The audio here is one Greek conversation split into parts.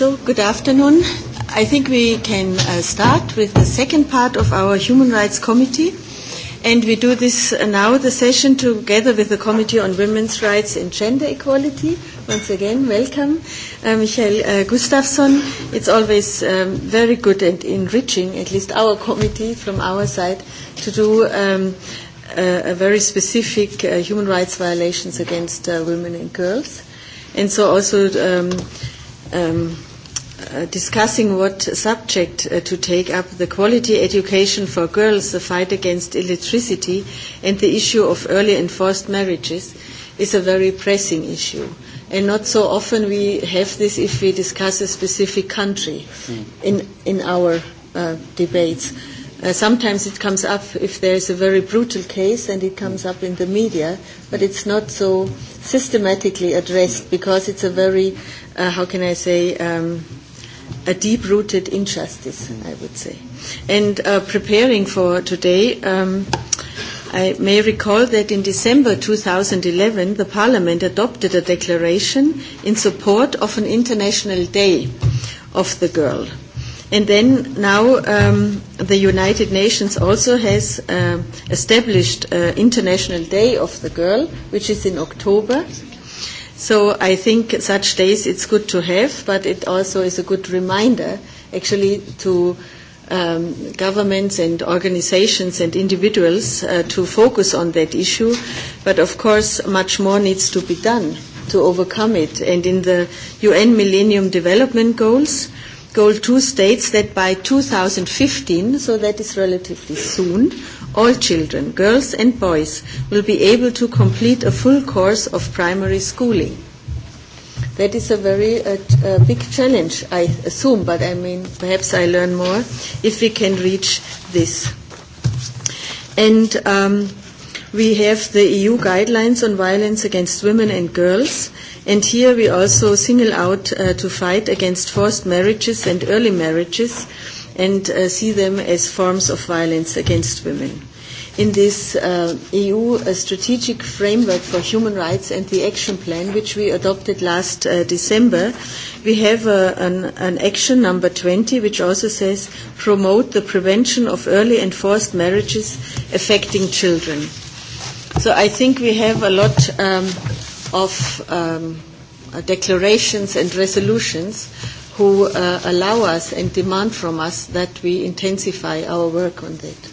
So, good afternoon. I think we can start with the second part of our Human Rights Committee. And we do this now, the session, together with the Committee on Women's Rights and Gender Equality. Once again, welcome, Michael Gustafsson. It's always very good and enriching, at least our committee from our side, to do a very specific human rights violations against women and girls. And so also discussing what subject to take up, the quality education for girls, the fight against electricity and the issue of early enforced marriages is a very pressing issue. And not so often we have this if we discuss a specific country in, in our debates. Sometimes it comes up if there is a very brutal case and it comes up in the media, but it's not so systematically addressed because it's a very, how can I say, a deep-rooted injustice, I would say. And preparing for today, I may recall that in December 2011, the Parliament adopted a declaration in support of an International Day of the Girl. And then now the United Nations also has established International Day of the Girl, which is in October So I think such days it's good to have, but it also is a good reminder actually to governments and organizations and individuals to focus on that issue. But of course much more needs to be done to overcome it. And in the UN Millennium Development Goals, Goal 2 states that by 2015, so that is relatively soon, all children, girls and boys, will be able to complete a full course of primary schooling. That is a very big challenge, I assume, but I mean, perhaps I learn more if we can reach this. And we have the EU guidelines on violence against women and girls, and here we also single out to fight against forced marriages and early marriages and see them as forms of violence against women in this EU strategic framework for human rights and the action plan, which we adopted last December, we have an action number 20, which also says promote the prevention of early and forced marriages affecting children. So I think we have a lot of declarations and resolutions who allow us and demand from us that we intensify our work on that.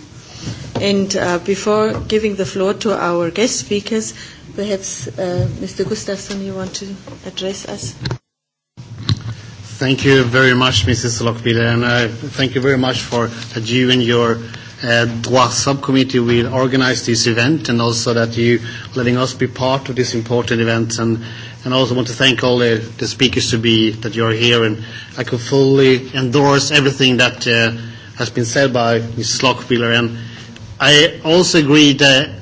And before giving the floor to our guest speakers, perhaps Mr. Gustafsson, you want to address us? Thank you very much, Mrs. Lockbiller, and I thank you very much for that you and your DWA subcommittee will organize this event and also that you letting us be part of this important event. And and I also want to thank all the speakers to be that you are here. And I can fully endorse everything that has been said by Mrs. Lockbiller. And I also agree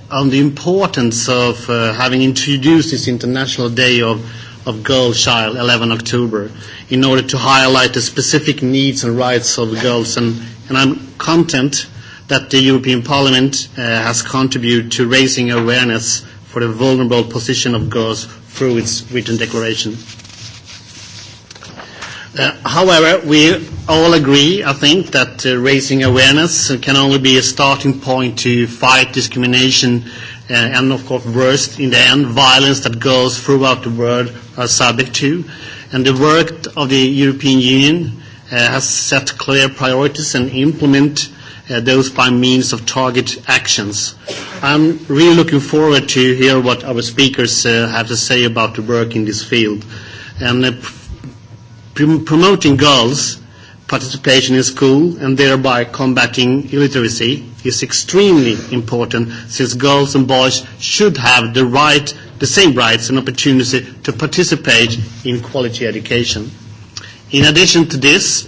on the importance of having introduced this International Day of of Girl Child, 11 October, in order to highlight the specific needs and rights of girls. And I'm content that the European Parliament has contributed to raising awareness for the vulnerable position of girls through its written declaration. However, we all agree, I think, that raising awareness can only be a starting point to fight discrimination and, of course, worst in the end, violence that goes throughout the world are subject to. And the work of the European Union has set clear priorities and implement those by means of target actions. I'm really looking forward to hear what our speakers have to say about the work in this field. And promoting girls' participation in school and thereby combating illiteracy is extremely important since girls and boys should have the right the same rights and opportunity to participate in quality education. In addition to this,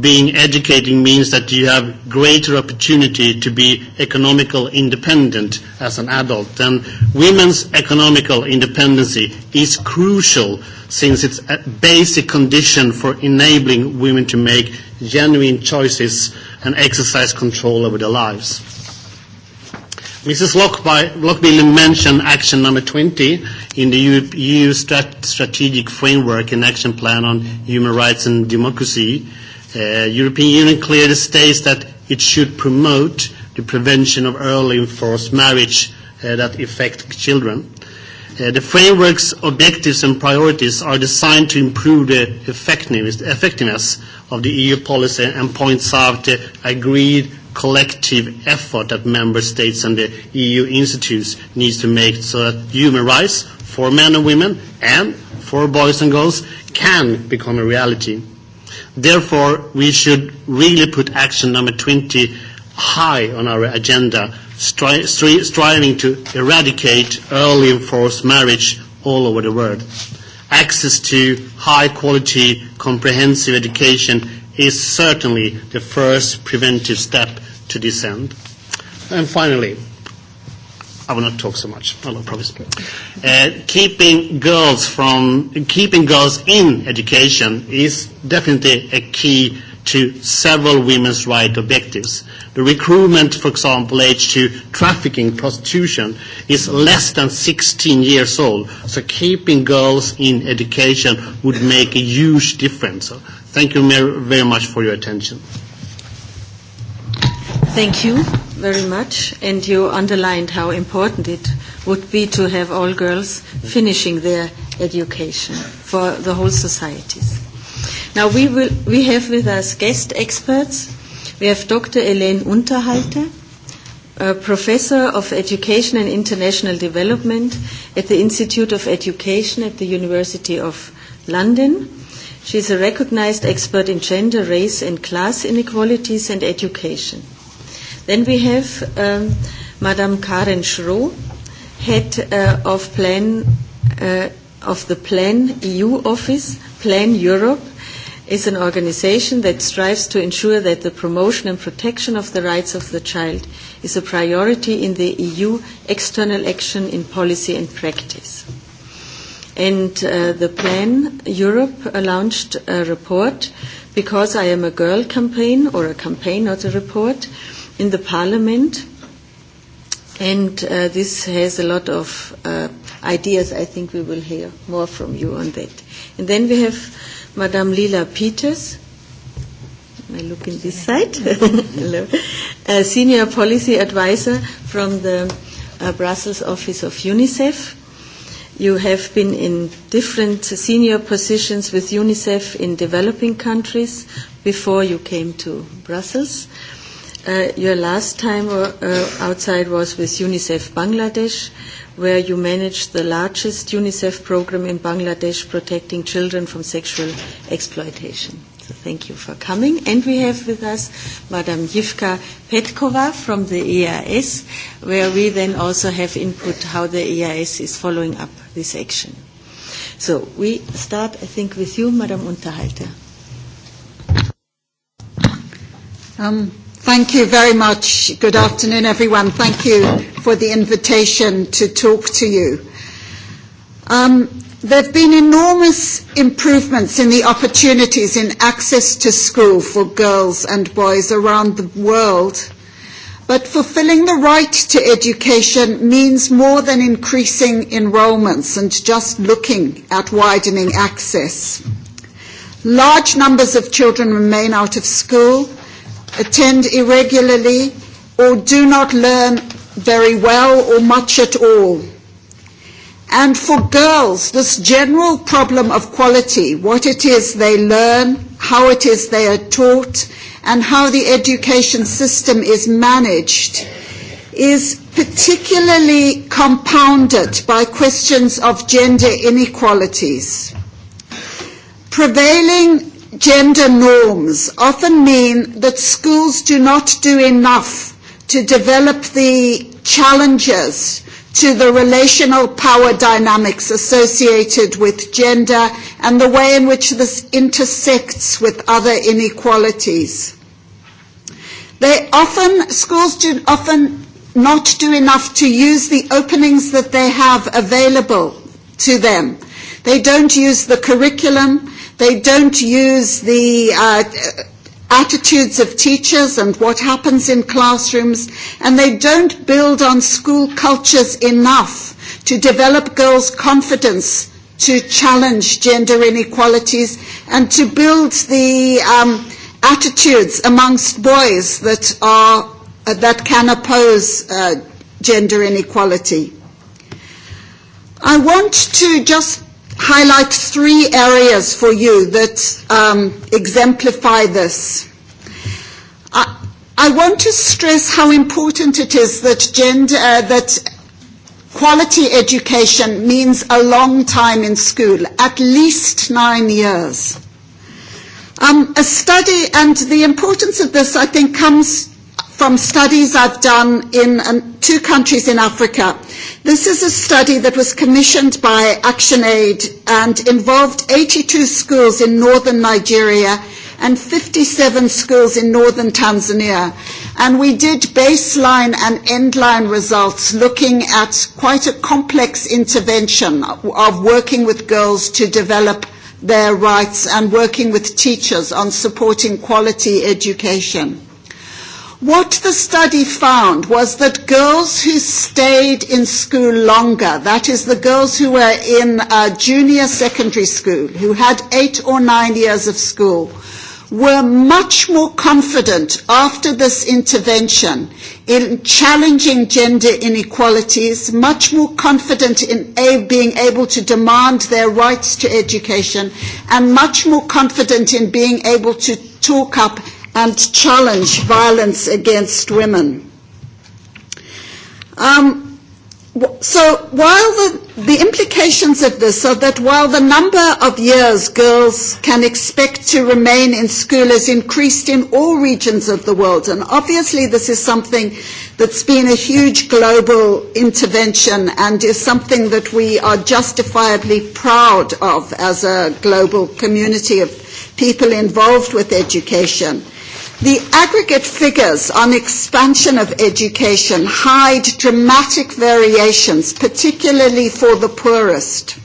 being educating means that you have greater opportunity to be economical independent as an adult. And women's economical independency is crucial since it's a basic condition for enabling women to make genuine choices and exercise control over their lives. Mrs. Lockbiller mentioned action number 20 in the EU strategic framework and action plan on human rights and democracy The European Union clearly states that it should promote the prevention of early enforced marriage that affect children. The framework's objectives and priorities are designed to improve the effectiveness of the EU policy and points out the agreed collective effort that member states and the EU institutes need to make so that human rights for men and women and for boys and girls can become a reality. Therefore, we should really put action number 20 high on our agenda, striving to eradicate early enforced marriage all over the world. Access to high-quality, comprehensive education is certainly the first preventive step to this end. And finally, I will not talk so much. I will promise. Keeping girls from keeping girls in education is definitely a key to several women's rights objectives. The recruitment, for example, age to trafficking, prostitution, is less than 16 years old. So keeping girls in education would make a huge difference. thank you very much for your attention. Thank you very much, and you underlined how important it would be to have all girls finishing their education for the whole societies. Now we will we have with us guest experts. We have Dr. Elaine Unterhalter, Professor of Education and International Development at the Institute of Education at the University of London. She is a recognized expert in gender, race and class inequalities and education. Then we have Madame Karen Schro, head of plan of the Plan EU office. Plan Europe is an organization that strives to ensure that the promotion and protection of the rights of the child is a priority in the EU external action in policy and practice. And the Plan Europe launched a report, Because I Am a Girl campaign, or a campaign, not a report, in the Parliament, and this has a lot of ideas. I think we will hear more from you on that. And then we have Madame Lila Peters. I look in this side. Hello. Senior Policy Advisor from the Brussels office of UNICEF. You have been in different senior positions with UNICEF in developing countries before you came to Brussels. Your last time outside was with UNICEF Bangladesh, where you managed the largest UNICEF program in Bangladesh protecting children from sexual exploitation. So thank you for coming. And we have with us Madam Yivka Petkova from the EIS, where we then also have input how the EIS is following up this action. So we start, I think, with you, Madam Unterhalter. Thank you very much. Good afternoon, everyone. Thank you for the invitation to talk to you. There have been enormous improvements in the opportunities in access to school for girls and boys around the world, but fulfilling the right to education means more than increasing enrollments and just looking at widening access. Large numbers of children remain out of school attend irregularly or do not learn very well or much at all. And for girls, this general problem of quality, what it is they learn, how it is they are taught, and how the education system is managed, is particularly compounded by questions of gender inequalities. Prevailing gender norms often mean that schools do not do enough to develop the challenges to the relational power dynamics associated with gender and the way in which this intersects with other inequalities. They often, schools do often not do enough to use the openings that they have available to them. They don't use the curriculum, They don't use the attitudes of teachers and what happens in classrooms, and they don't build on school cultures enough to develop girls' confidence to challenge gender inequalities and to build the attitudes amongst boys that are that can oppose gender inequality. I want to just highlight three areas for you that um, exemplify this. I, I want to stress how important it is that gender, that quality education means a long time in school, at least nine years. Um, a study, and the importance of this, I think, comes from studies I've done in two countries in Africa. This is a study that was commissioned by ActionAid and involved 82 schools in northern Nigeria and 57 schools in northern Tanzania. And we did baseline and endline results looking at quite a complex intervention of working with girls to develop their rights and working with teachers on supporting quality education. What the study found was that girls who stayed in school longer, that is the girls who were in junior secondary school, who had eight or nine years of school, were much more confident after this intervention in challenging gender inequalities, much more confident in being able to demand their rights to education, and much more confident in being able to talk up and challenge violence against women. So while the implications of this are that while the number of years girls can expect to remain in school has increased in all regions of the world, and obviously this is something that's been a huge global intervention and is something that we are justifiably proud of as a global community of people involved with education. The aggregate figures on expansion of education hide dramatic variations, particularly for the poorest.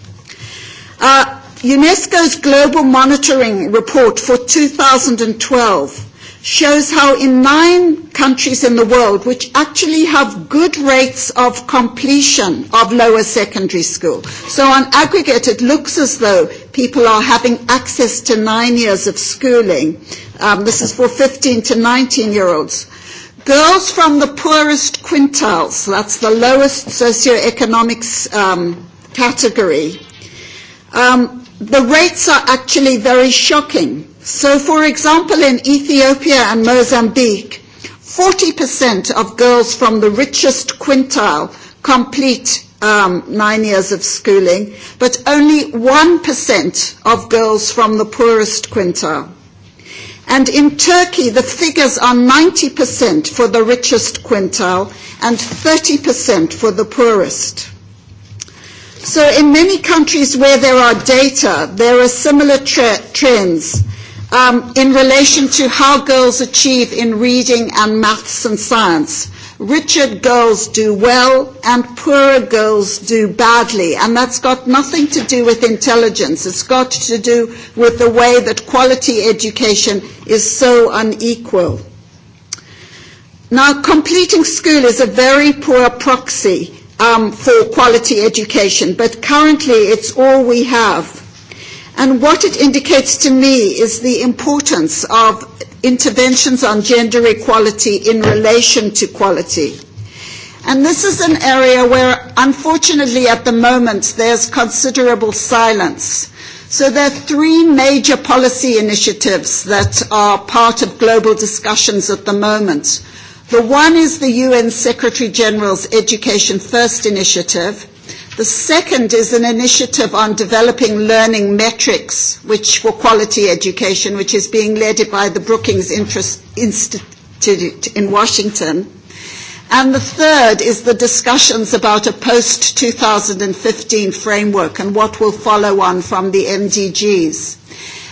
UNESCO's Global Monitoring Report for 2012 shows how in nine countries in the world which actually have good rates of completion of lower secondary school. So on aggregate it looks as though people are having access to nine years of schooling. This is for 15 to 19 year olds. Girls from the poorest quintiles, that's the lowest socioeconomic category, the rates are actually very shocking. So, for example, in Ethiopia and Mozambique, 40% of girls from the richest quintile complete nine years of schooling, but only 1% of girls from the poorest quintile. And in Turkey, the figures are 90% for the richest quintile and 30% for the poorest. So in many countries where there are data, there are similar trends in relation to how girls achieve in reading and maths and science. Richer girls do well and poorer girls do badly. And that's got nothing to do with intelligence. It's got to do with the way that quality education is so unequal. Now, completing school is a very poor proxy for quality education, but currently it's all we have. And what it indicates to me is the importance of interventions on gender equality in relation to quality. And this is an area where, unfortunately, at the moment, there's considerable silence. So there are three major policy initiatives that are part of global discussions at the moment. The one is the UN Secretary General's Education First initiative The second is an initiative on developing learning metrics which for quality education, which is being led by the Brookings Institute in Washington. And the third is the discussions about a post-2015 framework and what will follow on from the MDGs.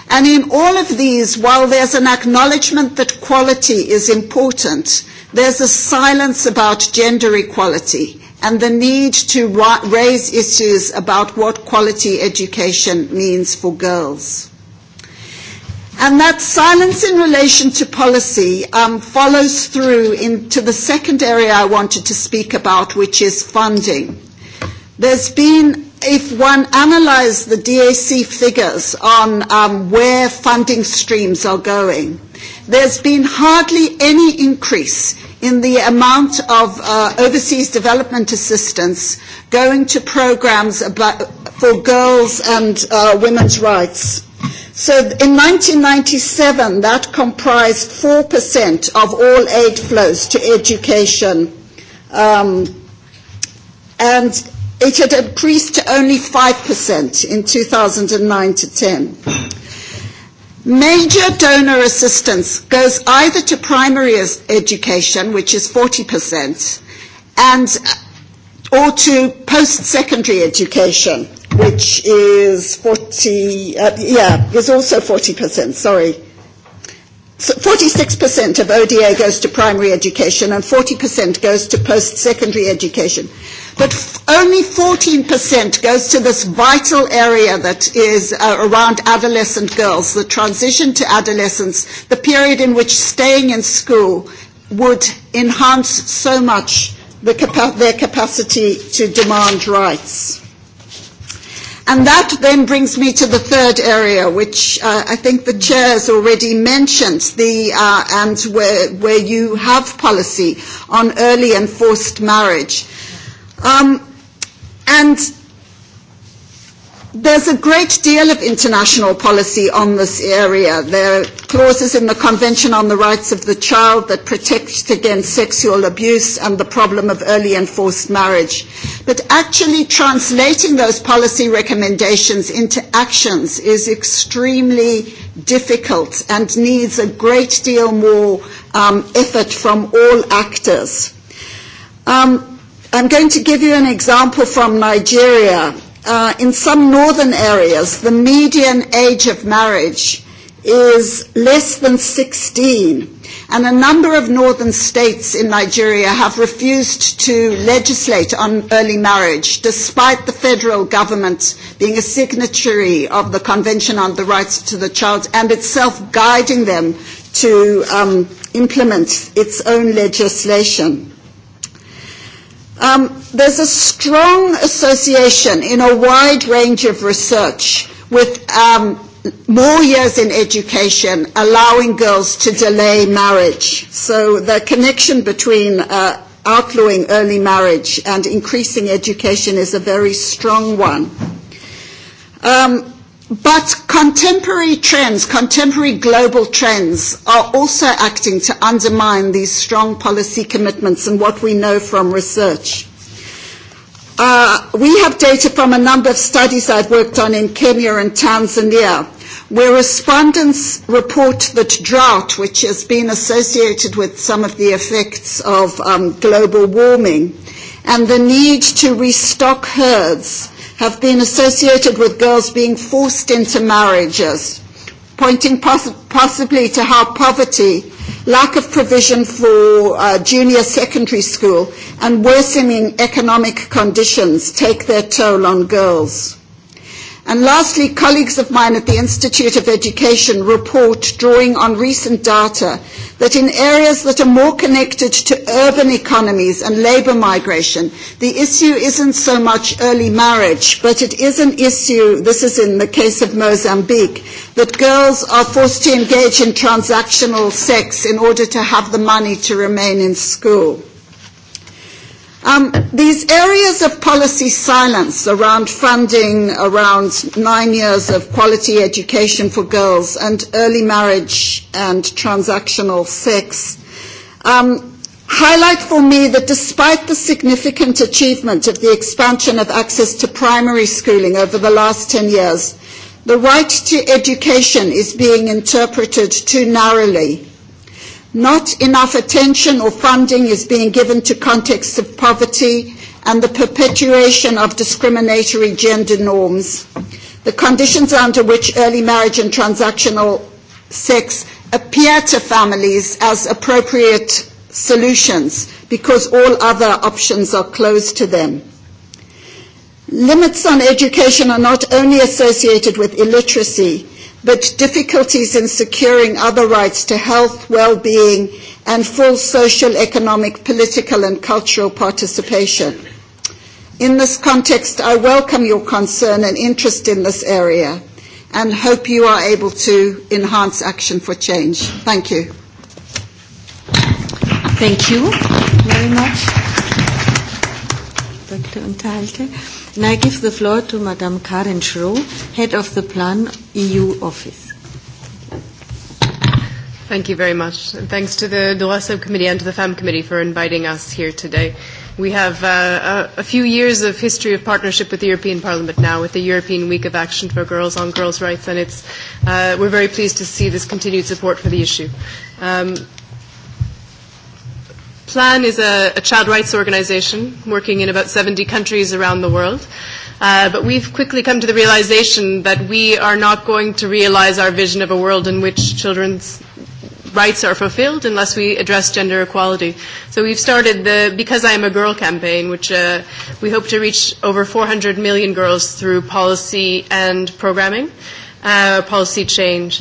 And in all of these, while there's an acknowledgement that quality is important, there's a silence about gender equality and the need to raise issues about what quality education means for girls. And that silence in relation to policy follows through into the second area I wanted to speak about, which is funding. There's been if one analyses the DAC figures on where funding streams are going, there's been hardly any increase in the amount of overseas development assistance going to programs for girls and women's rights. So in 1997, that comprised 4% of all aid flows to education. And It had increased to only 5% in 2009 to 10. Major donor assistance goes either to primary education, which is 40%, and or to post-secondary education, which is 40, yeah, is also 40%, sorry. 46% of ODA goes to primary education and 40% goes to post-secondary education. But only 14% goes to this vital area that is around adolescent girls, the transition to adolescence, the period in which staying in school would enhance so much their capacity to demand rights. And that then brings me to the third area, which I think the Chair has already mentioned, and where you have policy on early and forced marriage. And there's a great deal of international policy on this area. There are clauses in the Convention on the Rights of the Child that protect against sexual abuse and the problem of early and forced marriage. But actually translating those policy recommendations into actions is extremely difficult and needs a great deal more effort from all actors. Um I'm going to give you an example from Nigeria. In some northern areas, the median age of marriage is less than 16, and a number of northern states in Nigeria have refused to legislate on early marriage, despite the federal government being a signatory of the Convention on the Rights to the Child and itself guiding them to implement its own legislation. There's a strong association in a wide range of research with more years in education allowing girls to delay marriage. So the connection between outlawing early marriage and increasing education is a very strong one. But contemporary trends, contemporary global trends are also acting to undermine these strong policy commitments and what we know from research. We have data from a number of studies I've worked on in Kenya and Tanzania where respondents report that drought, which has been associated with some of the effects of global warming, and the need to restock herds have been associated with girls being forced into marriages, pointing possibly to how poverty, lack of provision for junior secondary school and worsening economic conditions take their toll on girls. And lastly, colleagues of mine at the Institute of Education report, drawing on recent data, that in areas that are more connected to urban economies and labour migration, the issue isn't so much early marriage, but it is an issue, this is in the case of Mozambique, that girls are forced to engage in transactional sex in order to have the money to remain in school. These areas of policy silence around funding, around nine years of quality education for girls and early marriage and transactional sex highlight for me that despite the significant achievement of the expansion of access to primary schooling over the last 10 years, the right to education is being interpreted too narrowly Not enough attention or funding is being given to contexts of poverty and the perpetuation of discriminatory gender norms. The conditions under which early marriage and transactional sex appear to families as appropriate solutions because all other options are closed to them. Limits on education are not only associated with illiteracy, but difficulties in securing other rights to health, well-being and full social, economic, political and cultural participation. In this context, I welcome your concern and interest in this area and hope you are able to enhance action for change. Thank you. Thank you very much. And I give the floor to Madame Karen Schroh, Head of the Plan EU Office. Thank you very much. And thanks to the DORA Subcommittee and to the FAM Committee for inviting us here today. We have a few years of history of partnership with the European Parliament now, with the European Week of Action for Girls on Girls' Rights, and it's, we're very pleased to see this continued support for the issue. Plan is a child rights organization working in about 70 countries around the world. But we've quickly come to the realization that we are not going to realize our vision of a world in which children's rights are fulfilled unless we address gender equality. So we've started the Because I Am a Girl campaign, which we hope to reach over 400 million girls through policy and programming, policy change.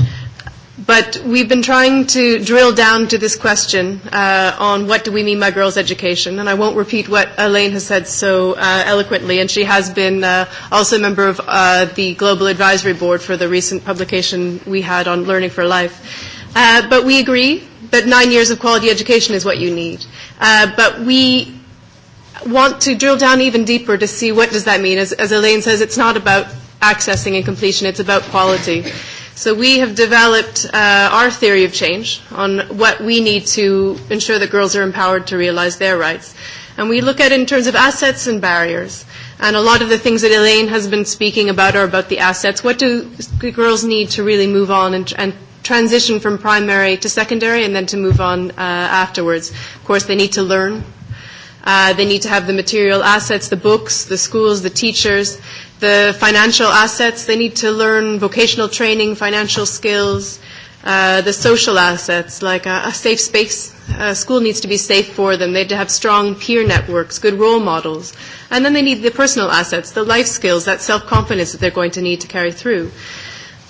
But we've been trying to drill down to this question on what do we mean by girls' education, and I won't repeat what Elaine has said so eloquently, and she has been also a member of the Global Advisory Board for the recent publication we had on Learning for Life. But we agree that nine years of quality education is what you need. But we want to drill down even deeper to see what does that mean. As Elaine says, it's not about accessing and completion, it's about quality. So we have developed our theory of change on what we need to ensure that girls are empowered to realize their rights. And we look at it in terms of assets and barriers. And a lot of the things that Elaine has been speaking about are about the assets. What do girls need to really move on and transition from primary to secondary and then to move on afterwards? Of course, they need to learn. They need to have the material assets, the books, the schools, the teachers the financial assets, they need to learn vocational training, financial skills, the social assets, like a safe space. School needs to be safe for them. They need to have strong peer networks, good role models. And then they need the personal assets, the life skills, that self-confidence that they're going to need to carry through.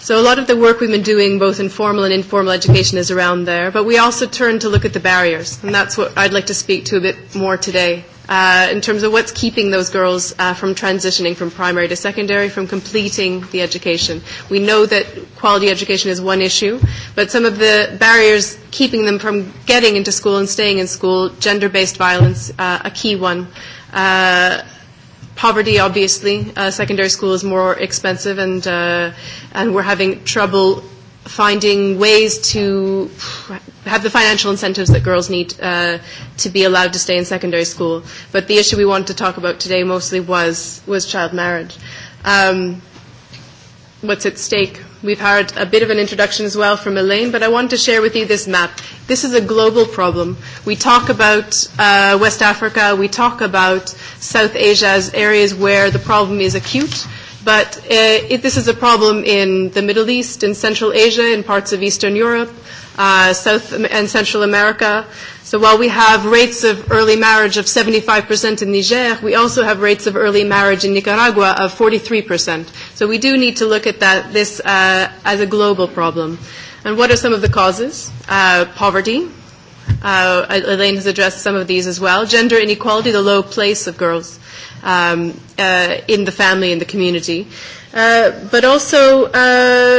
So a lot of the work we've been doing, both in formal and informal education, is around there. But we also turn to look at the barriers, and that's what I'd like to speak to a bit more today in terms of what's keeping those girls from transitioning from primary to secondary, from completing the education. We know that quality education is one issue, but some of the barriers keeping them from getting into school and staying in school, gender-based violence, a key one. Poverty, obviously. Secondary school is more expensive, and we're having trouble finding ways to have the financial incentives that girls need to be allowed to stay in secondary school. But the issue we wanted to talk about today mostly was was child marriage. What's at stake? We've heard a bit of an introduction as well from Elaine, but I want to share with you this map. This is a global problem. We talk about West Africa, we talk about South Asia as areas where the problem is acute But this is a problem in the Middle East, in Central Asia, in parts of Eastern Europe, South and Central America. So while we have rates of early marriage of 75% in Niger, we also have rates of early marriage in Nicaragua of 43%. So we do need to look at that this as a global problem. And what are some of the causes? Poverty. Elaine has addressed some of these as well. Gender inequality, the low place of girls in the family, in the community, but also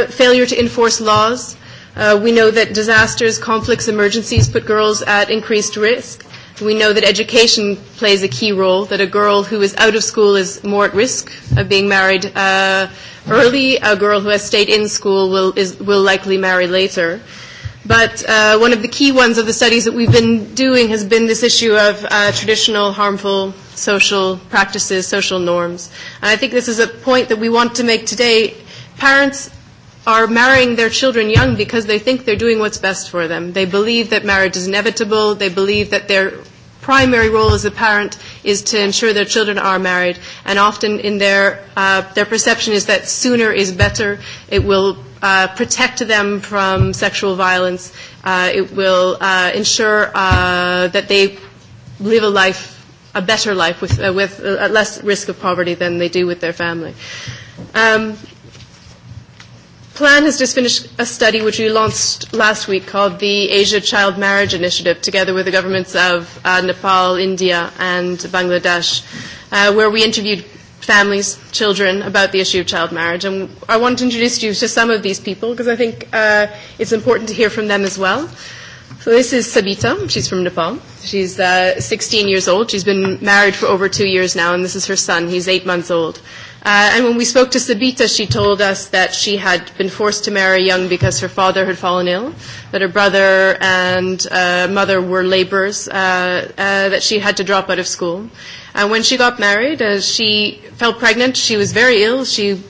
failure to enforce laws. We know that disasters, conflicts, emergencies put girls at increased risk. We know that education plays a key role, that a girl who is out of school is more at risk of being married early. A girl who has stayed in school will likely marry later. But one of the key ones of the studies that we've been doing has been this issue of traditional harmful social practices, social norms. And I think this is a point that we want to make today. Parents are marrying their children young because they think they're doing what's best for them. They believe that marriage is inevitable. They believe that their primary role as a parent is to ensure their children are married and often in their their perception is that sooner is better it will protect them from sexual violence it will ensure that they live a life a better life with with less risk of poverty than they do with their family um Plan has just finished a study which we launched last week called the Asia Child Marriage Initiative, together with the governments of Nepal, India, and Bangladesh, where we interviewed families, children, about the issue of child marriage. And I want to introduce you to some of these people because I think it's important to hear from them as well. So this is Sabita. She's from Nepal. She's 16 years old. She's been married for over two years now, and this is her son. He's eight months old. And when we spoke to Sabita, she told us that she had been forced to marry young because her father had fallen ill, that her brother and mother were laborers, that she had to drop out of school. And when she got married, she fell pregnant. She was very ill. She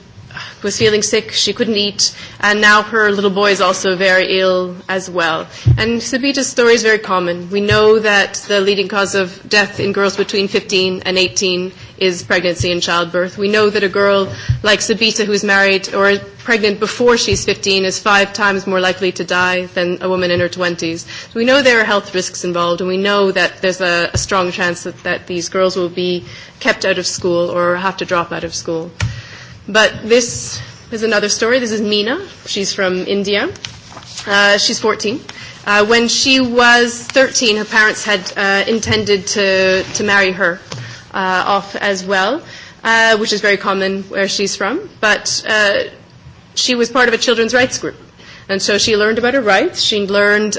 was feeling sick. She couldn't eat. And now her little boy is also very ill as well. And Sabita's story is very common. We know that the leading cause of death in girls between 15 and 18 is pregnancy and childbirth. We know that a girl like Sabita who is married or pregnant before she's 15 is five times more likely to die than a woman in her 20s. We know there are health risks involved and we know that there's a strong chance that these girls will be kept out of school or have to drop out of school. But this is another story. This is Meena. She's from India. She's 14. When she was 13, her parents had intended to marry her off as well, which is very common where she's from. But she was part of a children's rights group. And so she learned about her rights. She learned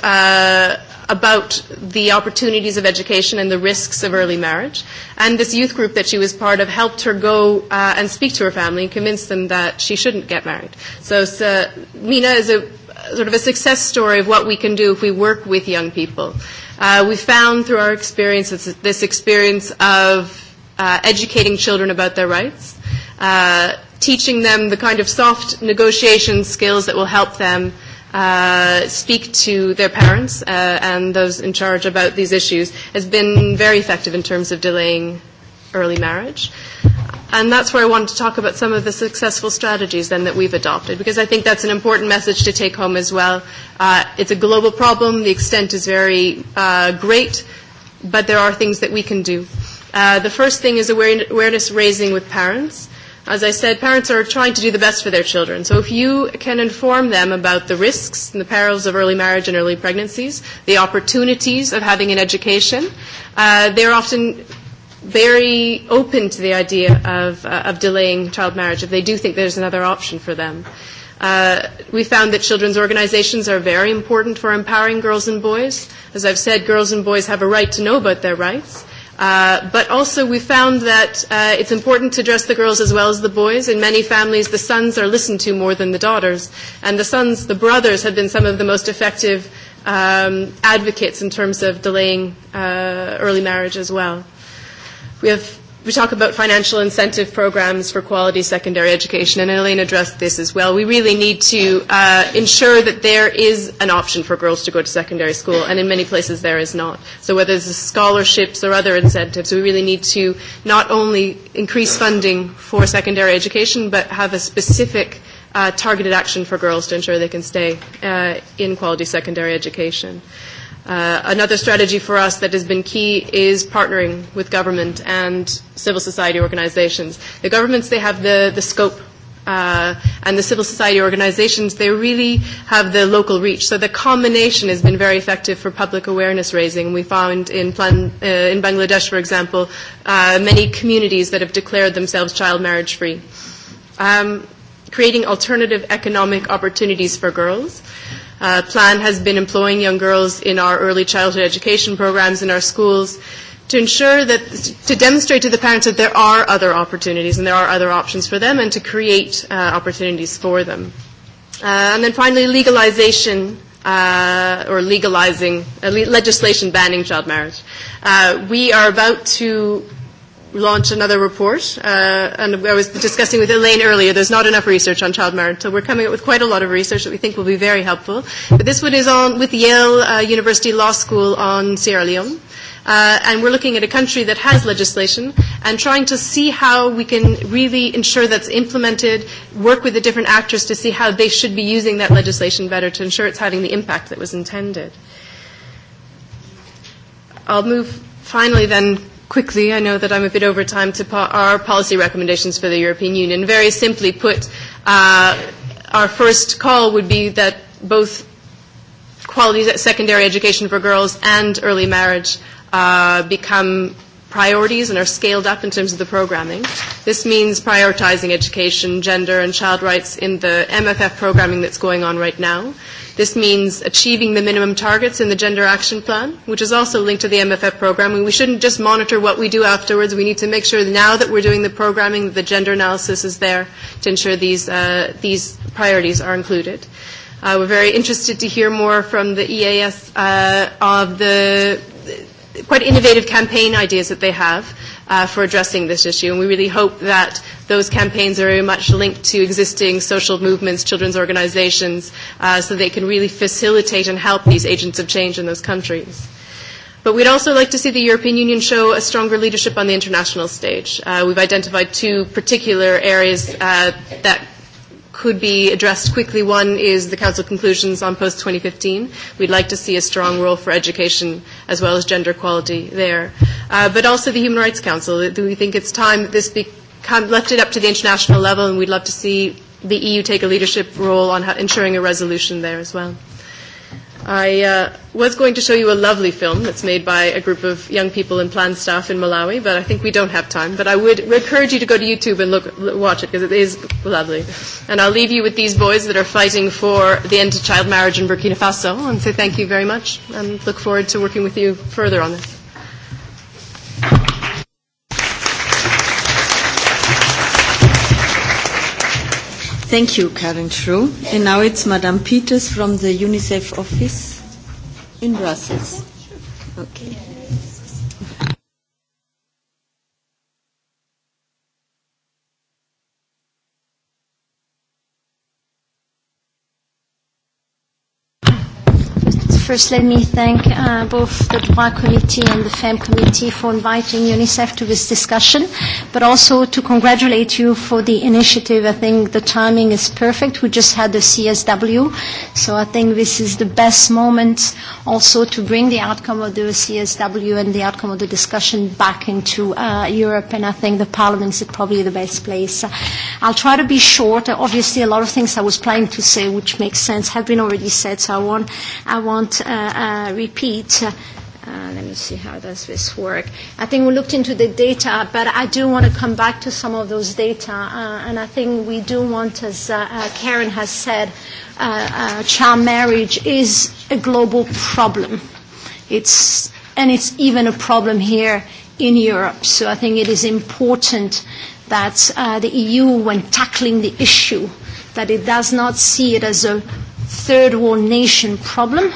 about the opportunities of education and the risks of early marriage. And this youth group that she was part of helped her go and speak to her family and convince them that she shouldn't get married. So Mina is a sort of a success story of what we can do if we work with young people. We found through our experience this experience of educating children about their rights, teaching them the kind of soft negotiation skills that will help them speak to their parents and those in charge about these issues has been very effective in terms of delaying early marriage. And that's where I wanted to talk about some of the successful strategies then that we've adopted, because I think that's an important message to take home as well. It's a global problem. The extent is very great, but there are things that we can do. The first thing is awareness raising with parents. As I said, parents are trying to do the best for their children. So if you can inform them about the risks and the perils of early marriage and early pregnancies, the opportunities of having an education, they're often very open to the idea of of delaying child marriage if they do think there's another option for them. Uh We found that children's organizations are very important for empowering girls and boys. As I've said, girls and boys have a right to know about their rights. But also we found that it's important to dress the girls as well as the boys. In many families, the sons are listened to more than the daughters. And the sons, the brothers, have been some of the most effective advocates in terms of delaying early marriage as well. We have we talk about financial incentive programs for quality secondary education, and Elaine addressed this as well. We really need to ensure that there is an option for girls to go to secondary school, and in many places there is not. So whether it's scholarships or other incentives, we really need to not only increase funding for secondary education, but have a specific targeted action for girls to ensure they can stay in quality secondary education. Another strategy for us that has been key is partnering with government and civil society organizations. The governments, they have the the scope and the civil society organizations, they really have the local reach. So the combination has been very effective for public awareness raising. We found in in Bangladesh, for example, many communities that have declared themselves child marriage free. Creating alternative economic opportunities for girls plan has been employing young girls in our early childhood education programs in our schools to ensure that to demonstrate to the parents that there are other opportunities and there are other options for them and to create opportunities for them and then finally legalization uh or legalizing legislation banning child marriage Uh we are about to launch another report. And I was discussing with Elaine earlier, there's not enough research on child marriage, so we're coming up with quite a lot of research that we think will be very helpful. But this one is on with Yale University Law School on Sierra Leone. And we're looking at a country that has legislation and trying to see how we can really ensure that's implemented, work with the different actors to see how they should be using that legislation better to ensure it's having the impact that was intended. I'll move finally then quickly. I know that I'm a bit over time to our policy recommendations for the European Union. Very simply put, uh our first call would be that both quality secondary education for girls and early marriage uh become priorities and are scaled up in terms of the programming. This means prioritizing education, gender and child rights in the MFF programming that's going on right now. This means achieving the minimum targets in the Gender Action Plan, which is also linked to the MFF programming. we shouldn't just monitor what we do afterwards. We need to make sure now that we're doing the programming, that the gender analysis is there to ensure these, uh, these priorities are included. Uh, we're very interested to hear more from the EAS uh, of the quite innovative campaign ideas that they have for addressing this issue, and we really hope that those campaigns are very much linked to existing social movements, children's organizations, so they can really facilitate and help these agents of change in those countries. But we'd also like to see the European Union show a stronger leadership on the international stage. We've identified two particular areas that could be addressed quickly. One is the Council conclusions on post-2015. We'd like to see a strong role for education as well as gender equality there. But also the Human Rights Council. Do We think it's time that this be left it up to the international level, and we'd love to see the EU take a leadership role on ensuring a resolution there as well. I was going to show you a lovely film that's made by a group of young people and plan staff in Malawi, but I think we don't have time. But I would encourage you to go to YouTube and look, watch it because it is lovely. And I'll leave you with these boys that are fighting for the end to child marriage in Burkina Faso and say thank you very much and look forward to working with you further on this. Thank you, Karen True. And now it's Madame Peters from the UNICEF office in Brussels. Okay. First, let me thank both the DROIT Committee and the FEM Committee for inviting UNICEF to this discussion, but also to congratulate you for the initiative. I think the timing is perfect. We just had the CSW, so I think this is the best moment also to bring the outcome of the CSW and the outcome of the discussion back into Europe, and I think the Parliament is probably the best place. I'll try to be short. Obviously, a lot of things I was planning to say, which makes sense, have been already said, so I won't not repeat let me see how does this work. I think we looked into the data, but I do want to come back to some of those data, and I think we do want, as Karen has said, child marriage is a global problem. It's and it's even a problem here in Europe. So I think it is important that the EU, when tackling the issue, that it does not see it as a third world nation problem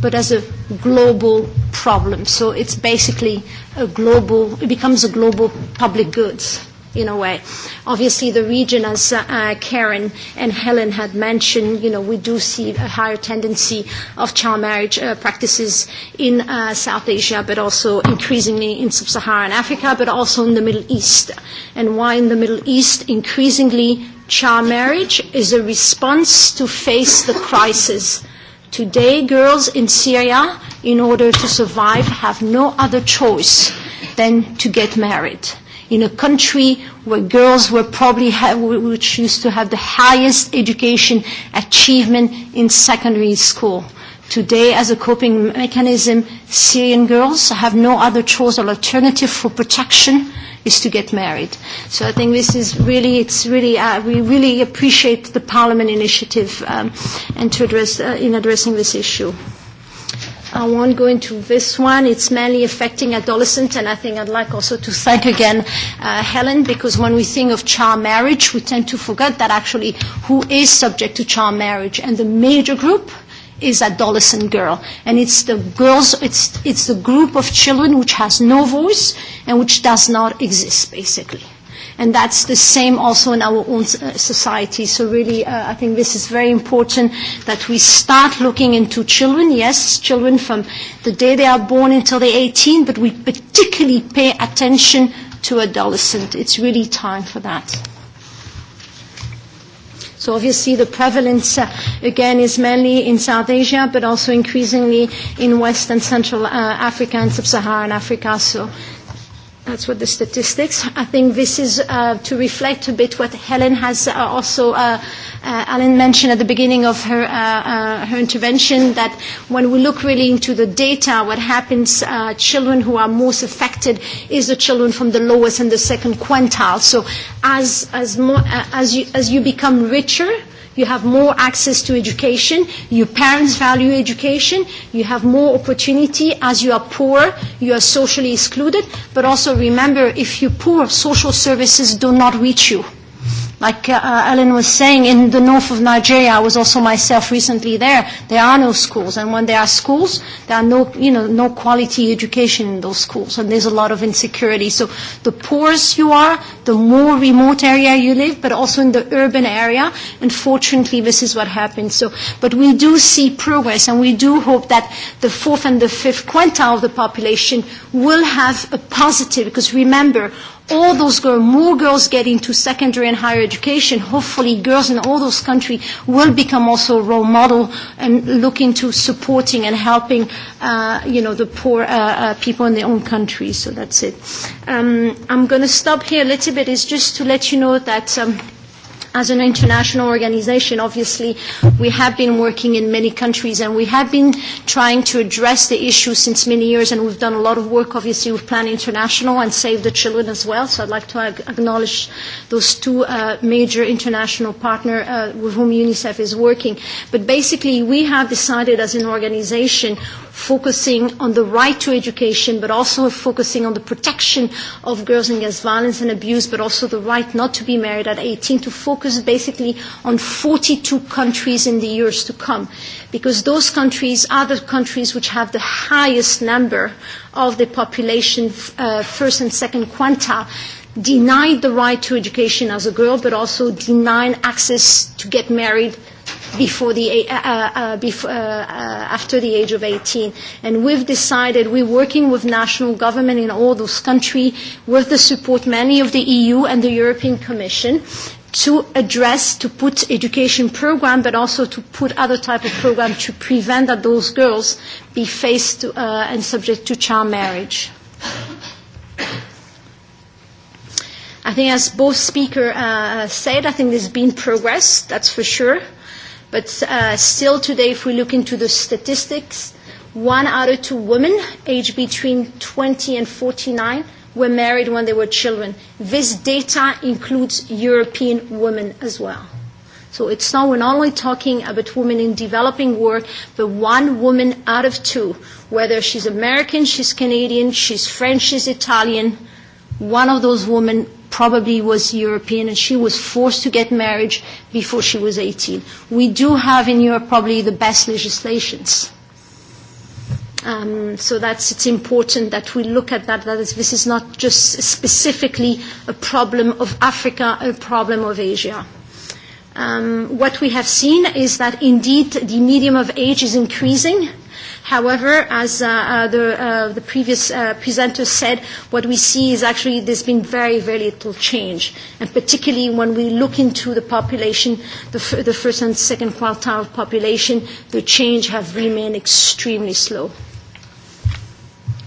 but as a global problem. So it's basically a global, it becomes a global public goods in a way. Obviously, the region, as Karen and Helen had mentioned, you know, we do see a higher tendency of child marriage practices in South Asia, but also increasingly in Sub-Saharan Africa, but also in the Middle East. And why in the Middle East? Increasingly, child marriage is a response to face the crisis Today, girls in Syria, in order to survive, have no other choice than to get married. In a country where girls were probably would choose to have the highest education achievement in secondary school Today, as a coping mechanism, Syrian girls have no other choice or alternative for protection is to get married. So I think this is really, it's really, we really appreciate the Parliament initiative and to address in addressing this issue. I won't go into this one. It's mainly affecting adolescents, and I think I'd like also to thank again Helen, because when we think of child marriage, we tend to forget that actually who is subject to child marriage, and the major group is adolescent girl. And it's the girls, it's, it's the group of children which has no voice and which does not exist, basically. And that's the same also in our own society. So really, I think this is very important that we start looking into children. Yes, children from the day they are born until they're 18, but we particularly pay attention to adolescent. It's really time for that. So obviously the prevalence again is mainly in South Asia, but also increasingly in West and Central Africa and Sub-Saharan Africa. So That's what the statistics. I think this is to reflect a bit what Helen has also, Alan mentioned at the beginning of her her intervention, that when we look really into the data, what happens, children who are most affected is the children from the lowest and the second quintile. So as as as you as you become richer you have more access to education, your parents value education, you have more opportunity as you are poor, you are socially excluded, but also remember if you're poor, social services do not reach you. Like Ellen was saying, in the north of Nigeria, I was also myself recently there. There are no schools, and when there are schools, there are no, you know, no quality education in those schools, and there's a lot of insecurity. So the poorer you are, the more remote area you live, but also in the urban area. Unfortunately, this is what happens. So, but we do see progress, and we do hope that the fourth and the fifth quintile of the population will have a positive, because remember all those girls, more girls get into secondary and higher education. Hopefully, girls in all those countries will become also a role model and look into supporting and helping, you know, the poor people in their own country. So that's it. I'm going to stop here a little bit. It's just to let you know that As an international organization, obviously, we have been working in many countries and we have been trying to address the issue since many years and we've done a lot of work, obviously, with Plan International and Save the Children as well. So I'd like to acknowledge those two major international partners with whom UNICEF is working. But basically, we have decided as an organization focusing on the right to education, but also focusing on the protection of girls against violence and abuse, but also the right not to be married at 18, to focus basically on 42 countries in the years to come, because those countries are the countries which have the highest number of the population, first and second quanta, denied the right to education as a girl, but also denied access to get married before the after the age of 18 and we've decided we're working with national government in all those countries with the support many of the EU and the European Commission to address, to put education program, but also to put other type of program to prevent that those girls be faced and subject to child marriage. I think as both speakers said, I think there's been progress, that's for sure. But still today, if we look into the statistics, one out of two women aged between 20 and 49 were married when they were children. This data includes European women as well. So it's not, we're not only talking about women in developing world, but one woman out of two, whether she's American, she's Canadian, she's French, she's Italian, One of those women probably was European and she was forced to get married before she was 18. We do have in Europe probably the best legislations. So that's it's important that we look at that. That this is not just specifically a problem of Africa, a problem of Asia. What we have seen is that indeed the medium of age is increasing However, as the the previous presenter said, what we see is actually there's been very, very little change, and particularly when we look into the population, the the first and second quartile population, the change has remained extremely slow.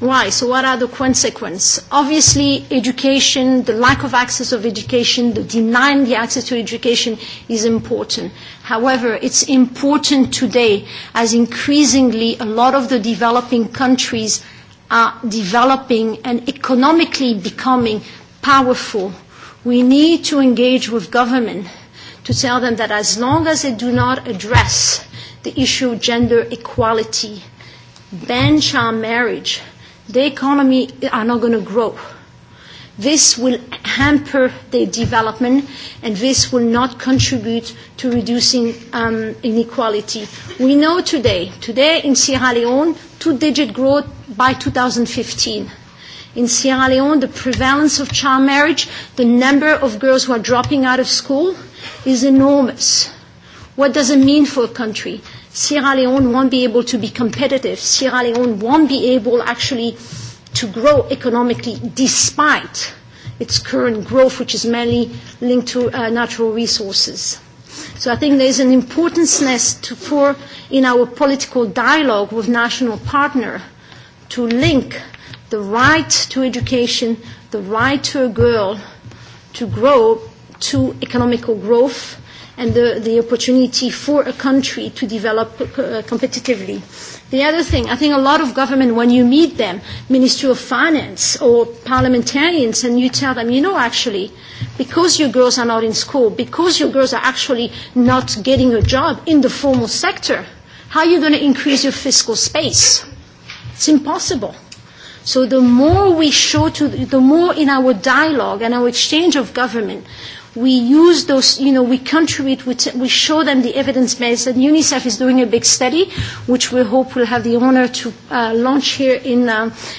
Why? So what are the consequences? Obviously, education, the lack of access of education, the denying the access to education is important. However, it's important today as increasingly a lot of the developing countries are developing and economically becoming powerful. We need to engage with government to tell them that as long as they do not address the issue of gender equality, ban child marriage, the economy are not going to grow. This will hamper their development and this will not contribute to reducing inequality. We know today, today in Sierra Leone, two-digit growth by 2015. In Sierra Leone, the prevalence of child marriage, the number of girls who are dropping out of school is enormous. What does it mean for a country? Sierra Leone won't be able to be competitive. Sierra Leone won't be able actually to grow economically despite its current growth, which is mainly linked to natural resources. So I think there is an importance for in our political dialogue with national partners to link the right to education, the right to a girl to grow to economical growth and the opportunity for a country to develop competitively. The other thing, I think a lot of government, when you meet them, Ministry of Finance or parliamentarians, and you tell them, you know, actually, because your girls are not in school, because your girls are actually not getting a job in the formal sector, how are you going to increase your fiscal space? It's impossible. So the more we show to, the more in our dialogue and our exchange of government, we use those, you know, we contribute, we, we show them the evidence base, and UNICEF is doing a big study, which we hope will have the honor to launch here in,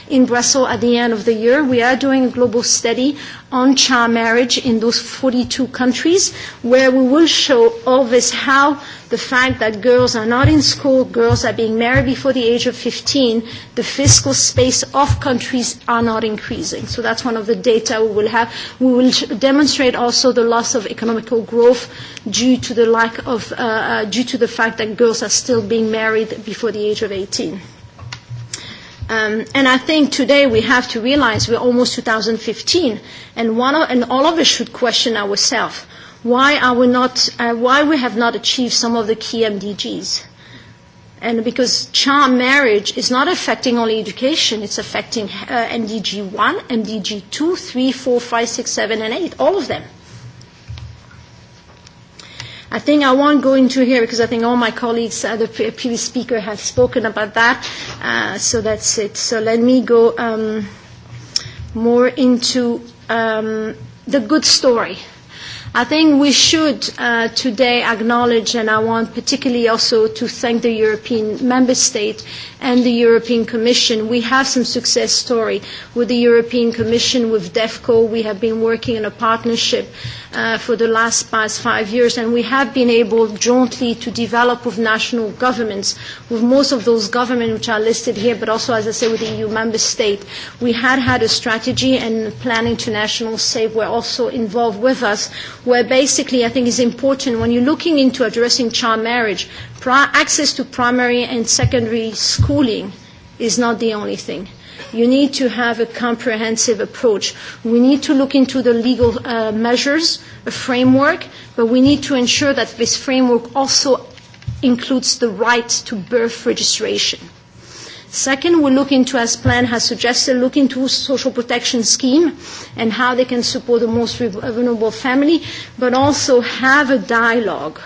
in Brussels at the end of the year. We are doing a global study on child marriage in those 42 countries, where we will show this how the fact that girls are not in school, girls are being married before the age of 15, the fiscal space of countries are not increasing. So that's one of the data we will have. We will demonstrate also the loss of economical growth due to the lack of, due to the fact that girls are still being married before the age of 18. And I think today we have to realize we're almost 2015, and all of us should question ourselves why are we not, why we have not achieved some of the key MDGs. And because child marriage is not affecting only education, it's affecting MDG 1, MDG 2, 3, 4, 5, 6, 7, and 8, all of them. I think I won't go into here because I think all my colleagues, the previous speaker, have spoken about that. So that's it. So let me go more into the good story. I think we should today acknowledge, and I want particularly also to thank the European Member State and the European Commission. We have some success story with the European Commission, with DEFCO. We have been working in a partnership for the last past five years, and we have been able jointly to develop with national governments, with most of those governments which are listed here, but also, as I say, with the EU member state. We had had a strategy, and Plan International SAVE were also involved with us, where basically I think it's important when you're looking into addressing child marriage, access to primary and secondary schooling is not the only thing. You need to have a comprehensive approach. We need to look into the legal measures, a framework, but we need to ensure that this framework also includes the right to birth registration. Second, we look into, as Plan has suggested, look into social protection scheme and how they can support the most vulnerable family, but also have a dialogue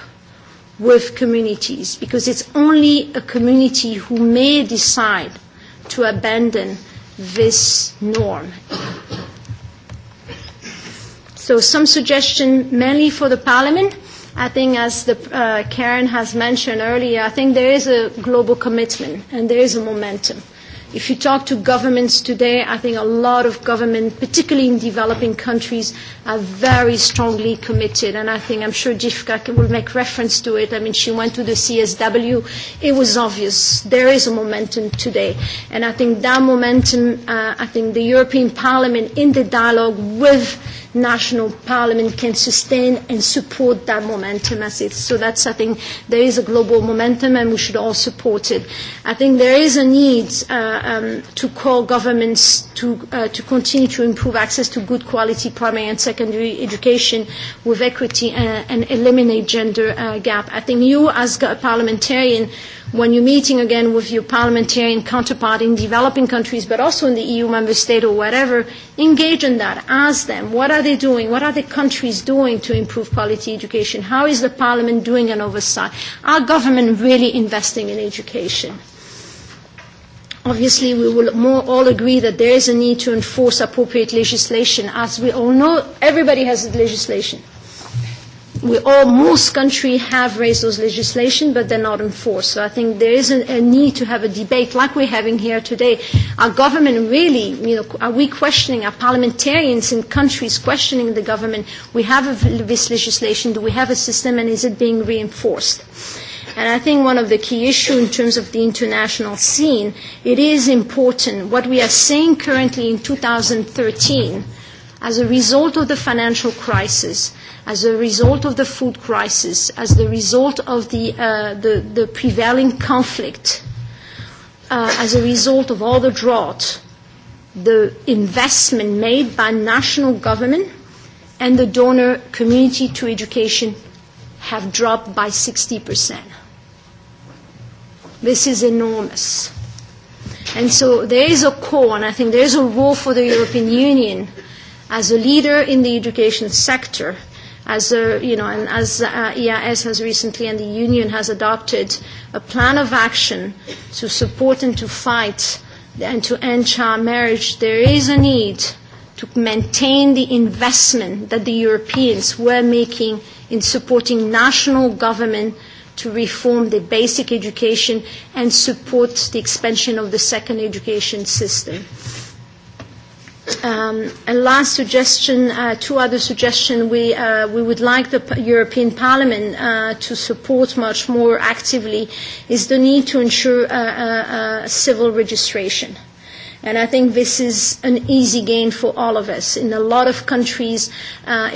with communities because it's only a community who may decide to abandon this norm. So some suggestion mainly for the Parliament. I think as the Karen has mentioned earlier, I think there is a global commitment and there is a momentum If you talk to governments today, I think a lot of governments, particularly in developing countries, are very strongly committed. And I think I'm sure Jifka will make reference to it. I mean, she went to the CSW. It was obvious. There is a momentum today. And I think that momentum, I think the European Parliament in the dialogue with national parliament can sustain and support that momentum as it's So that's, I think, there is a global momentum and we should all support it. I think there is a need to call governments to continue to improve access to good quality primary and secondary education with equity and eliminate gender gap. I think you, as a parliamentarian, when you're meeting again with your parliamentarian counterpart in developing countries, but also in the EU member state or whatever, engage in that. Ask them, what are they doing? What are the countries doing to improve quality education? How is the parliament doing an oversight? Are government really investing in education? Obviously, we will all agree that there is a need to enforce appropriate legislation. As we all know, everybody has legislation we all, most countries have raised those legislation, but they're not enforced. So I think there is a need to have a debate like we're having here today. Our government really, you know, are we questioning, our parliamentarians in countries questioning the government, we have this legislation, do we have a system, and is it being reinforced? And I think one of the key issues in terms of the international scene, it is important. What we are seeing currently in 2013, as a result of the financial crisis, as a result of the food crisis, as the result of the the prevailing conflict, as a result of all the drought, the investment made by national government and the donor community to education have dropped by 60%. This is enormous. And so there is a call, and I think there is a role for the European Union as a leader in the education sector as you know, and as EIS has recently and the Union has adopted a plan of action to support and to fight and to end child marriage, there is a need to maintain the investment that the Europeans were making in supporting national government to reform the basic education and support the expansion of the second education system. A last suggestion, two other suggestions. We we would like the European Parliament to support much more actively is the need to ensure civil registration. And I think this is an easy gain for all of us. In a lot of countries,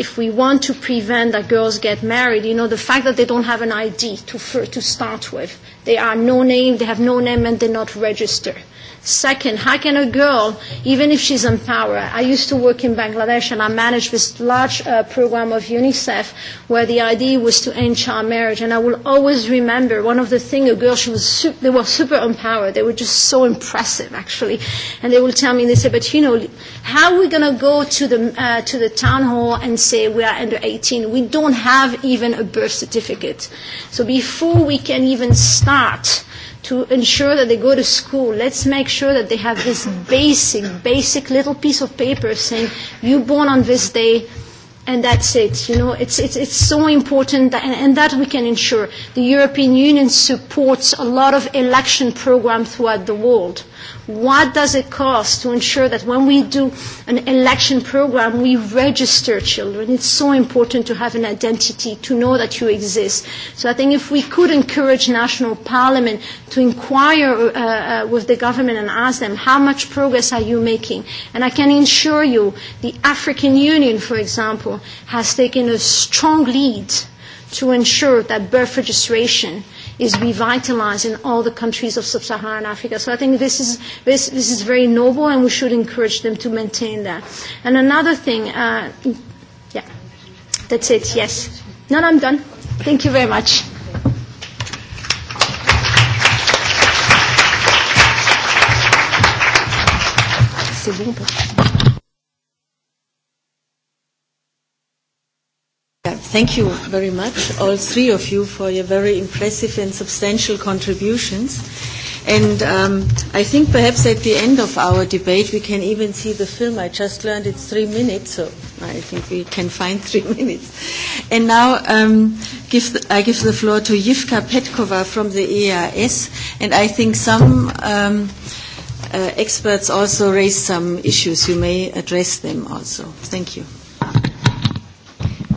if we want to prevent that girls get married, you know, the fact that they don't have an ID to start with, they are no name, they have no name and they're not registered Second, how can a girl, even if she's in power, I used to work in Bangladesh and I managed this large program of UNICEF where the idea was to end child marriage. And I will always remember one of the things a girl, she was they were super empowered. They were just so impressive, actually. And they will tell me, they say, but you know, how are we going to go to the, to the town hall and say we are under 18? We don't have even a birth certificate. So before we can even start, to ensure that they go to school. Let's make sure that they have this basic, basic little piece of paper saying, you born on this day, and that's it. You know, it's, it's, so important, and, and that we can ensure. The European Union supports a lot of election programs throughout the world What does it cost to ensure that when we do an election program, we register children? It's so important to have an identity, to know that you exist. So I think if we could encourage national parliament to inquire with the government and ask them, how much progress are you making? And I can assure you, the African Union, for example, has taken a strong lead to ensure that birth registration is revitalized all the countries of sub-Saharan Africa. So I think this is this this is very noble, and we should encourage them to maintain that. And another thing, yeah, that's it. Yes, no, I'm done. Thank you very much. C'est bon. Thank you very much, all three of you, for your very impressive and substantial contributions. And I think perhaps at the end of our debate we can even see the film. I just learned it's three minutes, so I think we can find three minutes. And now I give the floor to Yivka Petkova from the EAS, and I think some experts also raised some issues. You may address them also. Thank you.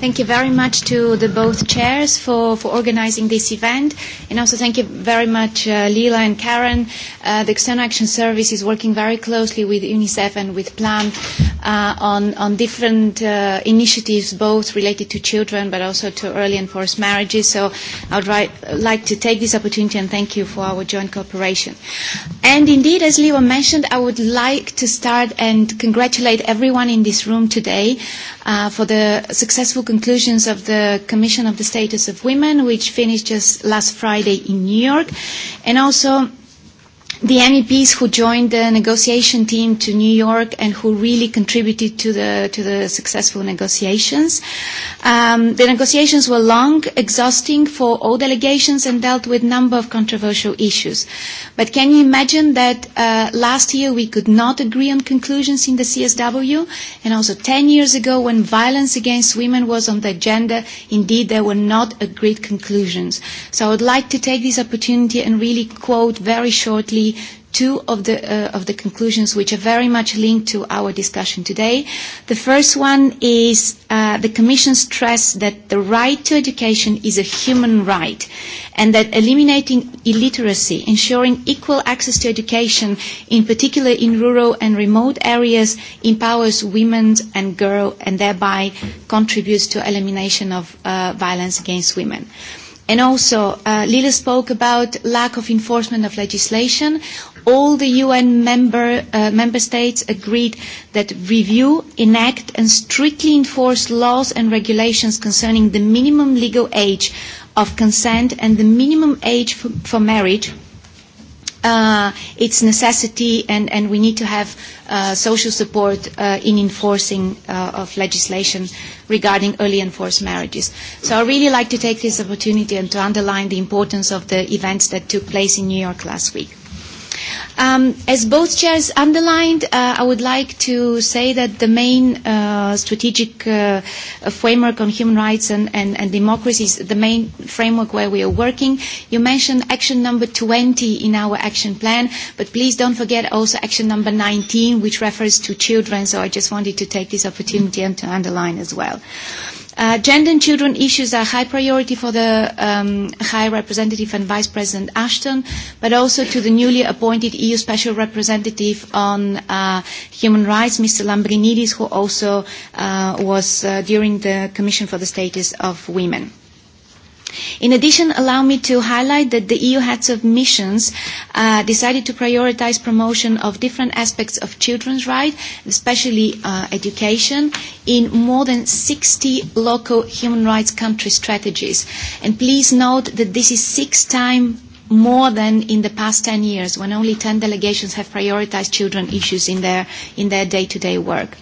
Thank you very much to the both chairs for for organizing this event, and also thank you very much Leila and Karen. The External Action Service is working very closely with UNICEF and with PLAN on on different initiatives, both related to children but also to early and forced marriages. So I would like to take this opportunity and thank you for our joint cooperation. And indeed, as Lila mentioned, I would like to start and congratulate everyone in this room today for the successful conclusions of the Commission on the Status of Women, which finished just last Friday in New York, and also the MEPs who joined the negotiation team to New York and who really contributed to the to the successful negotiations. The negotiations were long, exhausting for all delegations and dealt with a number of controversial issues. But can you imagine that last year we could not agree on conclusions in the CSW and also 10 years ago when violence against women was on the agenda, indeed there were not agreed conclusions. So I would like to take this opportunity and really quote very shortly two of the of the conclusions which are very much linked to our discussion today. The first one is the Commission stressed that the right to education is a human right and that eliminating illiteracy, ensuring equal access to education, in particular in rural and remote areas, empowers women and girls and thereby contributes to elimination of violence against women. And also, Lila spoke about lack of enforcement of legislation. All the UN member states agreed that review, enact and strictly enforce laws and regulations concerning the minimum legal age of consent and the minimum age for marriage its necessity and we need to have social support in enforcing of legislation regarding early enforced marriages. So I really like to take this opportunity and to underline the importance of the events that took place in New York last week. As both chairs underlined, I would like to say that the main strategic framework on human rights and democracy is the main framework where we are working. You mentioned action number 20 in our action plan, but please don't forget also action number 19, which refers to children, so I just wanted to take this opportunity and to underline as well. Gender and children issues are high priority for the High Representative and Vice President Ashton, but also to the newly appointed EU Special Representative on Human Rights, Mr. Lambrinidis, who also was during the Commission for the Status of Women. In addition, allow me to highlight that the EU heads of missions decided to prioritize promotion of different aspects of children's rights, especially education, in more than 60 local human rights country strategies. And please note that this is six times more than in the past 10 years, when only 10 delegations have prioritized children issues in their day-to-day work.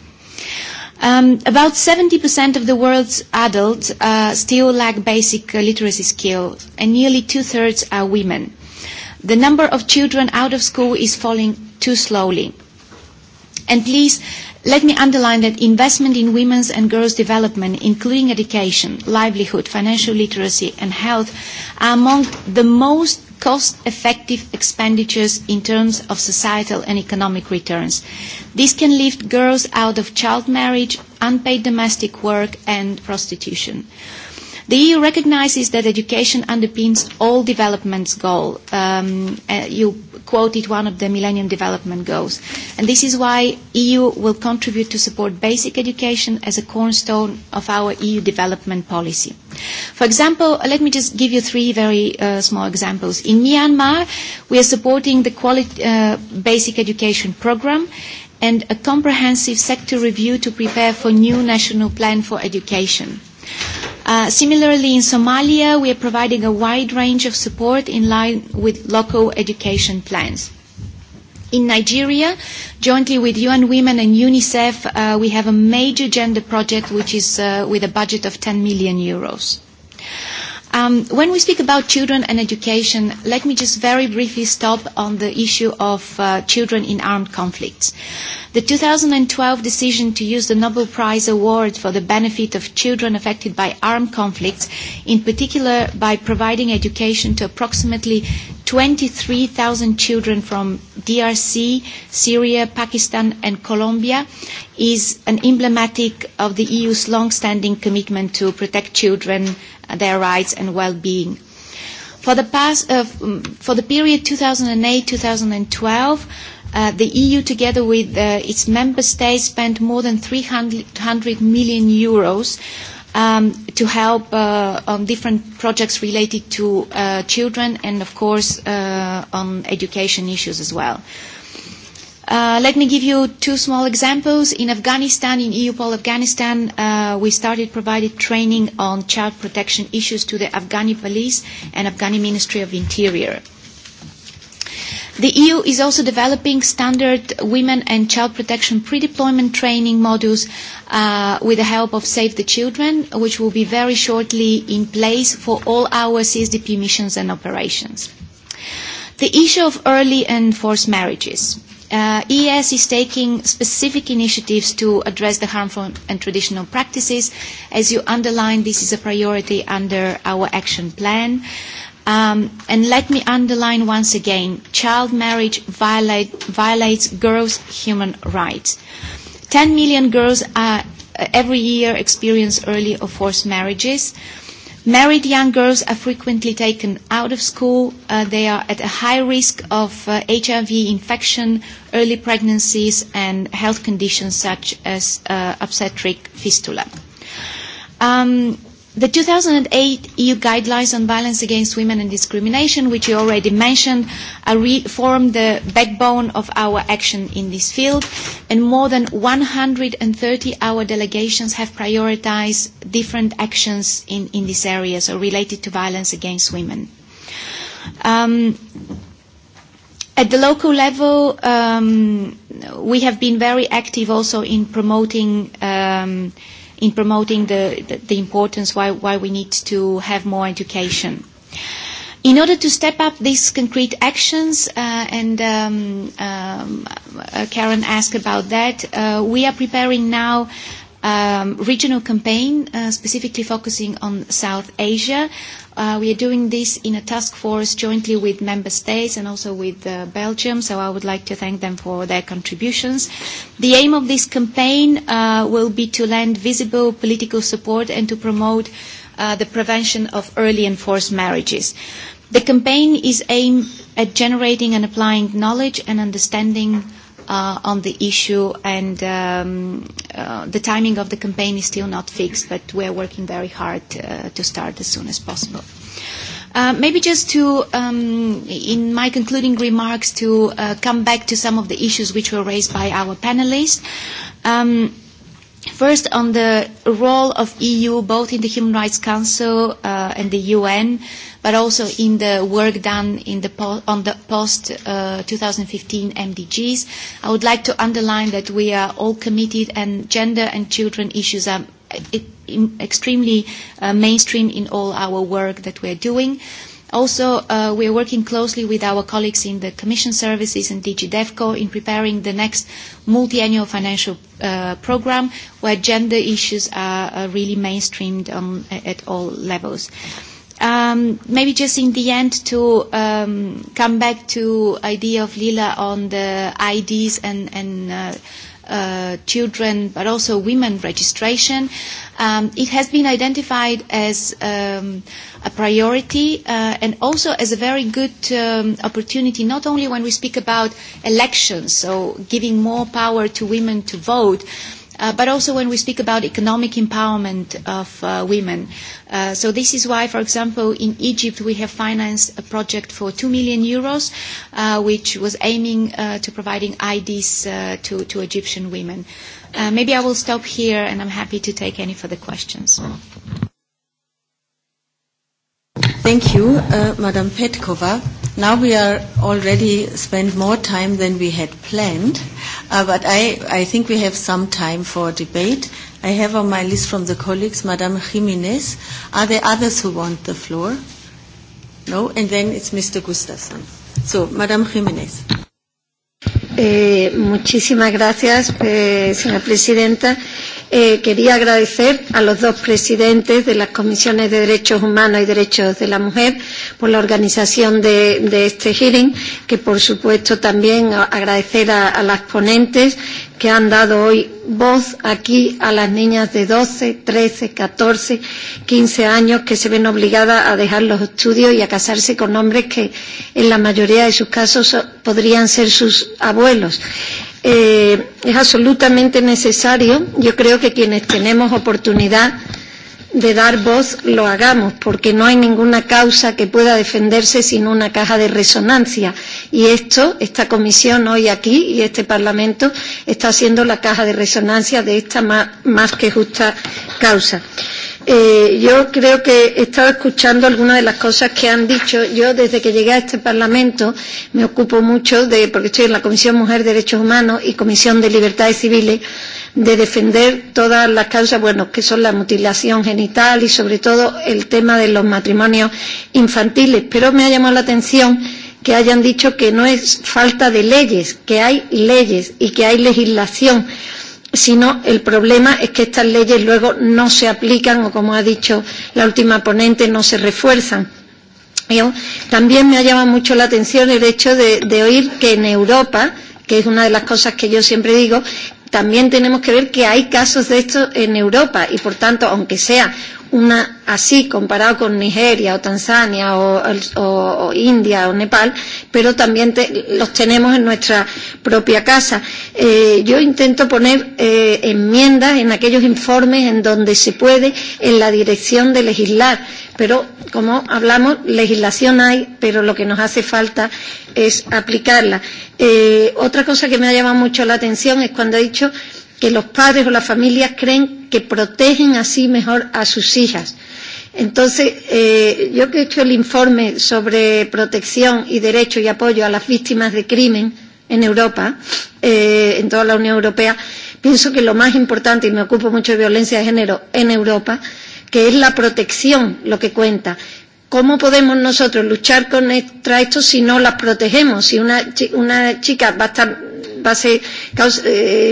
About 70% of the world's adults still lack basic literacy skills, and nearly two-thirds are women. The number of children out of school is falling too slowly. And please, let me underline that investment in women's and girls' development, including education, livelihood, financial literacy, and health, are among the most cost-effective expenditures in terms of societal and economic returns. This can lift girls out of child marriage, unpaid domestic work and prostitution. The EU recognises that education underpins all development's goals. You quoted one of the Millennium Development Goals. And this is why EU will contribute to support basic education as a cornerstone of our EU development policy. For example, let me just give you three very small examples. In Myanmar, we are supporting the basic education program and a comprehensive sector review to prepare for new national plan for education. Similarly, in Somalia, we are providing a wide range of support in line with local education plans. In Nigeria, jointly with UN Women and UNICEF, we have a major gender project which is with a budget of 10 million euros. When we speak about children and education, let me just very briefly stop on the issue of children in armed conflicts. The 2012 decision to use the Nobel Prize award for the benefit of children affected by armed conflicts, in particular by providing education to approximately 23,000 children from DRC, Syria, Pakistan and Colombia, is an emblematic of the EU's long-standing commitment to protect children their rights and well-being. For the period 2008-2012, the EU, together with its member states, spent more than 300 million euros to help on different projects related to children and, of course, on education issues as well. Let me give you two small examples. In Afghanistan, in EUPOL Afghanistan, we started providing training on child protection issues to the Afghani police and Afghani Ministry of Interior. The EU is also developing standard women and child protection pre-deployment training modules with the help of Save the Children, which will be very shortly in place for all our CSDP missions and operations. The issue of early and forced marriages. ES is taking specific initiatives to address the harmful and traditional practices. As you underlined, this is a priority under our action plan. And let me underline once again, child marriage violates girls' human rights. 10 million girls every year experience early or forced marriages. Married young girls are frequently taken out of school. They are at a high risk of HIV infection, early pregnancies and health conditions such as obstetric fistula. The 2008 EU guidelines on violence against women and discrimination, which you already mentioned, form the backbone of our action in this field, and more than 130 our delegations have prioritized different actions in in this area, so related to violence against women. At the local level, we have been very active also in promoting in promoting the the importance why why we need to have more education. In order to step up these concrete actions, and Karen asked about that, we are preparing now regional campaign specifically focusing on South Asia. We are doing this in a task force jointly with member states and also with Belgium, so I would like to thank them for their contributions. The aim of this campaign will be to lend visible political support and to promote the prevention of early and forced marriages. The campaign is aimed at generating and applying knowledge and understanding on the issue and the timing of the campaign is still not fixed, but we are working very hard to start as soon as possible. Maybe just to, in my concluding remarks, to come back to some of the issues which were raised by our panelists. First, on the role of EU, both in the Human Rights Council and the UN, but also in the work done in the on the post-2015 MDGs, I would like to underline that we are all committed, and gender and children issues are extremely mainstream in all our work that we are doing. Also, we are working closely with our colleagues in the Commission Services and DG DEFCO in preparing the next multi-annual financial program, where gender issues are really mainstreamed at all levels. Maybe just in the end to come back to idea of Lila on the IDs and children, but also women registration. It has been identified as a priority and also as a very good opportunity, not only when we speak about elections, so giving more power to women to vote, but also when we speak about economic empowerment of women. So this is why, for example, in Egypt we have financed a project for 2 million euros, which was aiming to providing IDs to Egyptian women. Maybe I will stop here, and I'm happy to take any further questions. Thank you, Madam Petkova. Now we are already spent more time than we had planned, but I, I think we have some time for debate. I have on my list from the colleagues, Madame Jiménez. Are there others who want the floor? No? And then it's Mr. Gustafsson. So, Madame Jiménez. Eh, muchísimas gracias, señora presidenta. Quería agradecer a los dos presidentes de las comisiones de derechos humanos y derechos de la mujer por la organización de este hearing, que por supuesto también agradecer a las ponentes que han dado hoy voz aquí a las niñas de 12, 13, 14, 15 años que se ven obligadas a dejar los estudios y a casarse con hombres que en la mayoría de sus casos podrían ser sus abuelos es absolutamente necesario. Yo creo que quienes tenemos oportunidad de dar voz lo hagamos, porque no hay ninguna causa que pueda defenderse sin una caja de resonancia. Y esto, esta comisión hoy aquí y este Parlamento está haciendo la caja de resonancia de esta más que justa causa. Eh, yo creo que he estado escuchando algunas de las cosas que han dicho. Yo desde que llegué a este Parlamento me ocupo mucho de, porque estoy en la Comisión Mujer, de Derechos Humanos y Comisión de Libertades Civiles, de defender todas las causas, bueno, que son la mutilación genital y sobre todo el tema de los matrimonios infantiles. Pero me ha llamado la atención que hayan dicho que no es falta de leyes, que hay leyes y que hay legislación sino el problema es que estas leyes luego no se aplican o, como ha dicho la última ponente, no se refuerzan. También me ha llamado mucho la atención el hecho de oír que en Europa, que es una de las cosas que yo siempre digo, también tenemos que ver que hay casos de esto en Europa y, por tanto, aunque sea una así comparado con Nigeria o Tanzania o India o Nepal, pero también los tenemos en nuestra propia casa. Yo intento poner enmiendas en aquellos informes en donde se puede en la dirección de legislar, pero como hablamos, legislación hay, pero lo que nos hace falta es aplicarla. Otra cosa que me ha llamado mucho la atención es cuando he dicho que los padres o las familias creen que protegen así mejor a sus hijas. Entonces, eh, yo que he hecho el informe sobre protección y derecho y apoyo a las víctimas de crimen, en Europa, eh, en toda la Unión Europea, pienso que lo más importante, y me ocupo mucho de violencia de género en Europa, que es la protección lo que cuenta. ¿Cómo podemos nosotros luchar contra esto si no las protegemos? Si una, una chica va a estar va a ser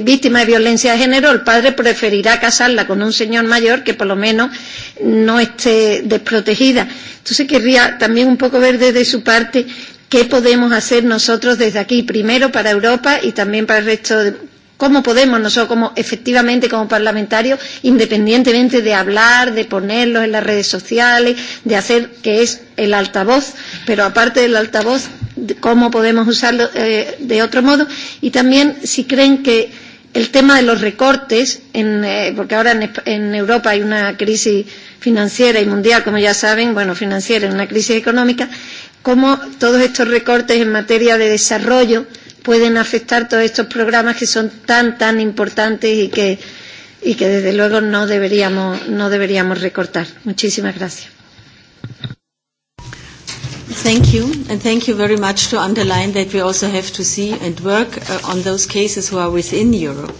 víctima de violencia de género, el padre preferirá casarla con un señor mayor que por lo menos no esté desprotegida. Entonces querría también un poco ver desde su parte qué podemos hacer nosotros desde aquí, primero para Europa y también para el resto de cómo podemos nosotros como efectivamente como parlamentarios independientemente de hablar de ponerlos en las redes sociales de hacer que es el altavoz pero aparte del altavoz cómo podemos usarlo de otro modo y también si creen que el tema de los recortes en porque ahora en Europa hay una crisis financiera y mundial como ya saben bueno financiera una crisis económica cómo todos estos recortes en materia de desarrollo pueden afectar todos estos programas que son tan, tan importantes y que, y que desde luego no deberíamos, no deberíamos recortar. Muchísimas gracias. Thank you, and thank you very much to underline that we also have to see and work on those cases who are within Europe.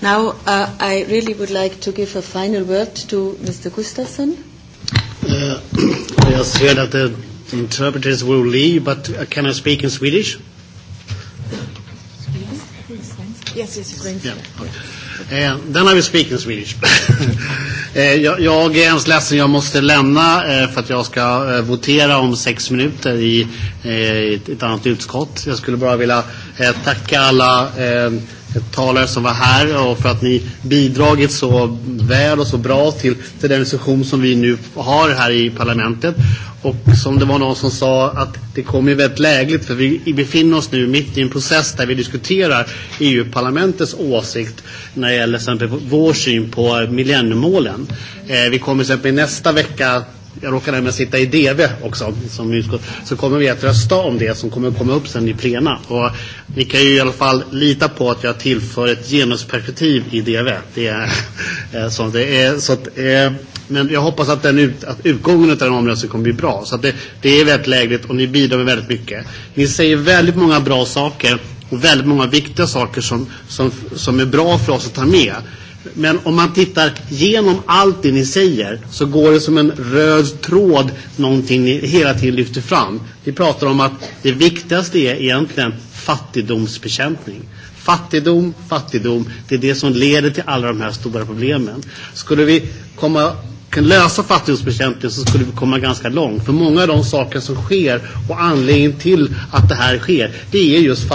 Now, uh I really would like to give a final word to Mr. Gustafsson. Uh, the interpreters will leave, but can I speak in Swedish? Yes, yes, yes. Eh, den har vi in Swedish. eh, jag, är ens ledsen, jag måste lämna eh, för att jag ska eh, votera om sex minuter i eh, ett, ett annat utskott. Jag skulle bara vilja eh, tacka alla eh, talare som var här och för att ni bidragit så väl och så bra till, till den diskussion som vi nu har här i parlamentet. Och som det var någon som sa att det kommer ju väldigt lägligt för vi befinner oss nu mitt i en process där vi diskuterar EU-parlamentets åsikt när det gäller exempel vår syn på millenniemålen. Vi kommer till exempel nästa vecka jag råkar nämligen sitta i DV också som utskott, så kommer vi att rösta om det som kommer att komma upp sen i plena. Och ni kan ju i alla fall lita på att jag tillför ett genusperspektiv i DV. Det är, så det är, så att, men jag hoppas att, den ut, att utgången av den omröstningen kommer bli bra. Så att det, det är väldigt lägligt och ni bidrar med väldigt mycket. Ni säger väldigt många bra saker och väldigt många viktiga saker som, som, som är bra för oss att ta med. Men om man tittar genom allt det ni säger så går det som en röd tråd någonting ni hela tiden lyfter fram. Vi pratar om att det viktigaste är egentligen fattigdomsbekämpning. Fattigdom, fattigdom, det är det som leder till alla de här stora problemen. Skulle vi komma kan lösa fattigdomsbekämpningen så skulle vi komma ganska långt. För många av de saker som sker och anledningen till att det här sker, det är just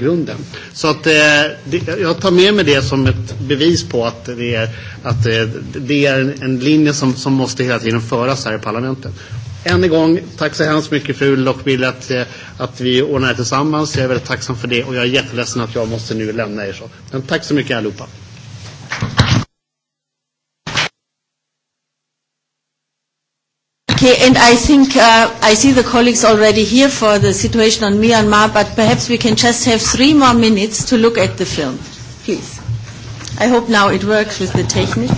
grunden. Så att, eh, det, jag tar med mig det som ett bevis på att det är, att, eh, det är en, en linje som, som måste hela tiden föras här i parlamentet. Än en gång, tack så hemskt mycket för och vill att, att vi ordnar det tillsammans. Jag är väldigt tacksam för det och jag är jätteledsen att jag måste nu lämna er så. Men tack så mycket allihopa. and I think I see the colleagues already here for the situation on Myanmar, but perhaps we can just have three more minutes to look at the film. Please. I hope now it works with the technique.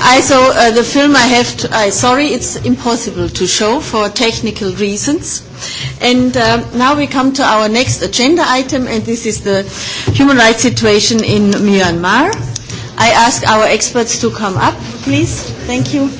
I saw the film. I have. To, I sorry, it's impossible to show for technical reasons. And now we come to our next agenda item, and this is the human rights situation in Myanmar. I ask our experts to come up, please. Thank you.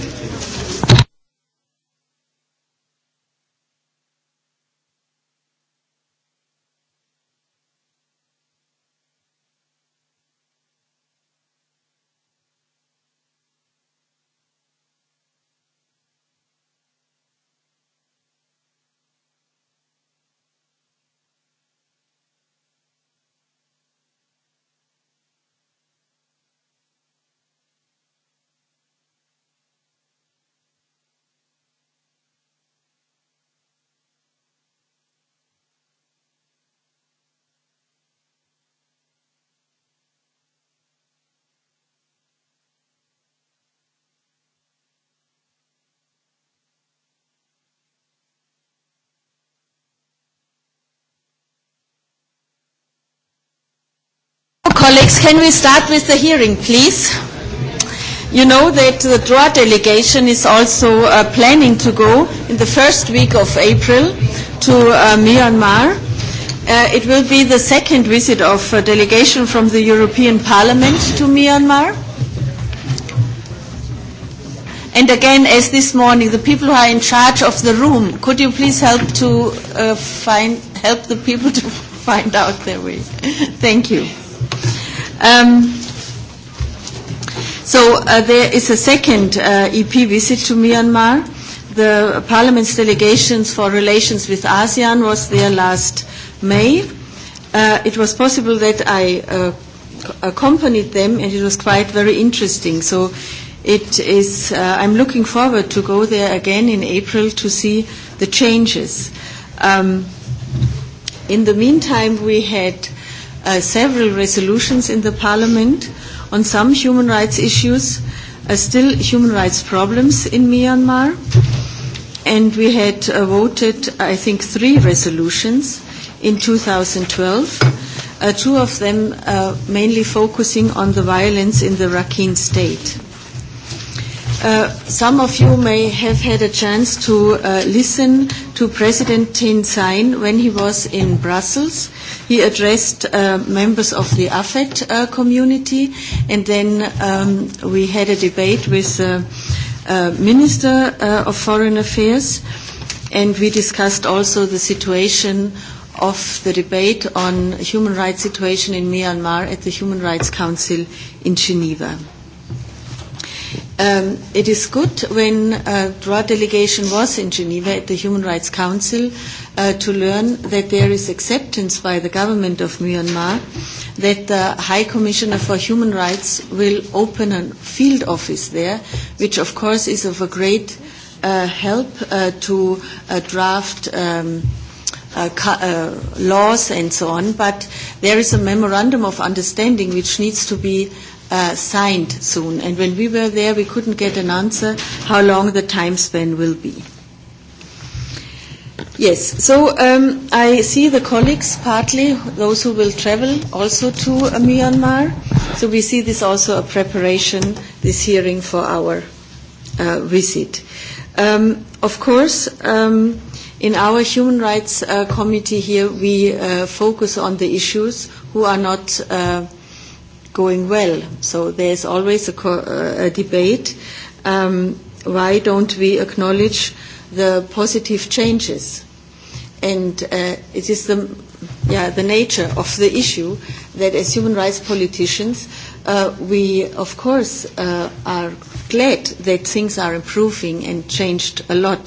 Colleagues, can we start with the hearing, please? You know that the DROA delegation is also planning to go in the first week of April to Myanmar. It will be the second visit of a delegation from the European Parliament to Myanmar. And again, as this morning, the people who are in charge of the room, could you please help to find help the people to find out their way? Thank you. So there is a second EP visit to Myanmar. The Parliament's delegations for relations with ASEAN was there last May. It was possible that I accompanied them and it was quite very interesting. So it is, I'm looking forward to go there again in April to see the changes. In the meantime, we had several resolutions in the Parliament on some human rights issues, still human rights problems in Myanmar. And we had voted, I think, three resolutions in 2012, two of them mainly focusing on the violence in the Rakhine state. Some of you may have had a chance to listen to President Tin Sein when he was in Brussels. He addressed members of the AFET community and then we had a debate with the Minister of Foreign Affairs and we discussed also the situation of the debate on human rights situation in Myanmar at the Human Rights Council in Geneva. It is good when the delegation was in Geneva at the Human Rights Council to learn that there is acceptance by the government of Myanmar that the High Commissioner for Human Rights will open a field office there, which of course is of a great help to draft laws and so on. But there is a memorandum of understanding which needs to be signed soon. And when we were there, we couldn't get an answer how long the time span will be. Yes, so I see the colleagues, partly those who will travel also to Myanmar. So we see this also a preparation, this hearing for our visit. Of course, in our Human Rights Committee here, we focus on the issues who are not going well. So there is always a debate. Why don't we acknowledge the positive changes? And it is the the nature of the issue that as human rights politicians we of course are glad that things are improving and changed a lot.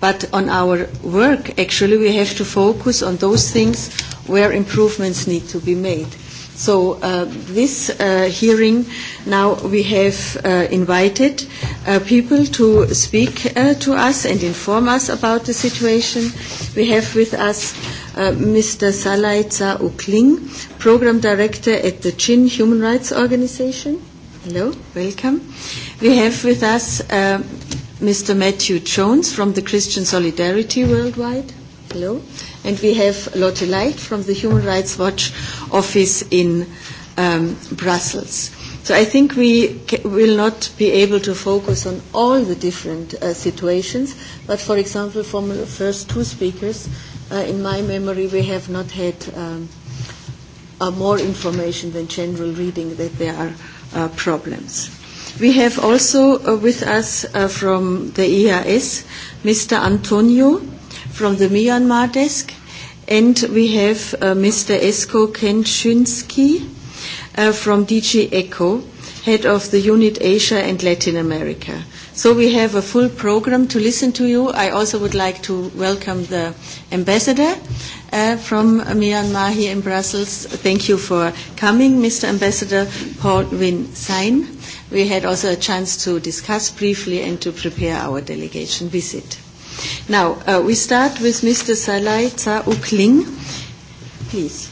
But on our work actually we have to focus on those things where improvements need to be made. So this hearing now we have invited people to speak to us and inform us about the situation. We have with us Mr. Salaitza Ukling, Program Director at the Chin Human Rights Organization. Hello, welcome. We have with us Mr. Matthew Jones from the Christian Solidarity Worldwide. Hello and we have Lotte Light from the Human Rights Watch office in Brussels. So I think we will not be able to focus on all the different situations, but for example, from the first two speakers, in my memory, we have not had more information than general reading that there are problems. We have also with us from the EAS Mr. Antonio from the Myanmar desk, and we have Mr. Esko Kenshinsky from DG ECHO, head of the unit Asia and Latin America. So we have a full program to listen to you. I also would like to welcome the ambassador from Myanmar here in Brussels. Thank you for coming, Mr. Ambassador Paul Win Sein. We had also a chance to discuss briefly and to prepare our delegation visit. Now, we start with Mr. Salai Tsa-Ukling. Please.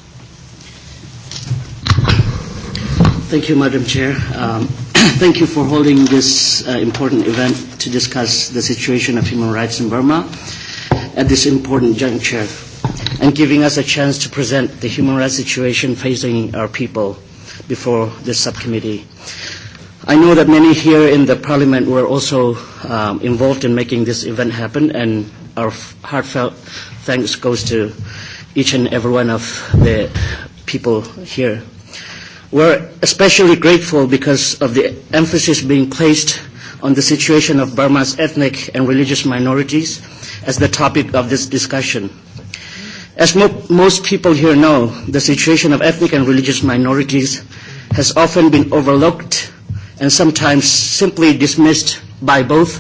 Thank you, Madam Chair. Thank you for holding this important event to discuss the situation of human rights in Burma at this important juncture and giving us a chance to present the human rights situation facing our people before this subcommittee. I know that many here in the Parliament were also involved in making this event happen, and our heartfelt thanks goes to each and every one of the people here. We're especially grateful because of the emphasis being placed on the situation of Burma's ethnic and religious minorities as the topic of this discussion. As most people here know, the situation of ethnic and religious minorities has often been overlooked and sometimes simply dismissed by both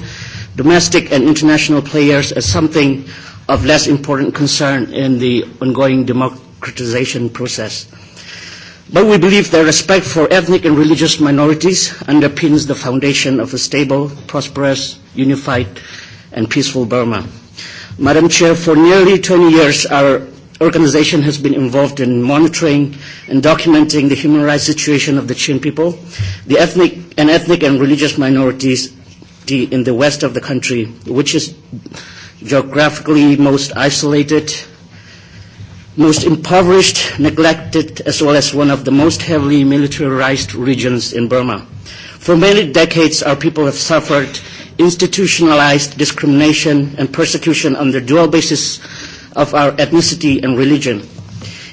domestic and international players as something of less important concern in the ongoing democratization process. But we believe that respect for ethnic and religious minorities underpins the foundation of a stable, prosperous, unified, and peaceful Burma. Madam Chair, for nearly 20 years, our organization has been involved in monitoring and documenting the human rights situation of the Chin people, the ethnic and ethnic and religious minorities in the west of the country, which is geographically most isolated, most impoverished, neglected, as well as one of the most heavily militarized regions in Burma. For many decades, our people have suffered institutionalized discrimination and persecution on the dual basis of our ethnicity and religion.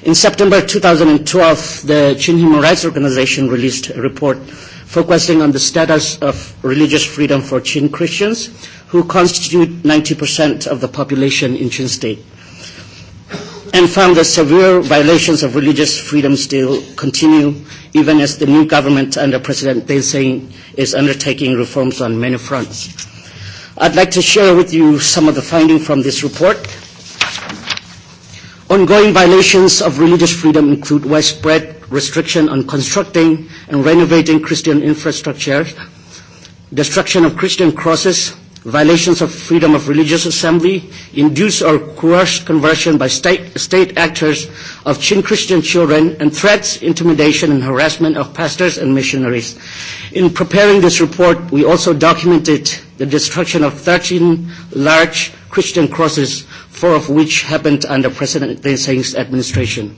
In September 2012, the Chin Human Rights Organization released a report focusing on the status of religious freedom for Chin Christians, who constitute 90% of the population in Chin State, and found that severe violations of religious freedom still continue, even as the new government under President Deng is undertaking reforms on many fronts. I'd like to share with you some of the findings from this report Ongoing violations of religious freedom include widespread restriction on constructing and renovating Christian infrastructure, destruction of Christian crosses, violations of freedom of religious assembly, induced or coerced conversion by state actors of Chin Christian children, and threats, intimidation, and harassment of pastors and missionaries. In preparing this report, we also documented the destruction of 13 large Christian crosses four of which happened under President Deng administration.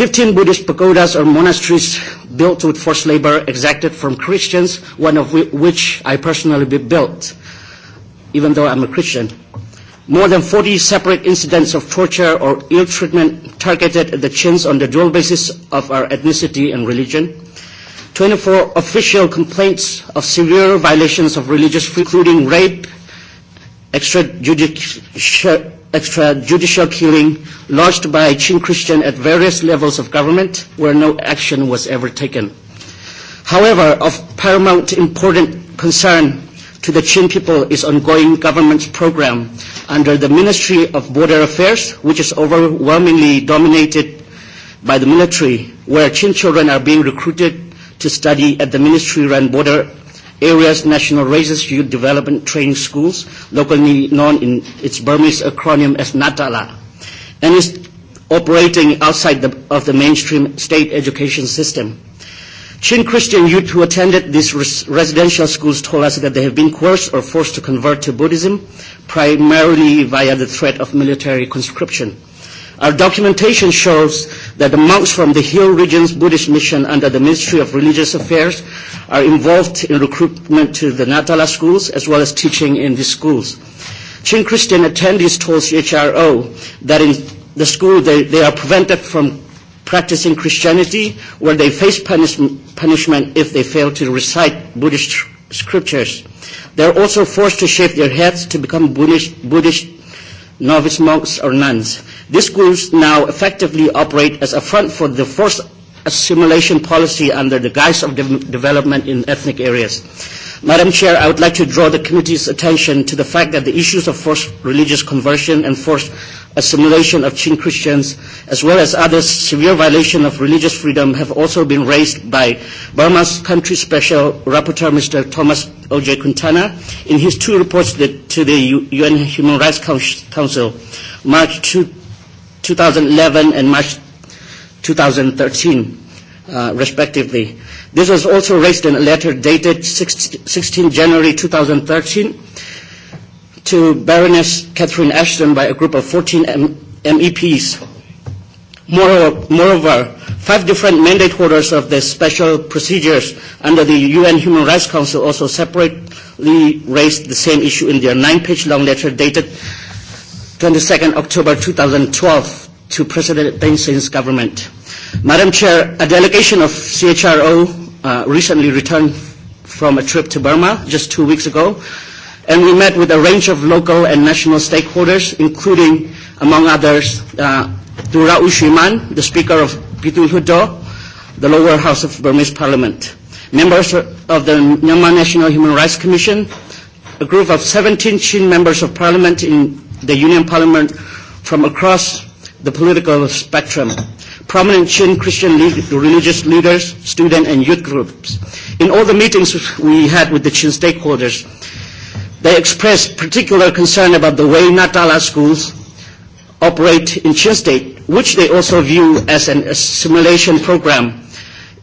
Fifteen Buddhist pagodas or monasteries built with forced labor exacted from Christians, one of which I personally built, even though I'm a Christian. More than 40 separate incidents of torture or ill treatment targeted at the Chins on the dual basis of our ethnicity and religion. 24 official complaints of severe violations of religious, including rape, extrajudicial killing lodged by Qin Christian at various levels of government where no action was ever taken. However, of paramount important concern to the Qin people is ongoing government program under the Ministry of Border Affairs, which is overwhelmingly dominated by the military, where Qin children are being recruited to study at the ministry-run border areas national races youth development training schools, locally known in its Burmese acronym as Natala, and is operating outside of the mainstream state education system. Chin Christian youth who attended these residential schools told us that they have been coerced or forced to convert to Buddhism, primarily via the threat of military conscription. Our documentation shows that the monks from the Hill Region's Buddhist mission under the Ministry of Religious Affairs are involved in recruitment to the Natala schools as well as teaching in these schools. Chin Christian attendees told CHRO that in the school they, they are prevented from practicing Christianity where they face punishment if they fail to recite Buddhist scriptures. They are also forced to shave their heads to become Buddhist, Buddhist novice monks or nuns. These schools now effectively operate as a front for the forced assimilation policy under the guise of development in ethnic areas. Madam Chair, I would like to draw the committee's attention to the fact that the issues of forced religious conversion and forced assimilation of Qing Christians, as well as other severe violation of religious freedom, have also been raised by Burma's country special rapporteur, Mr. Thomas O.J. Quintana, in his two reports that to the UN Human Rights Council, March 2011 and March 2013, respectively. This was also raised in a letter dated 16 January 2013 to Baroness Catherine Ashton by a group of 14 MEPs. Moreover, five different mandate holders of the special procedures under the UN Human Rights Council also separate raised the same issue in their nine-page long letter dated 22 October 2012 to President Benson's government. Madam Chair, a delegation of CHRO recently returned from a trip to Burma just two weeks ago, and we met with a range of local and national stakeholders, including, among others, Dura Ushiman, the Speaker of Pitul Hudo, the lower house of Burmese Parliament members of the Myanmar National Human Rights Commission, a group of 17 Chin members of parliament in the Union Parliament from across the political spectrum, prominent Chin Christian religious leaders, student and youth groups. In all the meetings we had with the Chin stakeholders, they expressed particular concern about the way Natala schools operate in Chin state, which they also view as an assimilation program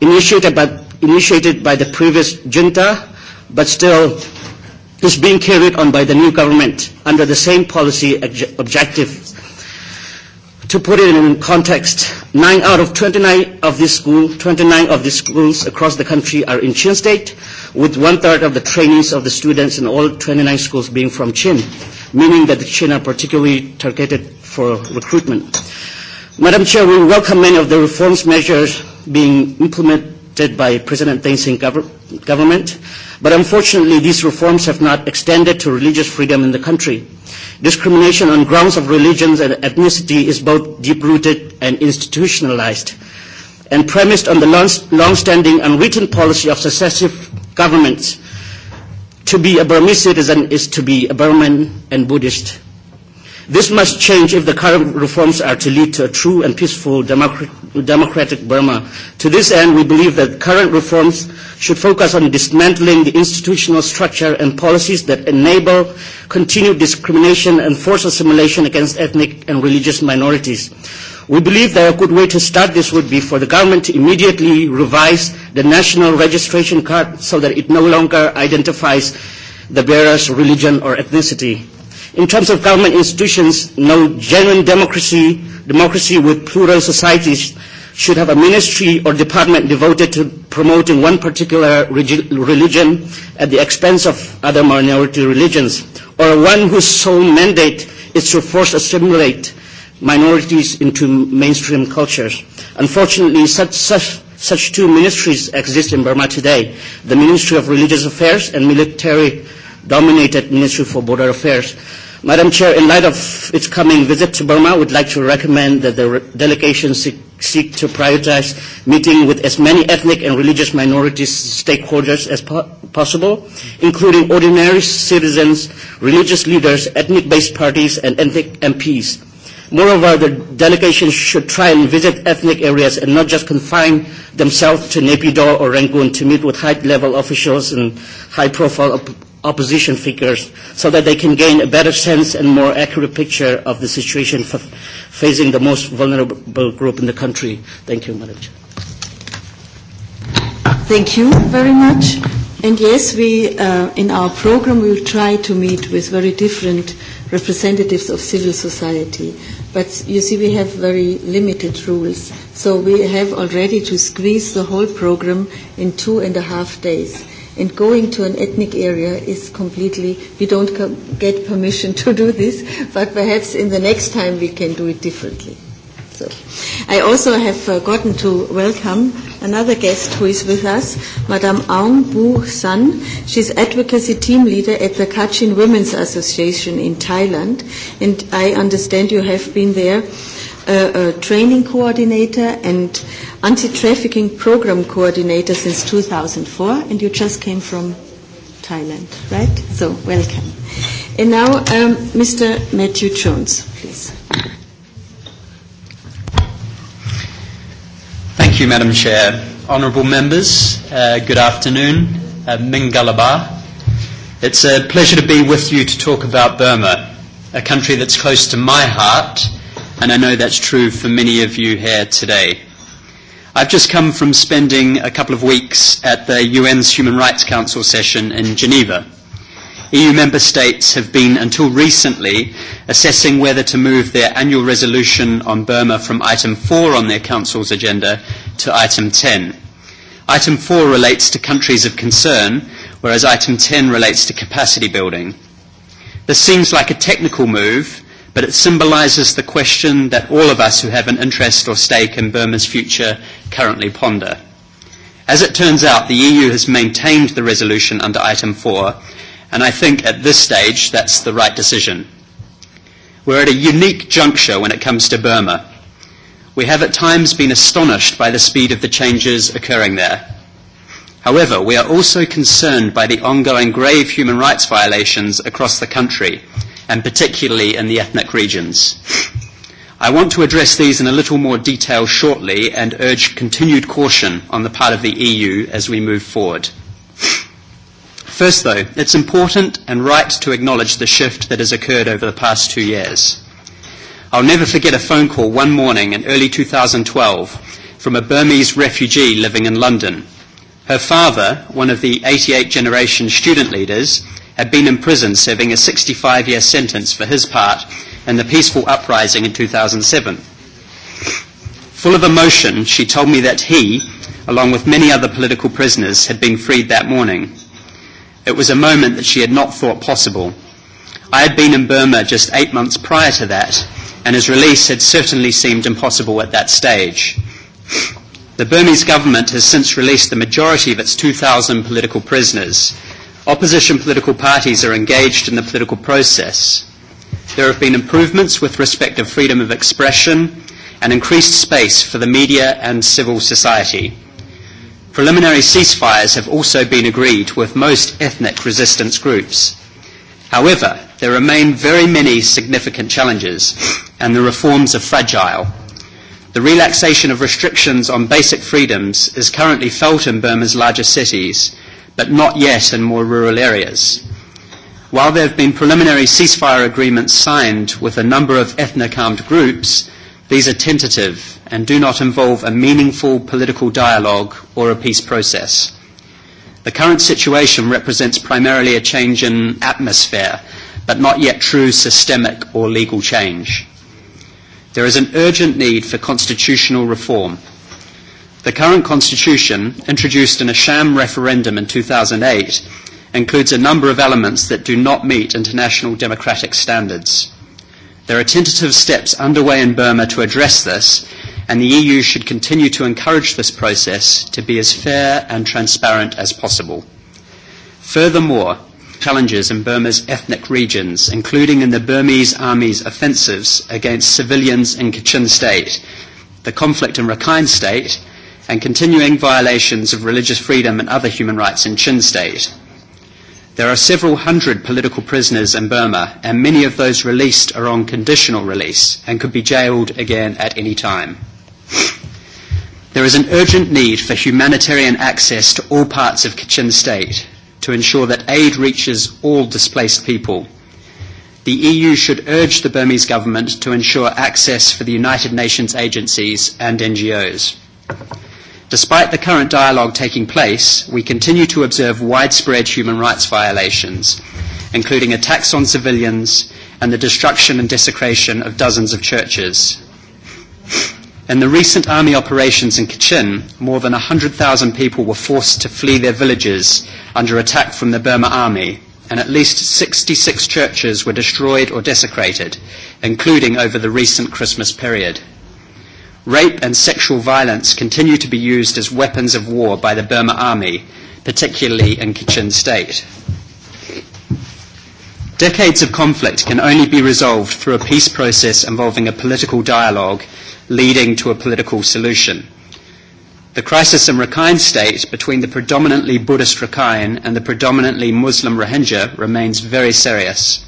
initiated by initiated by the previous junta, but still is being carried on by the new government under the same policy objective. To put it in context, nine out of 29 of these schools, 29 of these schools across the country are in Chin state, with one-third of the trainees of the students in all 29 schools being from Chin, meaning that the Chin are particularly targeted for recruitment. Madam Chair, we welcome many of the reforms measures being implemented by President Thein Sein government, but unfortunately these reforms have not extended to religious freedom in the country. Discrimination on grounds of religion and ethnicity is both deep-rooted and institutionalized, and premised on the long-standing unwritten policy of successive governments. To be a Burmese citizen is to be a Burman and Buddhist. This must change if the current reforms are to lead to a true and peaceful democratic Burma. To this end, we believe that current reforms should focus on dismantling the institutional structure and policies that enable continued discrimination and forced assimilation against ethnic and religious minorities. We believe that a good way to start this would be for the government to immediately revise the national registration card so that it no longer identifies the bearer's religion or ethnicity. In terms of government institutions, no genuine democracy, democracy with plural societies should have a ministry or department devoted to promoting one particular religion at the expense of other minority religions, or one whose sole mandate is to force assimilate minorities into mainstream cultures. Unfortunately, such, such, such two ministries exist in Burma today, the Ministry of Religious Affairs and military dominated Ministry for Border Affairs. Madam Chair, in light of its coming visit to Burma, I would like to recommend that the delegation seek to prioritize meeting with as many ethnic and religious minorities stakeholders as possible, including ordinary citizens, religious leaders, ethnic-based parties, and ethnic MPs. Moreover, the delegation should try and visit ethnic areas and not just confine themselves to Naypyidaw or Rangoon to meet with high-level officials and high-profile opposition figures so that they can gain a better sense and more accurate picture of the situation facing the most vulnerable group in the country. Thank you, Madam Chair. Thank you very much. And yes, we in our program we will try to meet with very different representatives of civil society. But you see we have very limited rules. So we have already to squeeze the whole program in two and a half days. And going to an ethnic area is completely, we don't get permission to do this, but perhaps in the next time we can do it differently. So, I also have gotten to welcome another guest who is with us, Madame Aung Bu San. She's advocacy team leader at the Kachin Women's Association in Thailand, and I understand you have been there A training coordinator and anti-trafficking program coordinator since 2004, and you just came from Thailand, right? So, welcome. And now, Mr. Matthew Jones, please. Thank you, Madam Chair. Honourable members, good afternoon. Mingalaba. It's a pleasure to be with you to talk about Burma, a country that's close to my heart and I know that's true for many of you here today. I've just come from spending a couple of weeks at the UN's Human Rights Council session in Geneva. EU member states have been, until recently, assessing whether to move their annual resolution on Burma from item four on their Council's agenda to item 10. Item four relates to countries of concern, whereas item 10 relates to capacity building. This seems like a technical move, but it symbolizes the question that all of us who have an interest or stake in Burma's future currently ponder. As it turns out, the EU has maintained the resolution under item 4, and I think at this stage that's the right decision. We're at a unique juncture when it comes to Burma. We have at times been astonished by the speed of the changes occurring there. However, we are also concerned by the ongoing grave human rights violations across the country, and particularly in the ethnic regions. I want to address these in a little more detail shortly and urge continued caution on the part of the EU as we move forward. First, though, it's important and right to acknowledge the shift that has occurred over the past two years. I'll never forget a phone call one morning in early 2012 from a Burmese refugee living in London. Her father, one of the 88 generation student leaders, had been in prison serving a 65-year sentence for his part in the peaceful uprising in 2007. Full of emotion, she told me that he, along with many other political prisoners, had been freed that morning. It was a moment that she had not thought possible. I had been in Burma just eight months prior to that, and his release had certainly seemed impossible at that stage. The Burmese government has since released the majority of its 2,000 political prisoners, Opposition political parties are engaged in the political process. There have been improvements with respect to freedom of expression and increased space for the media and civil society. Preliminary ceasefires have also been agreed with most ethnic resistance groups. However, there remain very many significant challenges, and the reforms are fragile. The relaxation of restrictions on basic freedoms is currently felt in Burma's larger cities, but not yet in more rural areas. While there have been preliminary ceasefire agreements signed with a number of ethnic-armed groups, these are tentative and do not involve a meaningful political dialogue or a peace process. The current situation represents primarily a change in atmosphere, but not yet true systemic or legal change. There is an urgent need for constitutional reform The current constitution, introduced in a sham referendum in 2008, includes a number of elements that do not meet international democratic standards. There are tentative steps underway in Burma to address this, and the EU should continue to encourage this process to be as fair and transparent as possible. Furthermore, challenges in Burma's ethnic regions, including in the Burmese army's offensives against civilians in Kachin State, the conflict in Rakhine State, and continuing violations of religious freedom and other human rights in Chin State. There are several hundred political prisoners in Burma, and many of those released are on conditional release and could be jailed again at any time. There is an urgent need for humanitarian access to all parts of Kachin State to ensure that aid reaches all displaced people. The EU should urge the Burmese government to ensure access for the United Nations agencies and NGOs. Despite the current dialogue taking place, we continue to observe widespread human rights violations, including attacks on civilians and the destruction and desecration of dozens of churches. In the recent army operations in Kachin, more than 100,000 people were forced to flee their villages under attack from the Burma army, and at least 66 churches were destroyed or desecrated, including over the recent Christmas period rape and sexual violence continue to be used as weapons of war by the Burma army, particularly in Kachin state. Decades of conflict can only be resolved through a peace process involving a political dialogue leading to a political solution. The crisis in Rakhine state between the predominantly Buddhist Rakhine and the predominantly Muslim Rohingya remains very serious.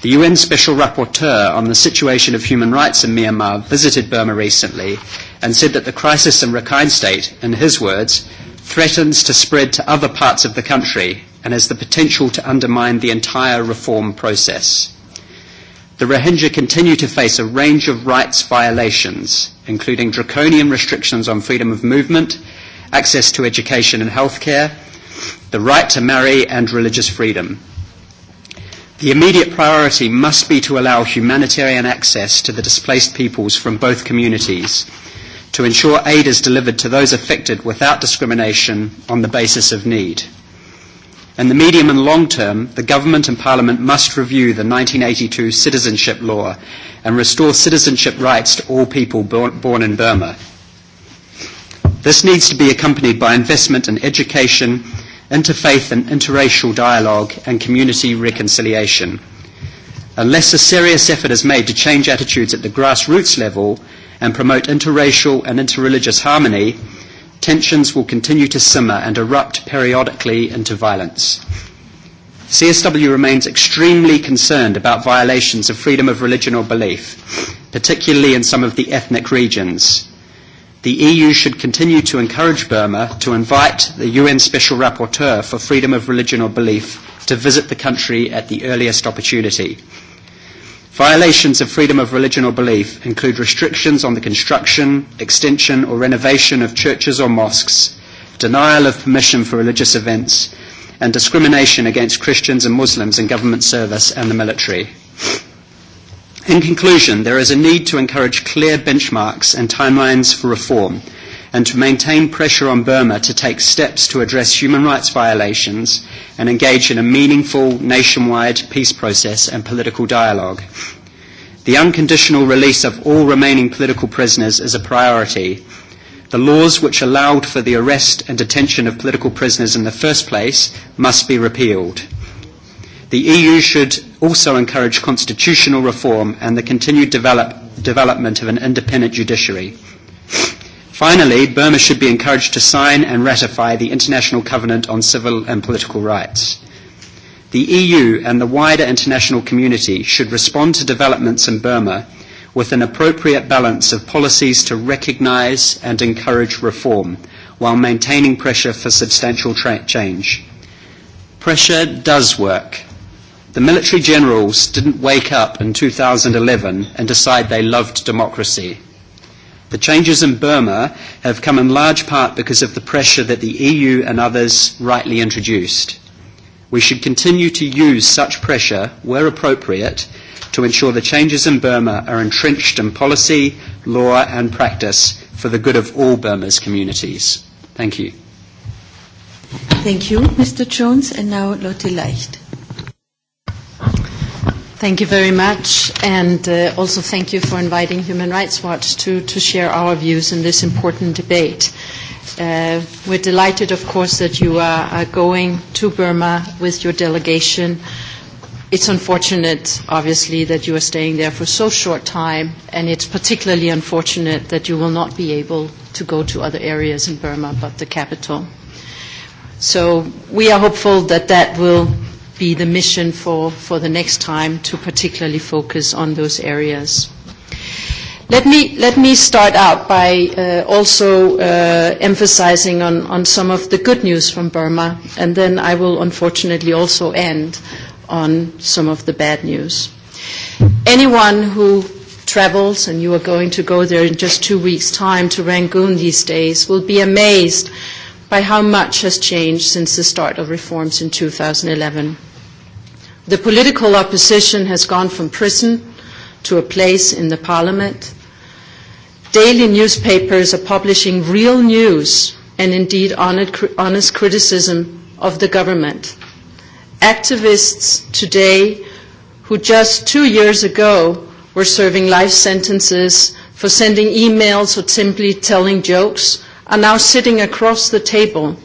The UN Special Rapporteur on the situation of human rights in Myanmar visited Burma recently and said that the crisis in Rakhine State, in his words, threatens to spread to other parts of the country and has the potential to undermine the entire reform process. The Rohingya continue to face a range of rights violations, including draconian restrictions on freedom of movement, access to education and healthcare, the right to marry and religious freedom. The immediate priority must be to allow humanitarian access to the displaced peoples from both communities, to ensure aid is delivered to those affected without discrimination on the basis of need. In the medium and long term, the Government and Parliament must review the 1982 citizenship law and restore citizenship rights to all people born in Burma. This needs to be accompanied by investment in education interfaith and interracial dialogue, and community reconciliation. Unless a serious effort is made to change attitudes at the grassroots level and promote interracial and interreligious harmony, tensions will continue to simmer and erupt periodically into violence. CSW remains extremely concerned about violations of freedom of religion or belief, particularly in some of the ethnic regions the EU should continue to encourage Burma to invite the UN Special Rapporteur for freedom of religion or belief to visit the country at the earliest opportunity. Violations of freedom of religion or belief include restrictions on the construction, extension or renovation of churches or mosques, denial of permission for religious events, and discrimination against Christians and Muslims in government service and the military. In conclusion, there is a need to encourage clear benchmarks and timelines for reform and to maintain pressure on Burma to take steps to address human rights violations and engage in a meaningful nationwide peace process and political dialogue. The unconditional release of all remaining political prisoners is a priority. The laws which allowed for the arrest and detention of political prisoners in the first place must be repealed. The EU should also encourage constitutional reform and the continued development of an independent judiciary. Finally, Burma should be encouraged to sign and ratify the International Covenant on Civil and Political Rights. The EU and the wider international community should respond to developments in Burma with an appropriate balance of policies to recognise and encourage reform while maintaining pressure for substantial change. Pressure does work The military generals didn't wake up in 2011 and decide they loved democracy. The changes in Burma have come in large part because of the pressure that the EU and others rightly introduced. We should continue to use such pressure, where appropriate, to ensure the changes in Burma are entrenched in policy, law and practice for the good of all Burma's communities. Thank you. Thank you, Mr. Jones. And now Lotte Leicht. Thank you very much, and also thank you for inviting Human Rights Watch to to share our views in this important debate. We're delighted, of course, that you are going to Burma with your delegation. It's unfortunate, obviously, that you are staying there for so short time, and it's particularly unfortunate that you will not be able to go to other areas in Burma but the capital. So we are hopeful that that will be the mission for for the next time to particularly focus on those areas. Let me let me start out by also emphasizing on on some of the good news from Burma and then I will unfortunately also end on some of the bad news. Anyone who travels and you are going to go there in just two weeks time to Rangoon these days will be amazed by how much has changed since the start of reforms in 2011. The political opposition has gone from prison to a place in the parliament. Daily newspapers are publishing real news and indeed honest criticism of the government. Activists today who just two years ago were serving life sentences for sending emails or simply telling jokes are now sitting across the table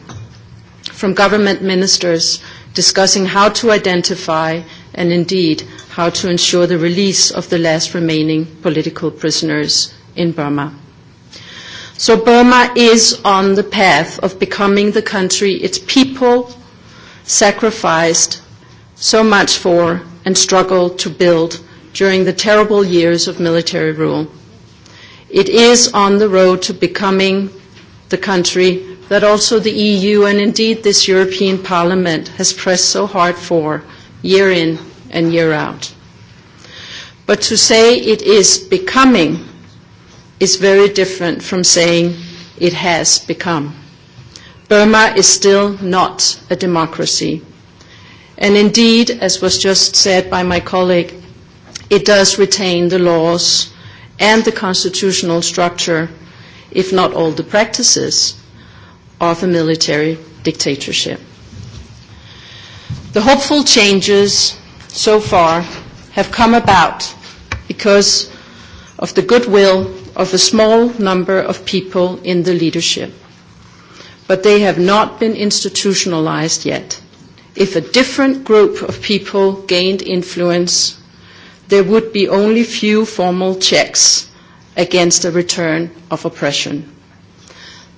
from government ministers discussing how to identify and indeed how to ensure the release of the last remaining political prisoners in Burma. So Burma is on the path of becoming the country its people sacrificed so much for and struggled to build during the terrible years of military rule. It is on the road to becoming the country that also the EU and indeed this European Parliament has pressed so hard for year in and year out. But to say it is becoming is very different from saying it has become. Burma is still not a democracy. And indeed, as was just said by my colleague, it does retain the laws and the constitutional structure, if not all the practices, of a military dictatorship. The hopeful changes so far have come about because of the goodwill of a small number of people in the leadership. But they have not been institutionalized yet. If a different group of people gained influence, there would be only few formal checks against a return of oppression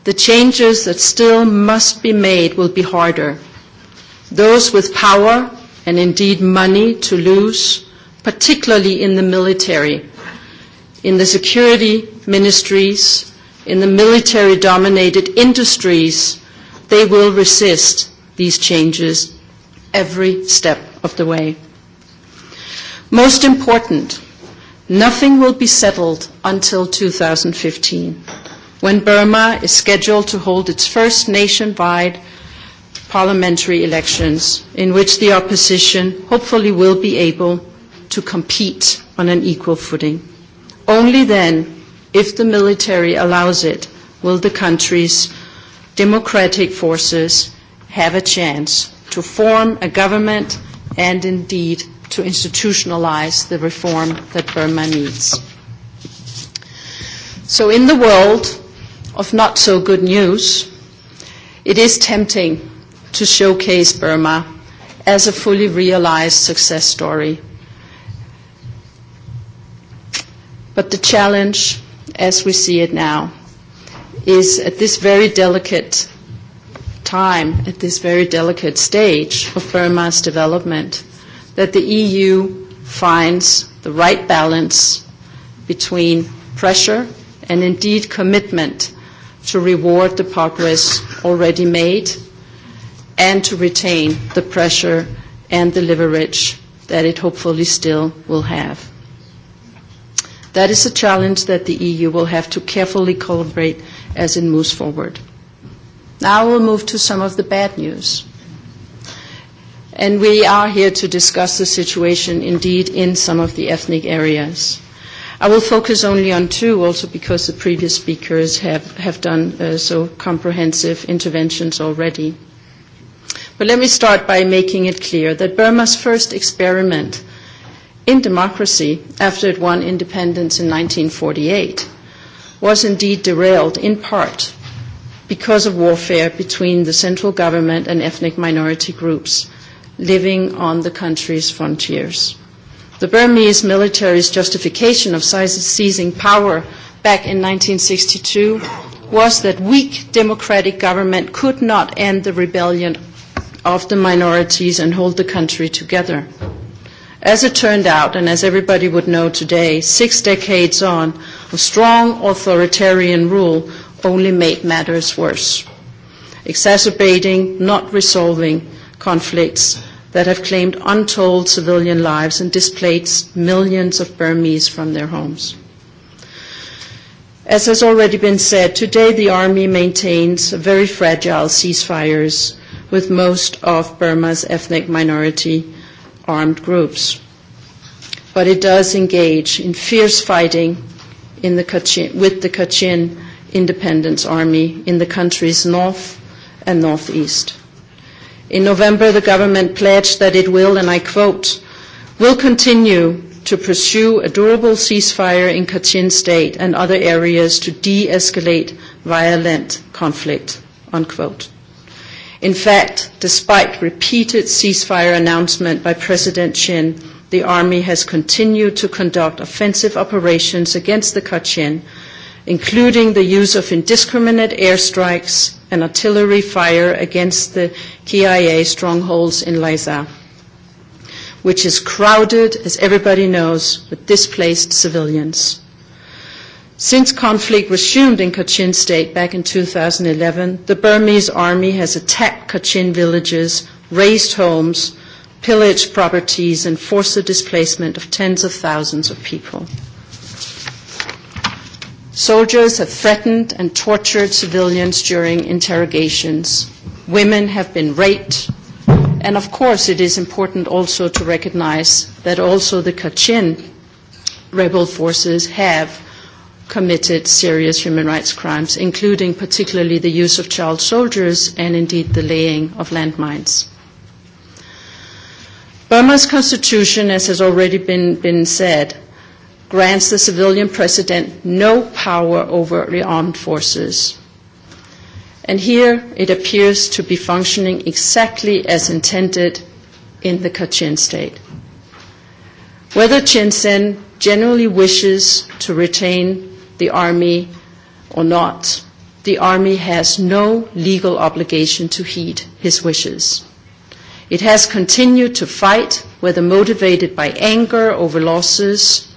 the changes that still must be made will be harder. Those with power and indeed money to lose, particularly in the military, in the security ministries, in the military-dominated industries, they will resist these changes every step of the way. Most important, nothing will be settled until 2015 when Burma is scheduled to hold its first nationwide parliamentary elections in which the opposition hopefully will be able to compete on an equal footing. Only then, if the military allows it, will the country's democratic forces have a chance to form a government and indeed to institutionalize the reform that Burma needs. So in the world, of not so good news, it is tempting to showcase Burma as a fully realized success story. But the challenge, as we see it now, is at this very delicate time, at this very delicate stage of Burma's development, that the EU finds the right balance between pressure and indeed commitment to reward the progress already made and to retain the pressure and the leverage that it hopefully still will have. That is a challenge that the EU will have to carefully calibrate as it moves forward. Now we'll move to some of the bad news. And we are here to discuss the situation indeed in some of the ethnic areas. I will focus only on two, also because the previous speakers have have done so comprehensive interventions already. But let me start by making it clear that Burma's first experiment in democracy after it won independence in 1948 was indeed derailed in part because of warfare between the central government and ethnic minority groups living on the country's frontiers. The Burmese military's justification of seizing power back in 1962 was that weak democratic government could not end the rebellion of the minorities and hold the country together. As it turned out, and as everybody would know today, six decades on, a strong authoritarian rule only made matters worse, exacerbating, not resolving conflicts that have claimed untold civilian lives and displaced millions of Burmese from their homes. As has already been said, today the army maintains very fragile ceasefires with most of Burma's ethnic minority armed groups. But it does engage in fierce fighting in the Kachin, with the Kachin Independence Army in the country's north and northeast. In November, the government pledged that it will, and I quote, will continue to pursue a durable ceasefire in Kachin state and other areas to de-escalate violent conflict, unquote. In fact, despite repeated ceasefire announcement by President Chin, the army has continued to conduct offensive operations against the Kachin, including the use of indiscriminate airstrikes and artillery fire against the KIA strongholds in Liza, which is crowded, as everybody knows, with displaced civilians. Since conflict resumed in Kachin state back in 2011, the Burmese army has attacked Kachin villages, razed homes, pillaged properties, and forced the displacement of tens of thousands of people. Soldiers have threatened and tortured civilians during interrogations women have been raped. And of course it is important also to recognize that also the Kachin rebel forces have committed serious human rights crimes, including particularly the use of child soldiers and indeed the laying of landmines. Burma's constitution, as has already been said, grants the civilian president no power over the armed forces and here it appears to be functioning exactly as intended in the Kachin state. Whether Sen generally wishes to retain the army or not, the army has no legal obligation to heed his wishes. It has continued to fight, whether motivated by anger over losses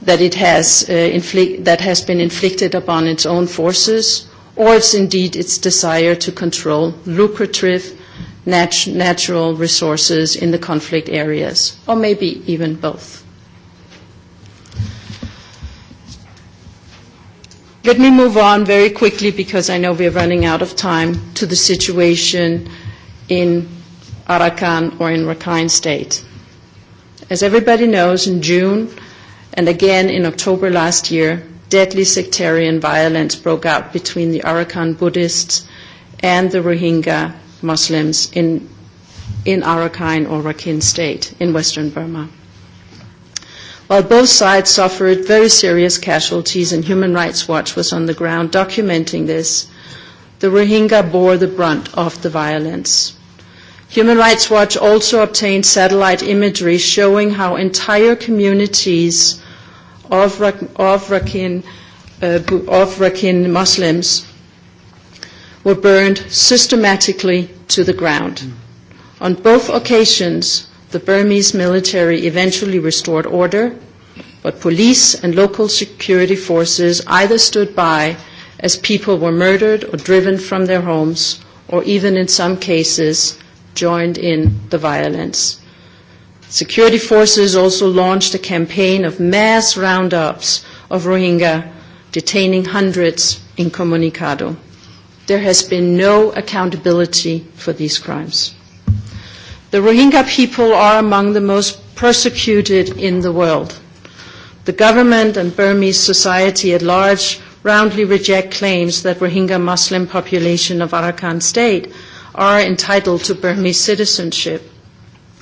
that it has that has been inflicted upon its own forces or it's indeed its desire to control lucrative natural resources in the conflict areas, or maybe even both. Let me move on very quickly, because I know we are running out of time, to the situation in Arakan or in Rakhine State. As everybody knows, in June and again in October last year, deadly sectarian violence broke out between the Arakan Buddhists and the Rohingya Muslims in in Arakan or Rakhine State in western Burma. While both sides suffered very serious casualties and Human Rights Watch was on the ground documenting this, the Rohingya bore the brunt of the violence. Human Rights Watch also obtained satellite imagery showing how entire communities of Rakhine Muslims were burned systematically to the ground. On both occasions, the Burmese military eventually restored order, but police and local security forces either stood by as people were murdered or driven from their homes, or even in some cases joined in the violence. Security forces also launched a campaign of mass roundups of Rohingya, detaining hundreds incommunicado. There has been no accountability for these crimes. The Rohingya people are among the most persecuted in the world. The government and Burmese society at large roundly reject claims that Rohingya Muslim population of Arakan state are entitled to Burmese citizenship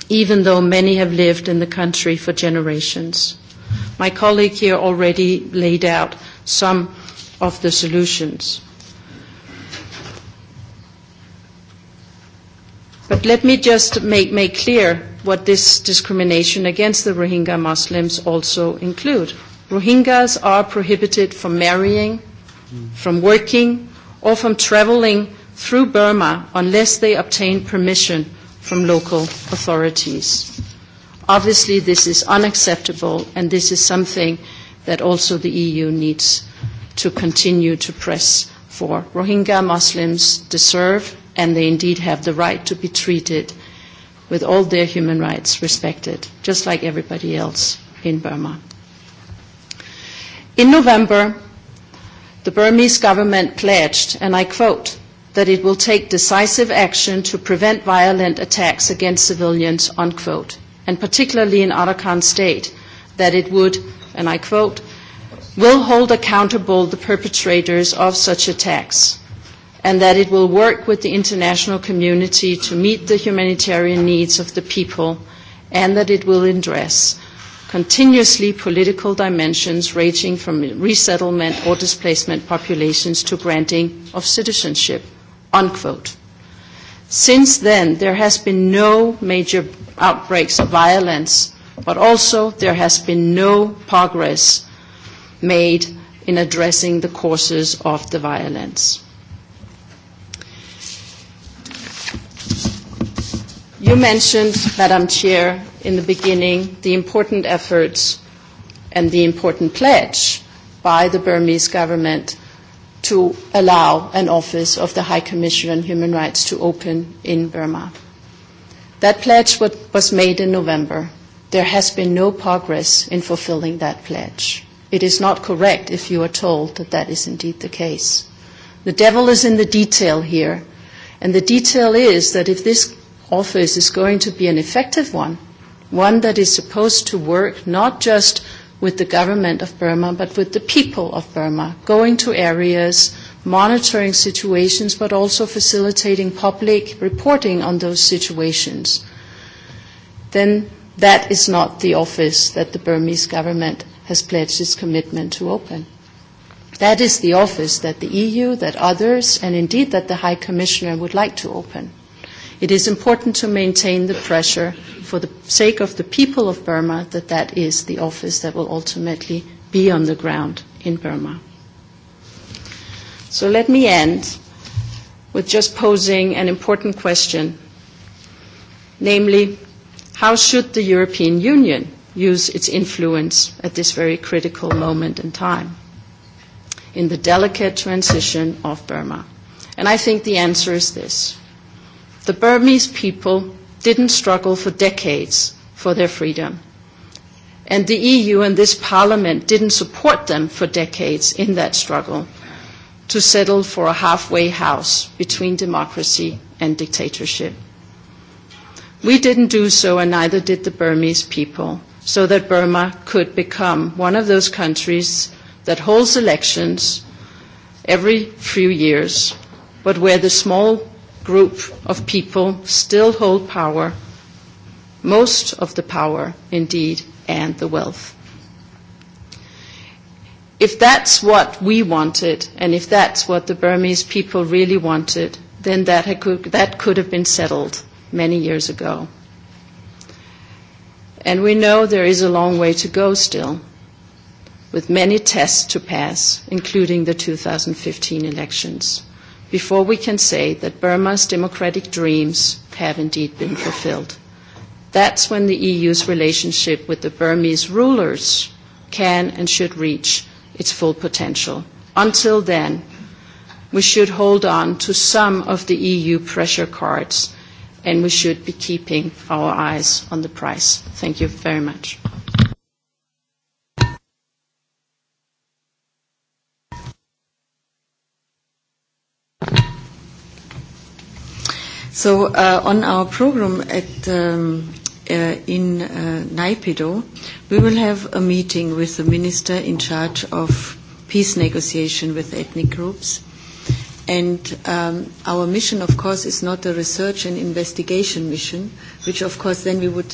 even though many have lived in the country for generations. My colleague here already laid out some of the solutions. But let me just make clear what this discrimination against the Rohingya Muslims also include. Rohingyas are prohibited from marrying, from working, or from travelling through Burma unless they obtain permission from local authorities. Obviously, this is unacceptable, and this is something that also the EU needs to continue to press for. Rohingya Muslims deserve, and they indeed have the right to be treated with all their human rights respected, just like everybody else in Burma. In November, the Burmese government pledged, and I quote, that it will take decisive action to prevent violent attacks against civilians, unquote, and particularly in Arakan State, that it would, and I quote, will hold accountable the perpetrators of such attacks, and that it will work with the international community to meet the humanitarian needs of the people, and that it will address continuously political dimensions ranging from resettlement or displacement populations to granting of citizenship. Since then, there has been no major outbreaks of violence, but also there has been no progress made in addressing the causes of the violence. You mentioned, Madam Chair, in the beginning, the important efforts and the important pledge by the Burmese government to allow an office of the High Commissioner on Human Rights to open in Burma. That pledge was made in November. There has been no progress in fulfilling that pledge. It is not correct if you are told that that is indeed the case. The devil is in the detail here. And the detail is that if this office is going to be an effective one, one that is supposed to work not just with the government of Burma, but with the people of Burma, going to areas, monitoring situations, but also facilitating public reporting on those situations, then that is not the office that the Burmese government has pledged its commitment to open. That is the office that the EU, that others, and indeed that the High Commissioner would like to open. It is important to maintain the pressure for the sake of the people of Burma that that is the office that will ultimately be on the ground in Burma. So let me end with just posing an important question, namely, how should the European Union use its influence at this very critical moment in time in the delicate transition of Burma? And I think the answer is this. The Burmese people didn't struggle for decades for their freedom. And the EU and this parliament didn't support them for decades in that struggle to settle for a halfway house between democracy and dictatorship. We didn't do so and neither did the Burmese people so that Burma could become one of those countries that holds elections every few years but where the small group of people still hold power, most of the power indeed, and the wealth. If that's what we wanted, and if that's what the Burmese people really wanted, then that could have been settled many years ago. And we know there is a long way to go still, with many tests to pass, including the 2015 elections before we can say that Burma's democratic dreams have indeed been fulfilled. That's when the EU's relationship with the Burmese rulers can and should reach its full potential. Until then, we should hold on to some of the EU pressure cards and we should be keeping our eyes on the prize. Thank you very much. So on our program at in Naipido, we will have a meeting with the minister in charge of peace negotiation with ethnic groups. And our mission, of course, is not a research and investigation mission, which, of course, then we would,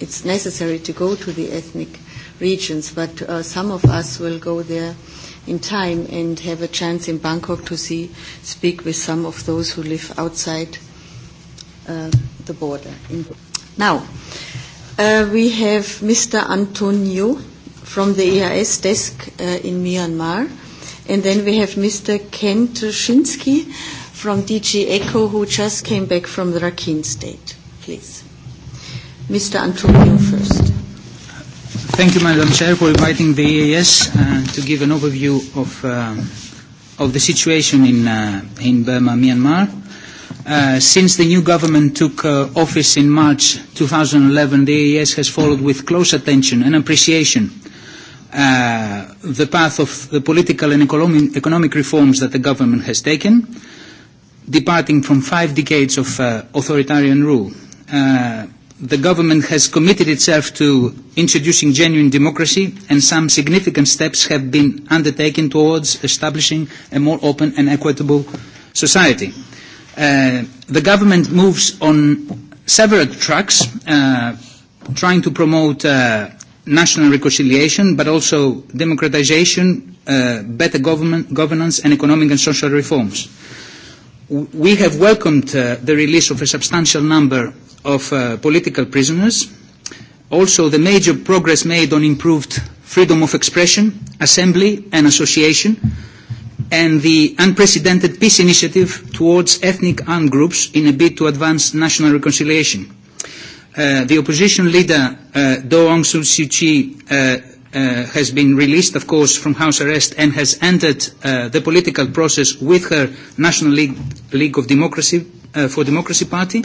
it's necessary to go to the ethnic regions, but some of us will go there in time and have a chance in Bangkok to see, speak with some of those who live outside the border. Now, we have Mr. Antonio from the EIS desk in Myanmar, and then we have Mr. Ken Tushinsky from DG ECHO who just came back from the Rakhine state. Please. Mr. Antonio first. Thank you, Madam Chair, for inviting the EAS to give an overview of of the situation in in Burma, Myanmar. Since the new government took office in March 2011, the EAS has followed with close attention and appreciation the path of the political and economic reforms that the government has taken, departing from five decades of authoritarian rule the government has committed itself to introducing genuine democracy and some significant steps have been undertaken towards establishing a more open and equitable society. The government moves on several tracks trying to promote national reconciliation but also democratization, better government governance and economic and social reforms. We have welcomed the release of a substantial number of political prisoners, also the major progress made on improved freedom of expression, assembly and association, and the unprecedented peace initiative towards ethnic armed groups in a bid to advance national reconciliation. The opposition leader, Do Aung San Suu Kyi, has been released, of course, from house arrest and has entered the political process with her National League of Democracy for Democracy Party.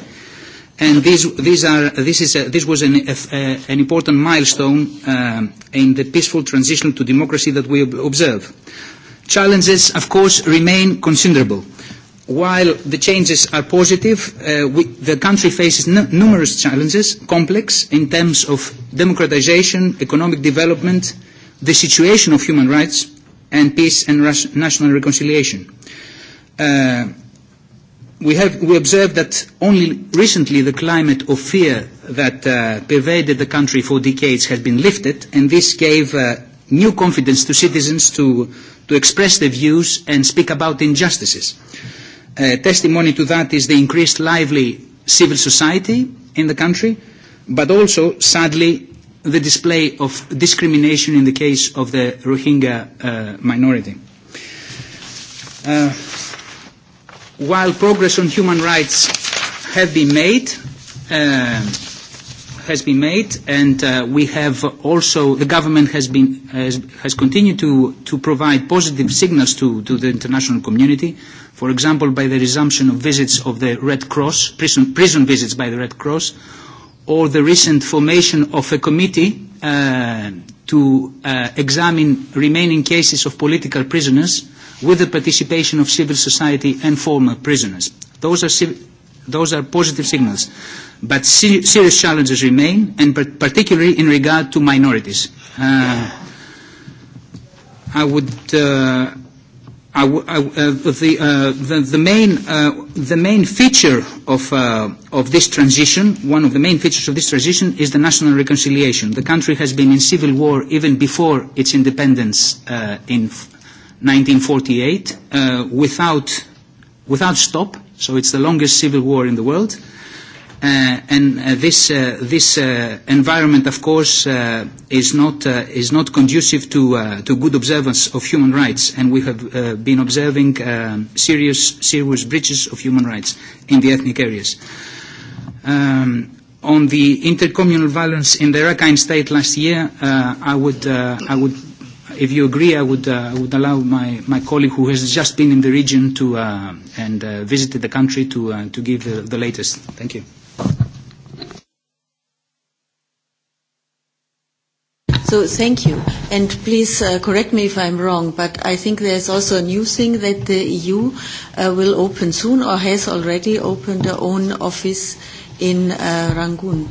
And these this was an important milestone in the peaceful transition to democracy that we observe. Challenges, of course, remain considerable. While the changes are positive, the country faces numerous challenges, complex in terms of democratization, economic development, the situation of human rights, and peace and national reconciliation. We observe that only recently the climate of fear that pervaded the country for decades has been lifted, and this gave new confidence to citizens to express their views and speak about injustices testimony to that is the increased lively civil society in the country, but also, sadly, the display of discrimination in the case of the Rohingya minority. While progress on human rights have been made, has been made and we have also the government has been has continued to to provide positive signals to to the international community for example by the resumption of visits of the red cross prison prison visits by the red cross or the recent formation of a committee to examine remaining cases of political prisoners with the participation of civil society and former prisoners those are Those are positive signals. But serious challenges remain, and particularly in regard to minorities. I would I the main the main feature of of this transition one of the main features of this transition is the national reconciliation the country has been in civil war even before its independence in 1948 without without stop So it's the longest civil war in the world. And this this environment, of course, is not is not conducive to to good observance of human rights, and we have been observing serious serious breaches of human rights in the ethnic areas. On the intercommunal violence in the Rakhine State last year, I would I would if you agree, I would, uh, would allow my, my colleague who has just been in the region to, uh, and uh, visited the country to, uh, to give the, the latest. Thank you. So thank you. And please correct me if I'm wrong, but I think there's also a new thing that the EU will open soon or has already opened their own office in Rangoon.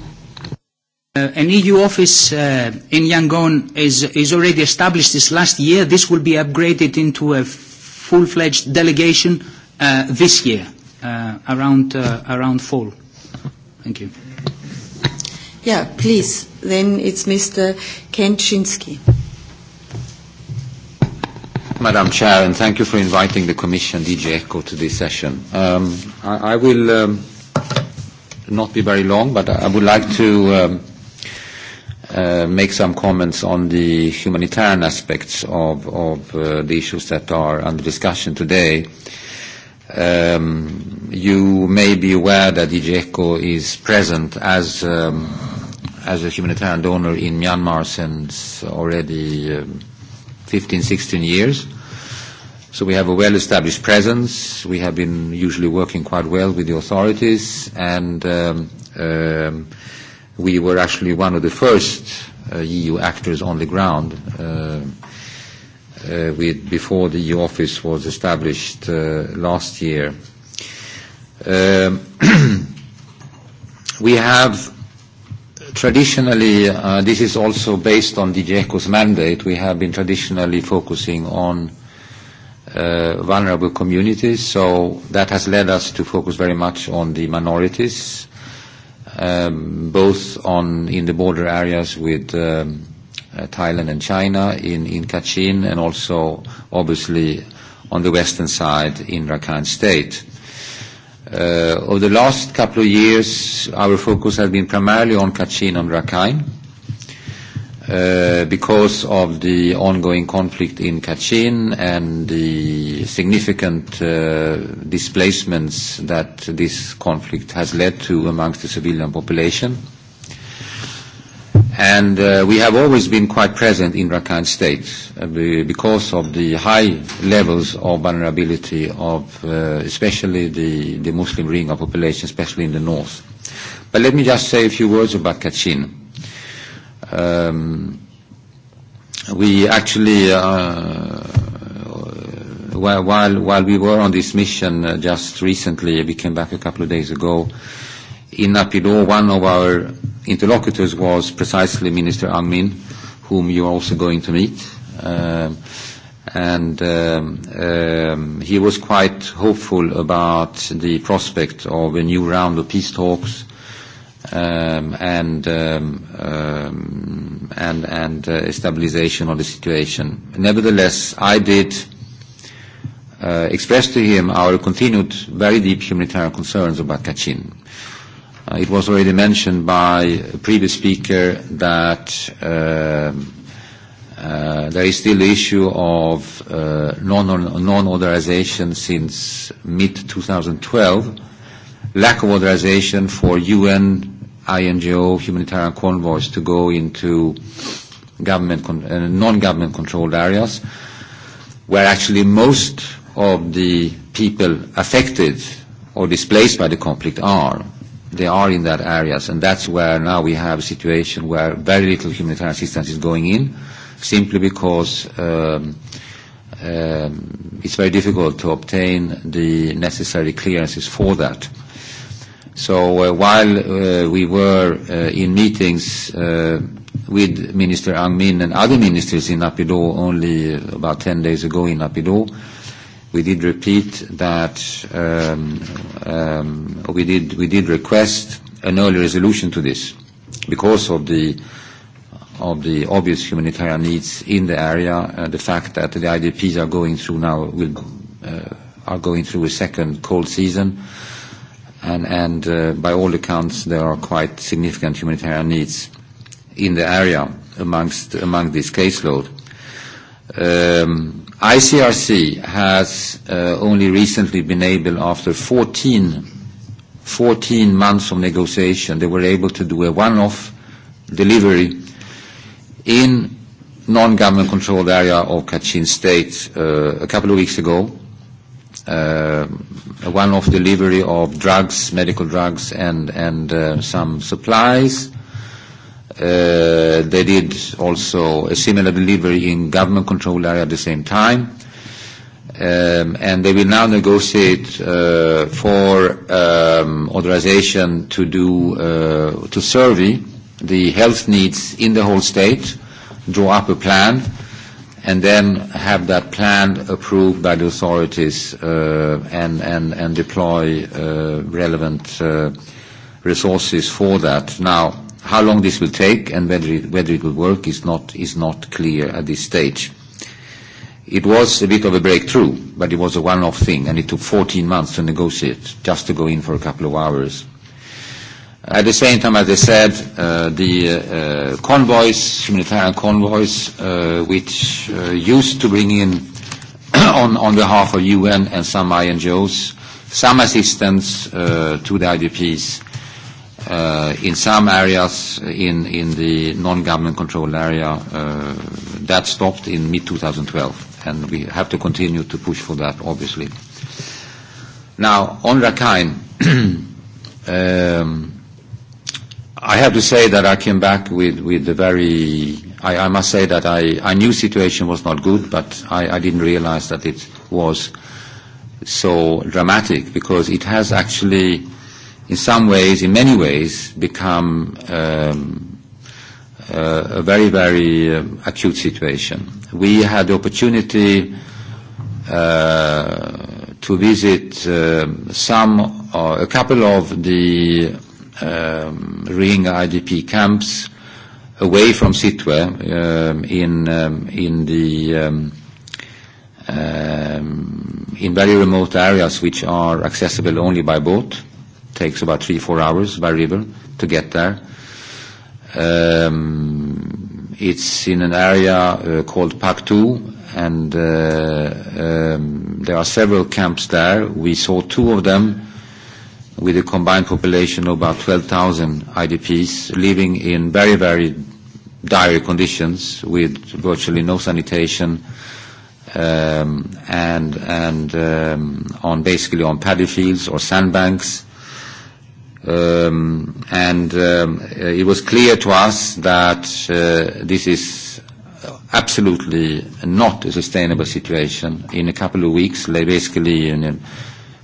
An EU office in Yangon is already established this last year. This will be upgraded into a full-fledged delegation this year, around fall. Thank you. Yeah, please. Then it's Mr. Madam Chair, and thank you for inviting the Commission, DG ECHO, to this session. I will not be very long, but I would like to make some comments on the humanitarian aspects of the issues that are under discussion today. You may be aware that DG is present as a humanitarian donor in Myanmar since already 15, 16 years. So we have a well-established presence. We have been usually working quite well with the authorities, and we were actually one of the first EU actors on the ground. Before the EU office was established last year, we have traditionally, this is also based on DG mandate. We have been traditionally focusing on vulnerable communities, so that has led us to focus very much on the minorities both on in the border areas with Thailand and China in in Kachin and also obviously on the western side in Rakhine State. Over the last couple of years, our focus has been primarily on Kachin and Rakhine because of the ongoing conflict in Kachin and the significant displacements that this conflict has led to amongst the civilian population. And we have always been quite present in Rakhine State because of the high levels of vulnerability of especially the the Muslim Ring of population, especially in the north. But let me just say a few words about Kachin. We actually, while while we were on this mission just recently, we came back a couple of days ago, in Napido, one of our interlocutors was precisely Minister Amin, whom you are also going to meet. And he was quite hopeful about the prospect of a new round of peace talks and and and stabilisation of the situation. Nevertheless, I did express to him our continued very deep humanitarian concerns about Kachin. It was already mentioned by a previous speaker that there is still the issue of non-authorization since mid-2012, lack of authorization for UN INGO humanitarian convoys to go into government non-government controlled areas where actually most of the people affected or displaced by the conflict are. They are in that areas and that's where now we have a situation where very little humanitarian assistance is going in simply because it's very difficult to obtain the necessary clearances for that. So while we were in meetings with Minister Ang Min and other ministers in Apido only about 10 days ago in Apido, we did repeat that we did we did request an early resolution to this because of the of the obvious humanitarian needs in the area the fact that the IDPs are going through now are going through a second cold season and by all accounts there are quite significant humanitarian needs in the area amongst among this caseload. ICRC has only recently been able, after 14 months of negotiation, they were able to do a one-off delivery in non-government controlled area of Kachin state a couple of weeks ago one-off delivery of drugs, medical drugs, and and some supplies. They did also a similar delivery in government-controlled area at the same time. And they will now negotiate for authorization to do to survey the health needs in the whole state, draw up a plan and then have that plan approved by the authorities and deploy relevant resources for that. Now, how long this will take and whether it whether it will work is not is not clear at this stage. It was a bit of a breakthrough, but it was a one-off thing, and it took 14 months to negotiate just to go in for a couple of hours. At the same time, as I said, the convoys, humanitarian convoys, which used to bring in on behalf of UN and some INGOs some assistance to the IDPs in some areas in the non-government controlled area. That stopped in mid-2012, and we have to continue to push for that, obviously. Now, on Rakhine I have to say that I came back with with the very I I must say that I I knew situation was not good but I I didn't realize that it was so dramatic because it has actually in some ways in many ways become a very very acute situation. We had the opportunity to visit some a couple of the ring IDP camps away from Sitwe in in the in very remote areas which are accessible only by boat. Takes about three, four hours by river to get there. It's in an area called Paktu and there are several camps there. We saw two of them with a combined population of about 12,000 IDPs living in very, very dire conditions with virtually no sanitation and and on basically on paddy fields or sandbanks. And it was clear to us that this is absolutely not a sustainable situation. In a couple of weeks, basically in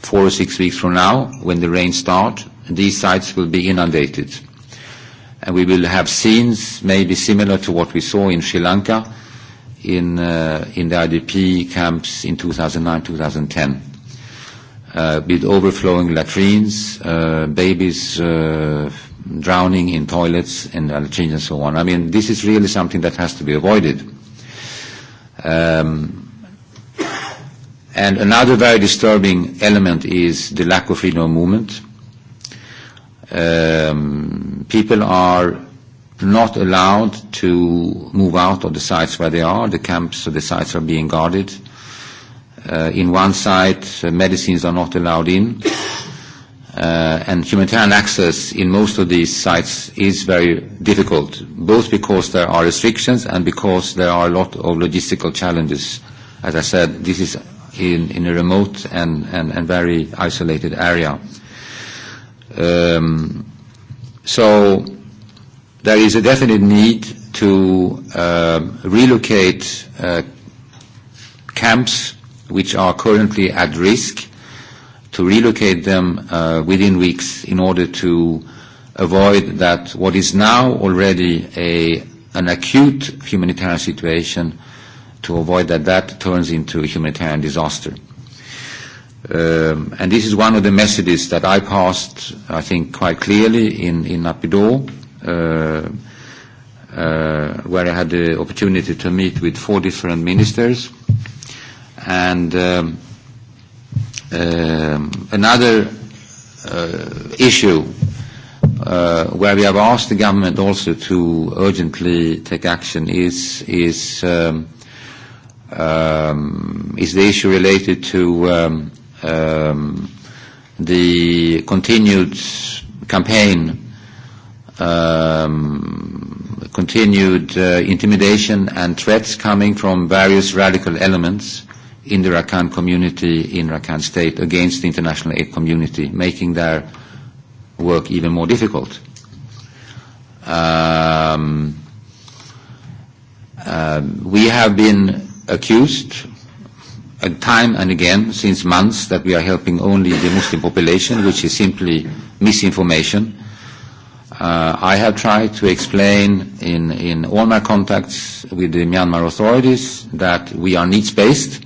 four or six weeks from now, when the rains start, these sites will be inundated. And we will have scenes maybe similar to what we saw in Sri Lanka in in the IDP camps in 2009-2010, with overflowing latrines, babies drowning in toilets and latrines and so on. I mean, this is really something that has to be avoided. Um And another very disturbing element is the lack of freedom of movement. Um, people are not allowed to move out of the sites where they are. The camps of the sites are being guarded. in one site, medicines are not allowed in. and humanitarian access in most of these sites is very difficult, both because there are restrictions and because there are a lot of logistical challenges. As I said, this is in in a remote and and and very isolated area. So there is a definite need to relocate camps which are currently at risk, to relocate them within weeks in order to avoid that what is now already a an acute humanitarian situation to avoid that that turns into a humanitarian disaster. And this is one of the messages that I passed, I think, quite clearly in in uh, where I had the opportunity to meet with four different ministers. And another issue where we have asked the government also to urgently take action is is is the issue related to the continued campaign, continued intimidation and threats coming from various radical elements in the Rakhine community, in Rakhine state, against the international aid community, making their work even more difficult. We have been accused time and again since months that we are helping only the Muslim population, which is simply misinformation. I have tried to explain in in all my contacts with the Myanmar authorities that we are needs based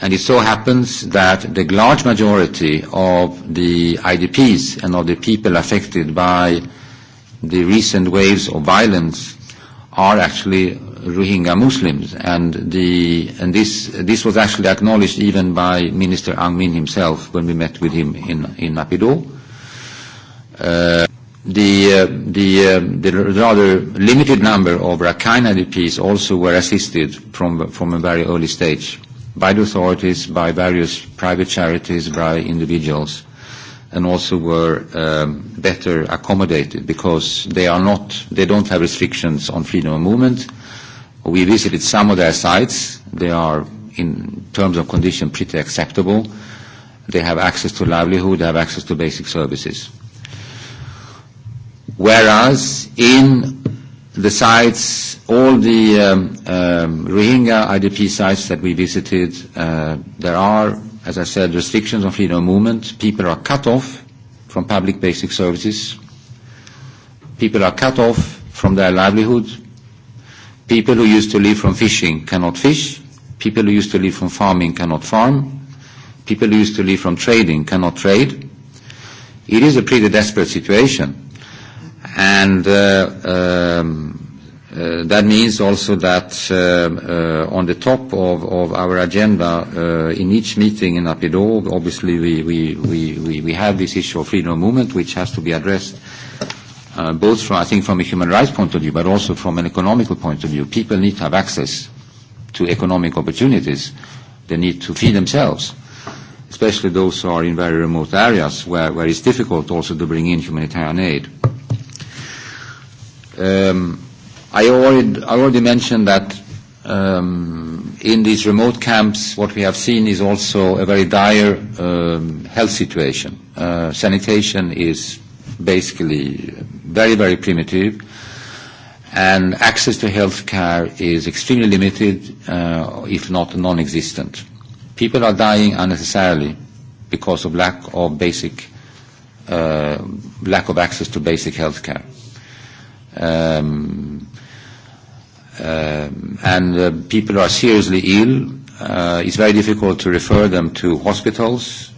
and it so happens that the large majority of the IDPs and of the people affected by the recent waves of violence are actually Rohingya Muslims, and the and this this was actually acknowledged even by Minister Aung Min himself when we met with him in in The the the rather limited number of Rakhine IDPs also were assisted from from a very early stage by the authorities, by various private charities, by individuals, and also were better accommodated because they are not they don't have restrictions on freedom of movement We visited some of their sites. They are, in terms of condition, pretty acceptable. They have access to livelihood, they have access to basic services. Whereas in the sites, all the Rohingya IDP sites that we visited, there are, as I said, restrictions on freedom of movement. People are cut off from public basic services. People are cut off from their livelihood People who used to live from fishing cannot fish. People who used to live from farming cannot farm. People who used to live from trading cannot trade. It is a pretty desperate situation. And that means also that on the top of our agenda in each meeting in Apidog, obviously we have this issue of freedom of movement which has to be addressed both from, I think from a human rights point of view, but also from an economical point of view. People need to have access to economic opportunities. They need to feed themselves, especially those who are in very remote areas where where it's difficult also to bring in humanitarian aid. I already mentioned that in these remote camps what we have seen is also a very dire health situation. Sanitation is basically very, very primitive, and access to health care is extremely limited, if not non-existent. People are dying unnecessarily because of lack of basic, lack of access to basic health care. And people are seriously ill It's very difficult to refer them to hospitals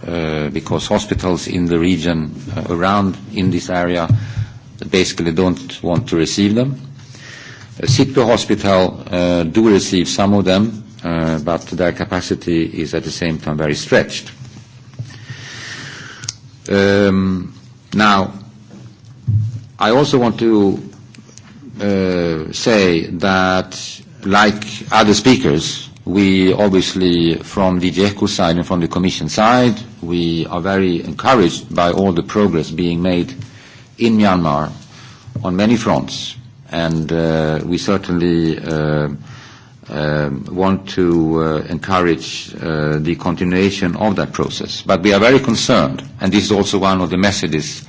because hospitals in the region around in this area basically don't want to receive them. Sitpo Hospital do receive some of them, but their capacity is at the same time very stretched. Now, I also want to say that, like other speakers, We obviously, from the DGECO side and from the Commission side, we are very encouraged by all the progress being made in Myanmar on many fronts, and we certainly want to encourage the continuation of that process. But we are very concerned, and this is also one of the messages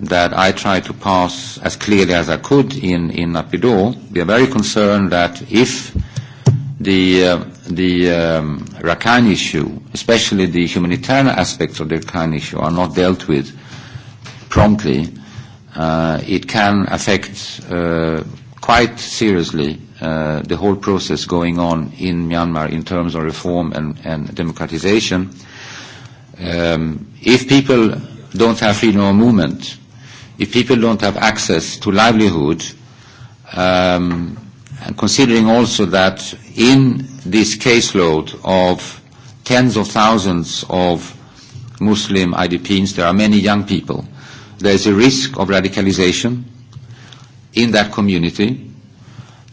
that I tried to pass as clearly as I could in Apido, We are very concerned that if the the Rakhine issue, especially the humanitarian aspects of the Rakhine issue, are not dealt with promptly, it can affect quite seriously the whole process going on in Myanmar in terms of reform and and democratization. If people don't have freedom of movement, if people don't have access to livelihood, and considering also that in this caseload of tens of thousands of Muslim IDPs, there are many young people. There is a risk of radicalization in that community,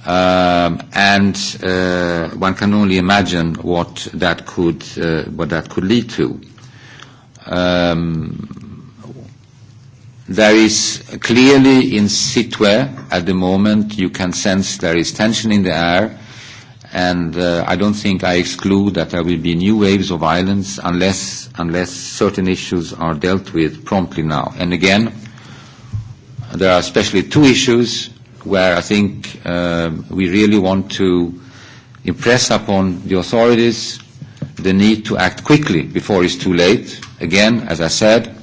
and one can only imagine what that could what that could lead to. There is clearly in situ at the moment you can sense there is tension in the air and I don't think I exclude that there will be new waves of violence unless unless certain issues are dealt with promptly now. And again, there are especially two issues where I think we really want to impress upon the authorities the need to act quickly before it's too late. Again, as I said,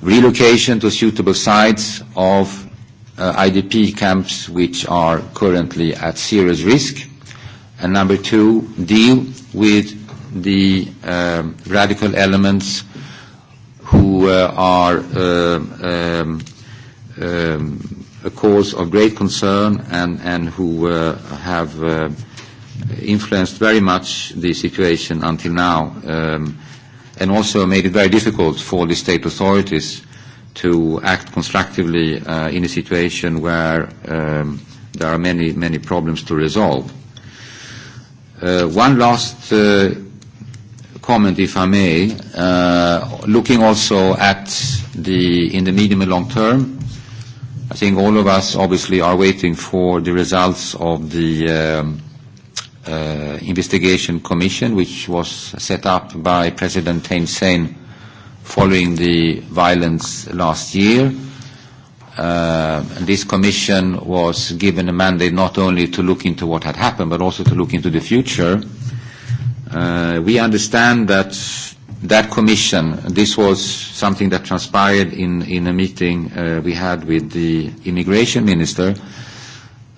relocation to suitable sites of IDP camps which are currently at serious risk and number two, deal with the radical elements who are a cause of great concern and and who have influenced very much the situation until now and also made it very difficult for the state authorities to act constructively in a situation where there are many many problems to resolve One last comment, if I may, looking also at the in the medium and long term. I think all of us obviously are waiting for the results of the investigation commission, which was set up by President Thein Sein following the violence last year this Commission was given a mandate not only to look into what had happened, but also to look into the future. We understand that that Commission, this was something that transpired in in a meeting we had with the Immigration Minister,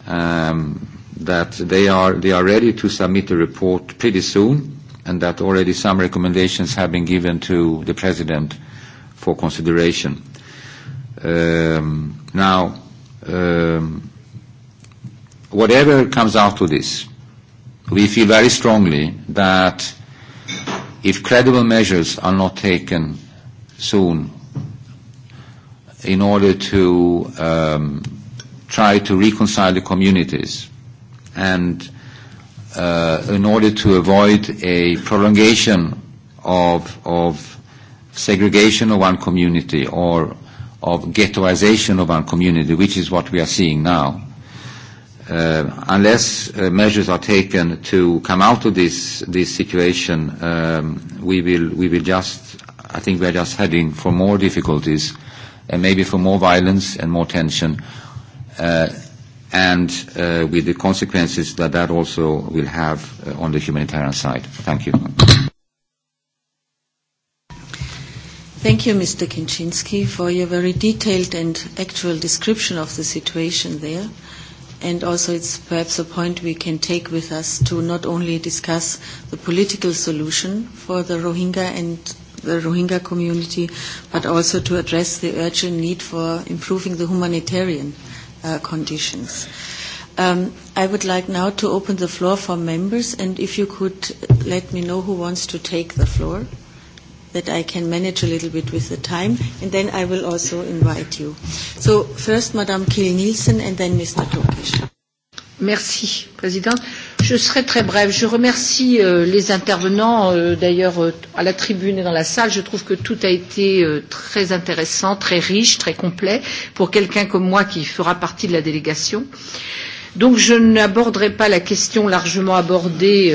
that they are they are ready to submit a report pretty soon, and that already some recommendations have been given to the President for consideration. Now, whatever comes out of this, we feel very strongly that if credible measures are not taken soon in order to try to reconcile the communities and in order to avoid a prolongation of segregation of one community or of ghettoization of our community, which is what we are seeing now. Unless measures are taken to come out of this this situation, we will we will just, I think we are just heading for more difficulties, and maybe for more violence and more tension, and with the consequences that that also will have on the humanitarian side. Thank you. Thank you, Mr. Kinczynski, for your very detailed and actual description of the situation there. And also it's perhaps a point we can take with us to not only discuss the political solution for the Rohingya and the Rohingya community, but also to address the urgent need for improving the humanitarian conditions. I would like now to open the floor for members, and if you could let me know who wants to take the floor that I can manage a little bit with the time, and then I will also invite you. So first, Madame nielsen and then Mr. Tokish. Merci, President. Je serai très brève. Je remercie les intervenants, d'ailleurs, à la tribune et dans la salle. Je trouve que tout a été très intéressant, très riche, très complet, pour quelqu'un comme moi qui fera partie de la délégation. Donc, je n'aborderai pas la question largement abordée,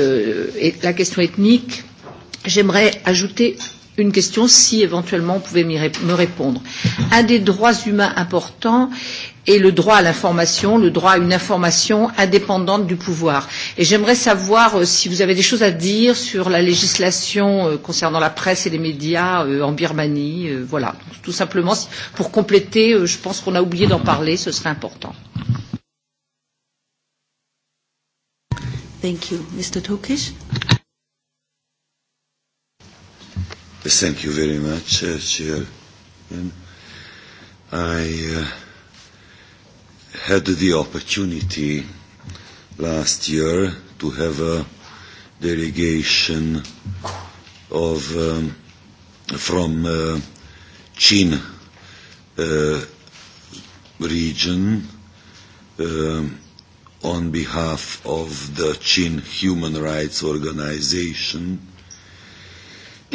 et la question ethnique. J'aimerais ajouter une question si éventuellement vous pouvez me répondre. Un des droits humains importants est le droit à l'information, le droit à une information indépendante du pouvoir. Et j'aimerais savoir si vous avez des choses à dire sur la législation concernant la presse et les médias en Birmanie. Voilà, tout simplement pour compléter, je pense qu'on a oublié d'en parler, ce serait important. Thank you. Mr. Tokish Thank you very much, Chair. I had the opportunity last year to have a delegation of from Chin region on behalf of the Chin Human Rights Organization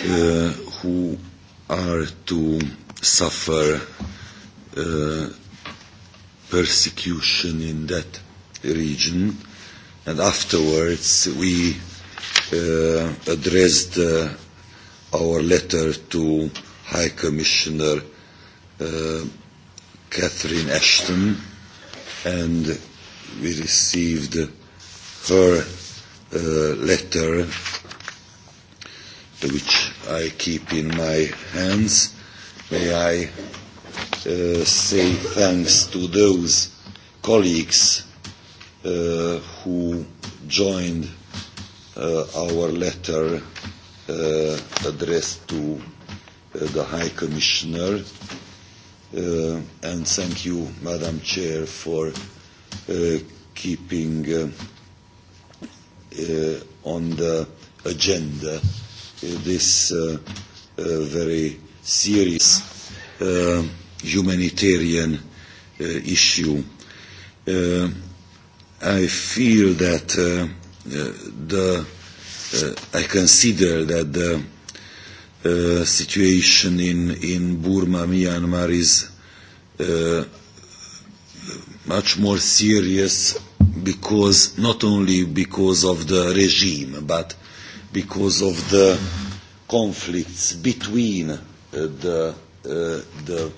who are to suffer persecution in that region. And afterwards we addressed our letter to High Commissioner Catherine Ashton and we received her letter which I keep in my hands. May I say thanks to those colleagues who joined our letter addressed to the High Commissioner. And thank you, Madam Chair, for keeping on the agenda this very serious humanitarian issue. I feel that the I consider that the situation in in Burma, Myanmar is much more serious because not only because of the regime but because of the conflicts between the the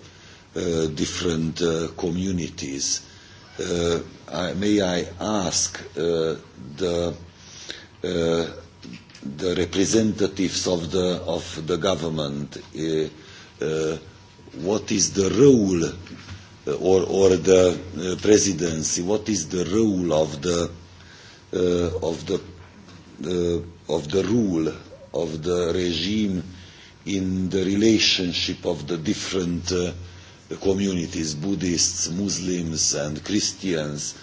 different communities. May I ask the the representatives of the of the government what is the role or or the presidency, what is the role of the of the of the rule of the regime in the relationship of the different communities, Buddhists, Muslims and Christians,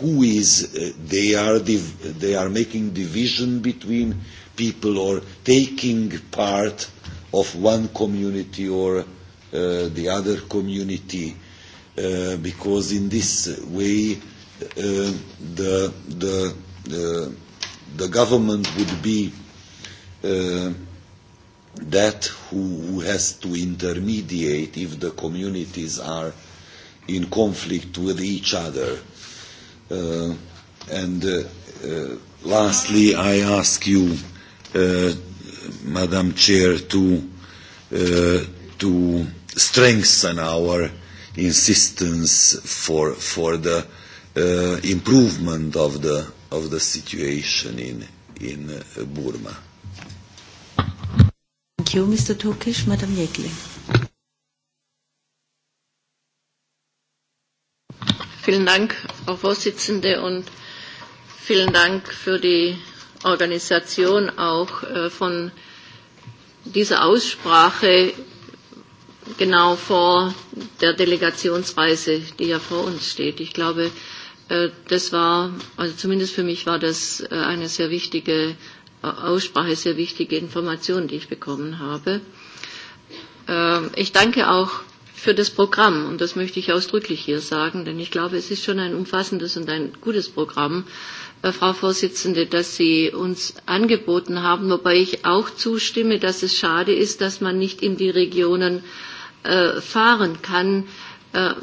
who is they are they are making division between people or taking part of one community or the other community, because in this way the the the government would be that who has to intermediate if the communities are in conflict with each other. And lastly, I ask you, Madam Chair, to to strengthen our insistence for for the improvement of the of the situation in in Burma. Thank you, Mr. Madam Vielen Dank, Frau Vorsitzende, und vielen Dank für die Organisation auch von dieser Aussprache genau vor der Delegationsreise, die ja vor uns steht. Ich glaube, Das war, also zumindest für mich war das eine sehr wichtige Aussprache, sehr wichtige Information, die ich bekommen habe. Ich danke auch für das Programm, und das möchte ich ausdrücklich hier sagen, denn ich glaube, es ist schon ein umfassendes und ein gutes Programm, Frau Vorsitzende, dass Sie uns angeboten haben, wobei ich auch zustimme, dass es schade ist, dass man nicht in die Regionen fahren kann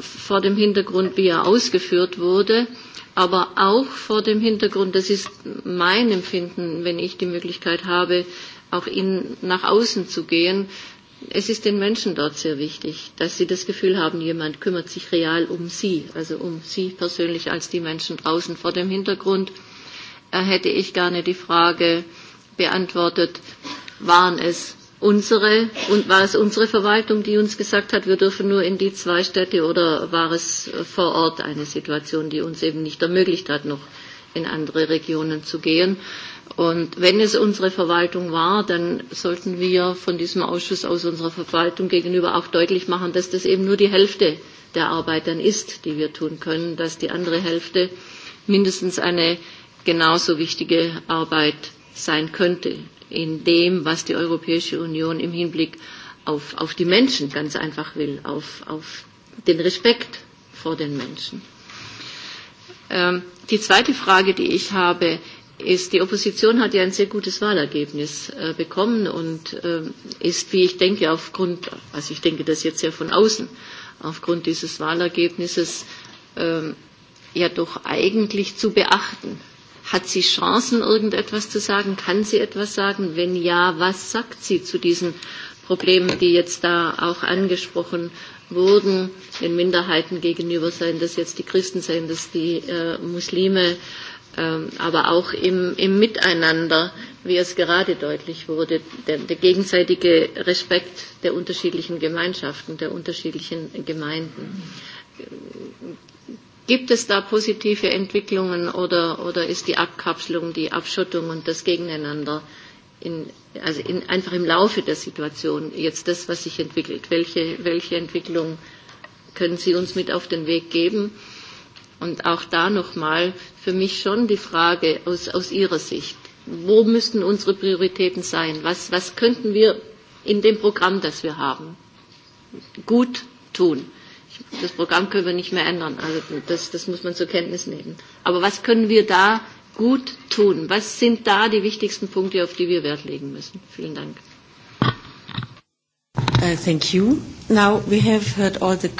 vor dem Hintergrund, wie er ausgeführt wurde, aber auch vor dem Hintergrund, das ist mein Empfinden, wenn ich die Möglichkeit habe, auch nach außen zu gehen. Es ist den Menschen dort sehr wichtig, dass sie das Gefühl haben, jemand kümmert sich real um sie, also um sie persönlich als die Menschen draußen. Vor dem Hintergrund hätte ich gerne die Frage beantwortet, waren es unsere und war es unsere Verwaltung, die uns gesagt hat, wir dürfen nur in die zwei Städte oder war es vor Ort eine Situation, die uns eben nicht ermöglicht hat, noch in andere Regionen zu gehen. Und wenn es unsere Verwaltung war, dann sollten wir von diesem Ausschuss aus unserer Verwaltung gegenüber auch deutlich machen, dass das eben nur die Hälfte der Arbeit dann ist, die wir tun können, dass die andere Hälfte mindestens eine genauso wichtige Arbeit sein könnte in dem, was die Europäische Union im Hinblick auf, auf die Menschen ganz einfach will, auf, auf den Respekt vor den Menschen. Die zweite Frage, die ich habe, ist, die Opposition hat ja ein sehr gutes Wahlergebnis bekommen und ist, wie ich denke, aufgrund, also ich denke das jetzt ja von außen, aufgrund dieses Wahlergebnisses ja doch eigentlich zu beachten. Hat sie Chancen, irgendetwas zu sagen? Kann sie etwas sagen? Wenn ja, was sagt sie zu diesen Problemen, die jetzt da auch angesprochen wurden, den Minderheiten gegenüber, seien das jetzt die Christen, seien das die Muslime, aber auch im Miteinander, wie es gerade deutlich wurde, der gegenseitige Respekt der unterschiedlichen Gemeinschaften, der unterschiedlichen Gemeinden. Gibt es da positive Entwicklungen oder, oder ist die Abkapselung, die Abschottung und das Gegeneinander in, also in, einfach im Laufe der Situation jetzt das, was sich entwickelt? Welche, welche Entwicklung können Sie uns mit auf den Weg geben? Und auch da nochmal für mich schon die Frage aus, aus Ihrer Sicht. Wo müssten unsere Prioritäten sein? Was, was könnten wir in dem Programm, das wir haben, gut tun? das Programm können wir nicht mehr ändern. Also das, das muss man zur Kenntnis nehmen. Aber was können wir da gut tun? Was sind da die wichtigsten Punkte, auf die wir Wert legen müssen? Vielen Dank. Uh, Thank you. Now we have heard all the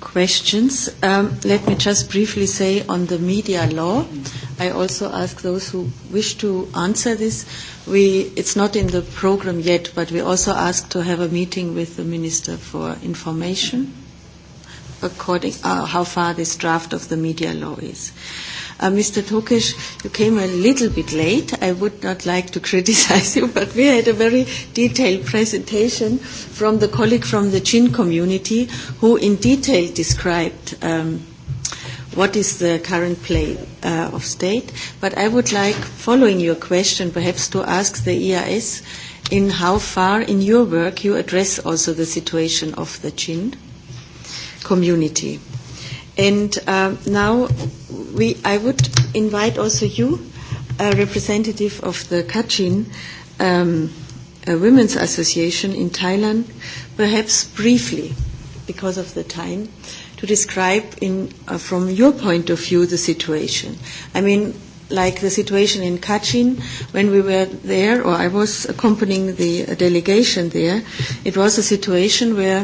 questions. Um Let me just briefly say on the media law. I also ask those who wish to answer this. We, it's not in the program yet, but we also asked to have a meeting with the Minister for Information according how far this draft of the media law is. Mr. Tokish, you came a little bit late. I would not like to criticize you, but we had a very detailed presentation from the colleague from the Chin community who in detail described what is the current play of state. But I would like, following your question, perhaps to ask the EIS in how far in your work you address also the situation of the Chin community. And now we, I would invite also you, a representative of the Kachin Women's Association in Thailand, perhaps briefly, because of the time, to describe in, from your point of view the situation. I mean, like the situation in Kachin, when we were there, or I was accompanying the delegation there, it was a situation where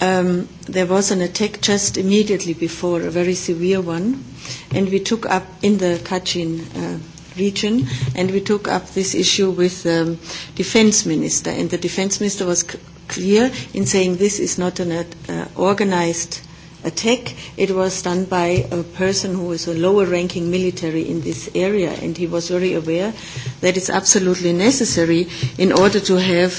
There was an attack just immediately before, a very severe one, and we took up in the Kachin region, and we took up this issue with the defense minister, and the defense minister was clear in saying this is not an organized attack. It was done by a person who is a lower-ranking military in this area, and he was very aware that it's absolutely necessary in order to have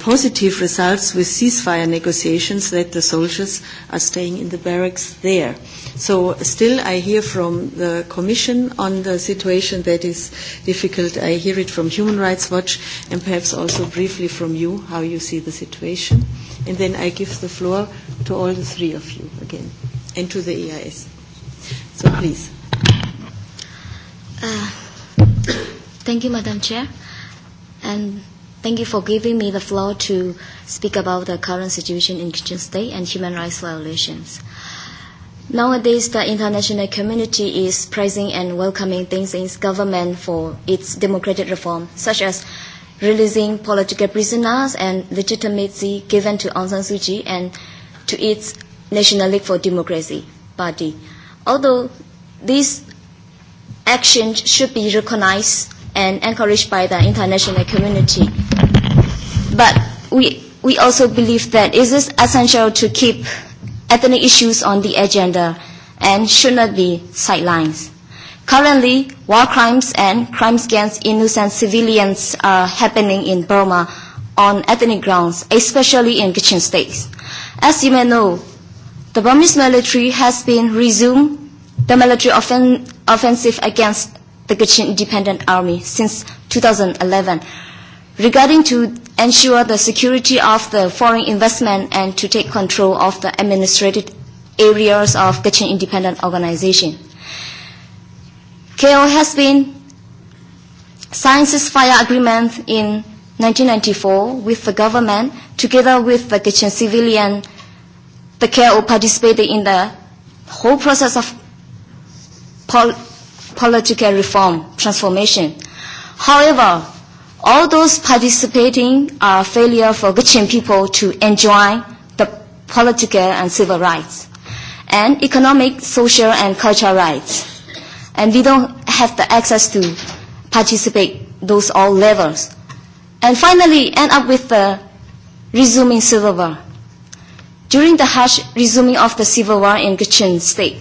positive results with ceasefire negotiations that the soldiers are staying in the barracks there. So still I hear from the Commission on the situation that is difficult. I hear it from Human Rights Watch and perhaps also briefly from you how you see the situation and then I give the floor to all the three of you again and to the EIS. So please. Thank you, Madam Chair, and thank you for giving me the floor to speak about the current situation in Kitchen State and human rights violations. Nowadays, the international community is praising and welcoming things in government for its democratic reform, such as releasing political prisoners and legitimacy given to Aung San Suu Kyi and to its National League for Democracy party. Although these actions should be recognized and encouraged by the international community, but we we also believe that it is essential to keep ethnic issues on the agenda and should not be sidelined. Currently, war crimes and crimes against innocent civilians are happening in Burma on ethnic grounds, especially in Kachin states. As you may know, the Burmese military has been resumed the military offensive against the Kachin Independent Army since 2011, regarding to ensure the security of the foreign investment and to take control of the administrative areas of Kachin Independent Organization. KO has been signed fire agreement in 1994 with the government, together with the Kitchen civilian, the KO participated in the whole process of political reform, transformation. However, all those participating are a failure for Gichin people to enjoy the political and civil rights, and economic, social, and cultural rights and we don't have the access to participate those all levels. And finally, end up with the resuming civil war. During the harsh resuming of the civil war in Kachin state,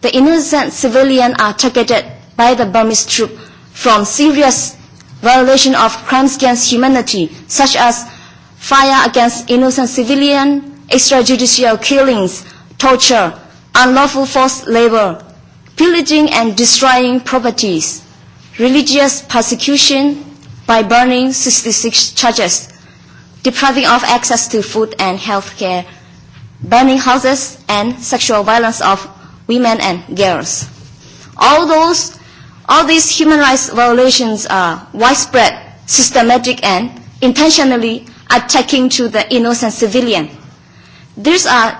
the innocent civilians are targeted by the Burmese troops from serious violation of crimes against humanity, such as fire against innocent civilians, extrajudicial killings, torture, unlawful forced labor, pillaging and destroying properties, religious persecution by burning 66 churches, depriving of access to food and health care, burning houses, and sexual violence of women and girls. All those, all these human rights violations are widespread, systematic, and intentionally attacking to the innocent civilian. These are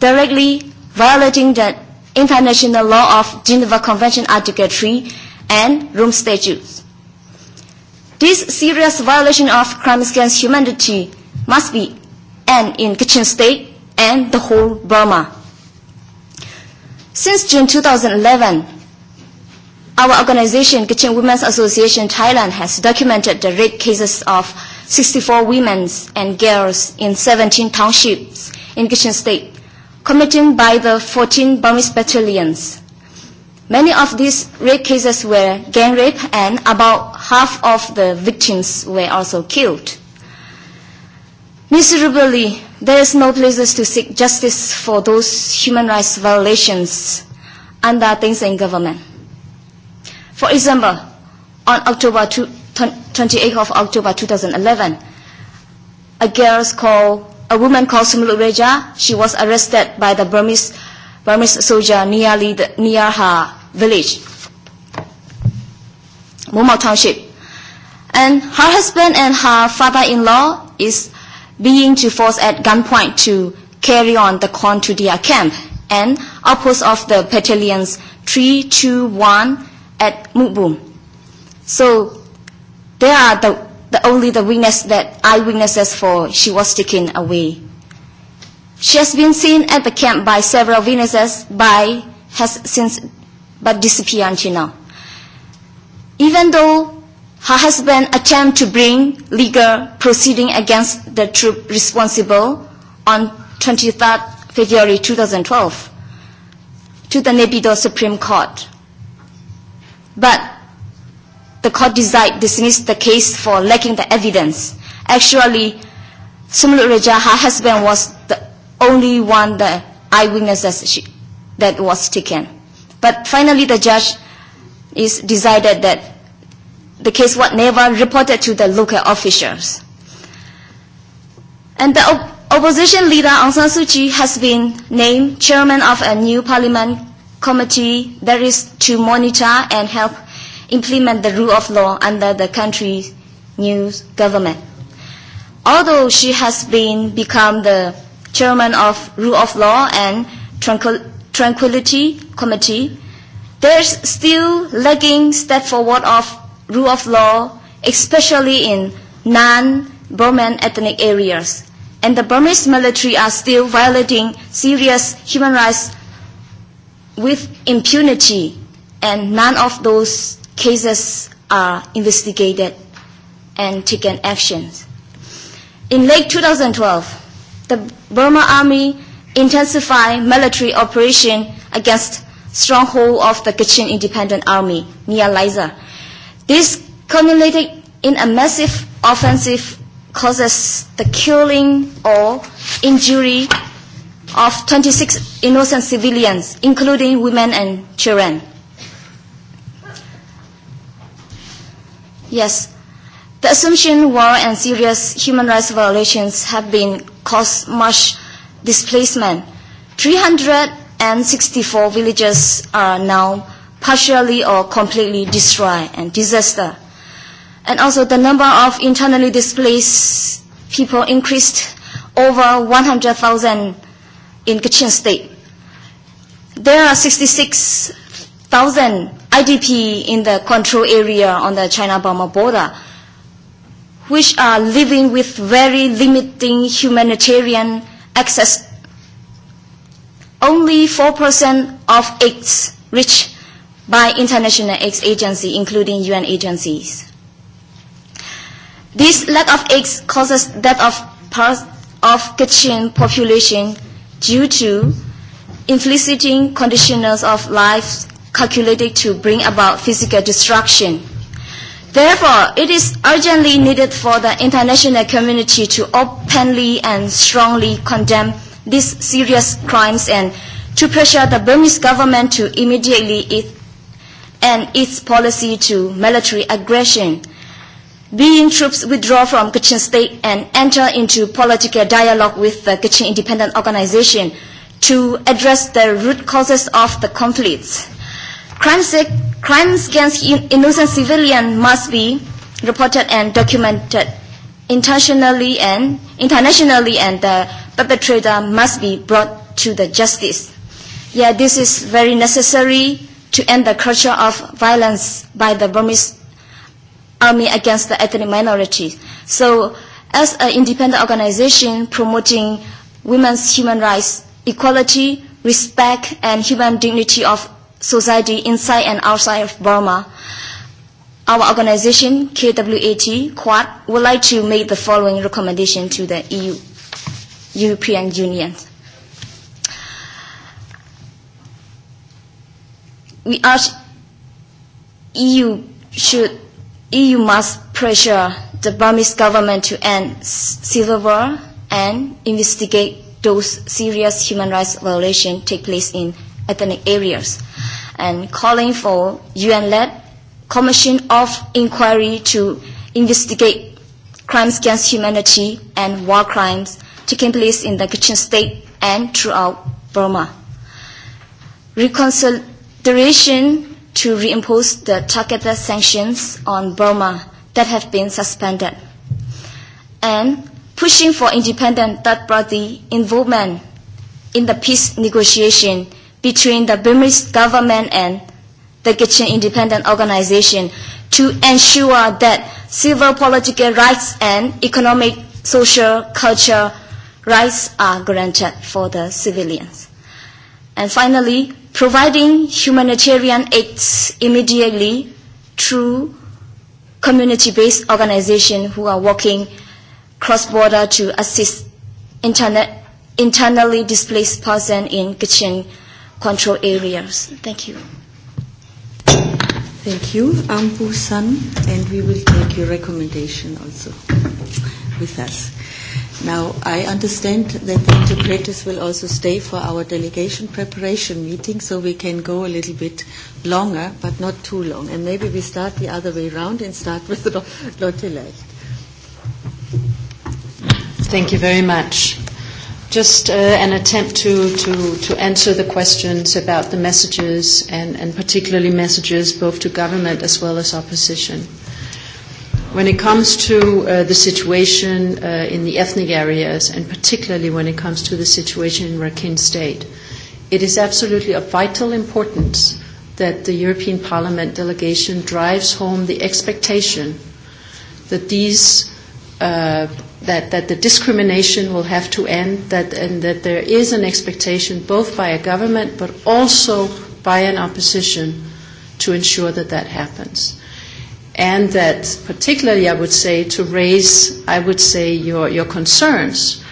directly violating the international law of Geneva Convention Article 3 and Rome Statutes. This serious violation of crimes against humanity must be end in Kachin State and the whole Burma. Since June 2011, our organization, Kachin Women's Association Thailand, has documented the rape cases of 64 women and girls in 17 townships in Kachin State committed by the 14 Burmese battalions. Many of these rape cases were gang rape and about half of the victims were also killed. Miserably, there is no place to seek justice for those human rights violations under things in government. For example, on October 28 of October 2011, a girl called a woman called Sumul Reja, she was arrested by the Burmese, Burmese soldier near, near her village, Mumau Township. And her husband and her father-in-law is being to force at gunpoint to carry on the con to their camp and outpost of the battalions 1 at Mukbum. So they are the the only the witness that eyewitnesses for she was taken away. She has been seen at the camp by several witnesses, by has since but disappeared until now. Even though her husband attempted to bring legal proceeding against the troop responsible on 23rd February 2012 to the Nebido Supreme Court. But the court decided dismiss the case for lacking the evidence. Actually, Sumlu Reja, her husband, was the only one, the eyewitness that was taken. But finally, the judge is decided that the case was never reported to the local officials. And the opposition leader Aung San Suu Kyi has been named chairman of a new parliament committee that is to monitor and help implement the rule of law under the country's new government. Although she has been become the chairman of Rule of Law and Tranquility Committee, there's still lagging step forward of rule of law, especially in non-Burman ethnic areas. And the Burmese military are still violating serious human rights with impunity, and none of those cases are investigated and taken actions. In late 2012, the Burma Army intensified military operation against stronghold of the Kachin Independent Army near Liza. This culminated in a massive offensive causes the killing or injury of 26 innocent civilians, including women and children. Yes. The assumption war and serious human rights violations have been caused much displacement. 364 villages are now partially or completely destroyed and disaster. And also the number of internally displaced people increased over 100,000 in Kachin state. There are 66,000 IDP in the control area on the China-Burma border, which are living with very limiting humanitarian access. Only 4% of aids reached by international AIDS agencies, including UN agencies. This lack of AIDS causes death of part of Kachin population due to inflicting conditions of life calculated to bring about physical destruction. Therefore, it is urgently needed for the international community to openly and strongly condemn these serious crimes and to pressure the Burmese government to immediately end its policy to military aggression, being troops withdraw from Kachin State and enter into political dialogue with the Kachin Independent Organization to address the root causes of the conflicts. Crimes against innocent civilians must be reported and documented internationally and internationally and the perpetrator must be brought to the justice. Yeah, this is very necessary to end the culture of violence by the Burmese army against the ethnic minorities. So as an independent organization promoting women's human rights, equality, respect and human dignity of society inside and outside of Burma. Our organization, KWAT, Quad, would like to make the following recommendation to the EU, European Union. We urge EU should EU must pressure the Burmese government to end civil war and investigate those serious human rights violations take place in ethnic areas and calling for UN-led Commission of Inquiry to investigate crimes against humanity and war crimes taking place in the Kachin state and throughout Burma. Reconsideration to reimpose the targeted sanctions on Burma that have been suspended. And pushing for independent third-party involvement in the peace negotiation between the Burmese government and the Kitchen Independent Organization to ensure that civil political rights and economic, social, cultural rights are granted for the civilians. And finally, providing humanitarian aid immediately through community-based organizations who are working cross-border to assist internally displaced persons in Kitchen control areas. Thank you. Thank you, Ampu San, and we will take your recommendation also with us. Now, I understand that the interpreters will also stay for our delegation preparation meeting, so we can go a little bit longer, but not too long. And maybe we start the other way around and start with Lotte Leicht. Thank you very much just an attempt to to to answer the questions about the messages and and particularly messages both to government as well as opposition when it comes to the situation in the ethnic areas and particularly when it comes to the situation in Rakhine state it is absolutely of vital importance that the European Parliament delegation drives home the expectation that these that the discrimination will have to end and that there is an expectation both by a government but also by an opposition to ensure that that happens and that particularly I would say to raise I would say your your concerns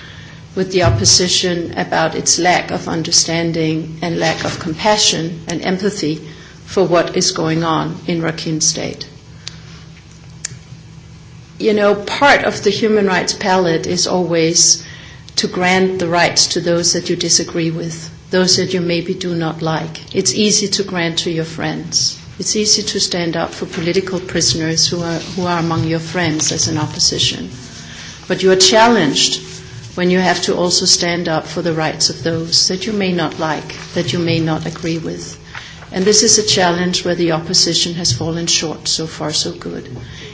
with the opposition about its lack of understanding and lack of compassion and empathy for what is going on in Rakhine State you know, part of the human rights palette is always to grant the rights to those that you disagree with, those that you maybe do not like. It's easy to grant to your friends. It's easy to stand up for political prisoners who are, who are among your friends as an opposition. But you are challenged when you have to also stand up for the rights of those that you may not like, that you may not agree with. And this is a challenge where the opposition has fallen short. So far, so good.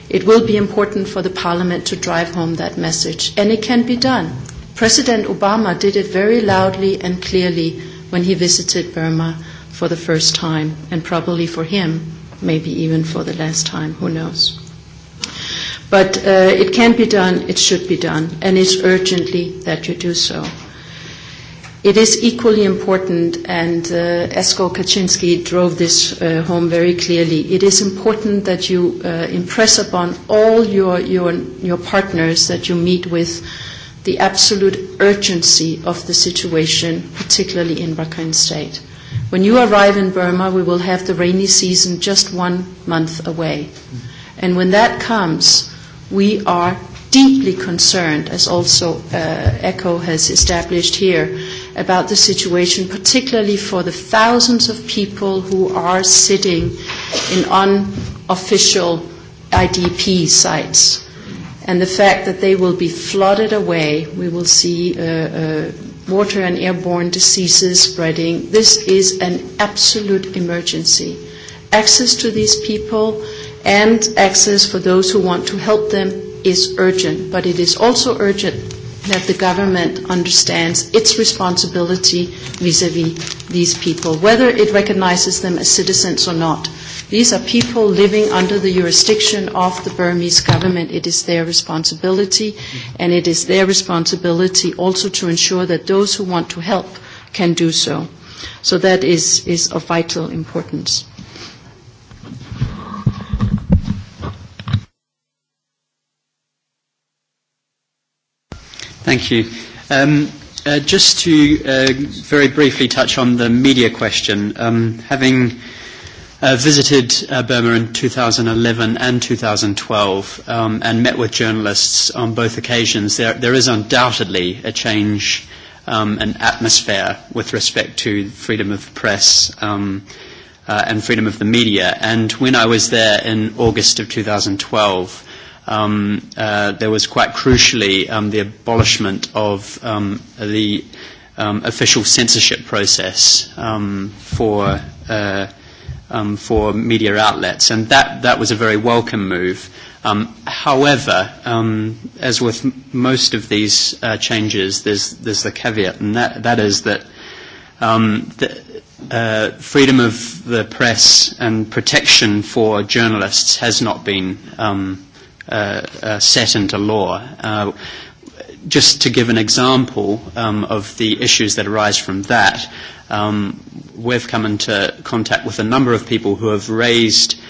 It will be important for the Parliament to drive home that message. And it can be done. President Obama did it very loudly and clearly when he visited Burma for the first time, and probably for him, maybe even for the last time, who knows. But it can be done, it should be done, and it's urgently that you do so. It is equally important, and Esko Kaczynski drove this home very clearly. It is important that you impress upon all your your partners that you meet with the absolute urgency of the situation, particularly in Rakhine State. When you arrive in Burma, we will have the rainy season just one month away, and when that comes, we are deeply concerned, as also ECHO has established here about the situation, particularly for the thousands of people who are sitting in unofficial IDP sites. And the fact that they will be flooded away, we will see water and airborne diseases spreading. This is an absolute emergency. Access to these people and access for those who want to help them is urgent, but it is also urgent that the government understands its responsibility vis-à-vis these people, whether it recognizes them as citizens or not. These are people living under the jurisdiction of the Burmese government. It is their responsibility, and it is their responsibility also to ensure that those who want to help can do so. So that is of vital importance. Thank you. Um, just to very briefly touch on the media question, um, having visited Burma in 2011 and 2012 um, and met with journalists on both occasions, there, there is undoubtedly a change um, in atmosphere with respect to freedom of the press um, and freedom of the media. And when I was there in August of 2012, there was quite crucially the abolishment of the official censorship process for for media outlets, and that that was a very welcome move. However, as with most of these changes, there's there's the caveat, and that that is that the freedom of the press and protection for journalists has not been set into law. Just to give an example of the issues that arise from that, we've come into contact with a number of people who have raised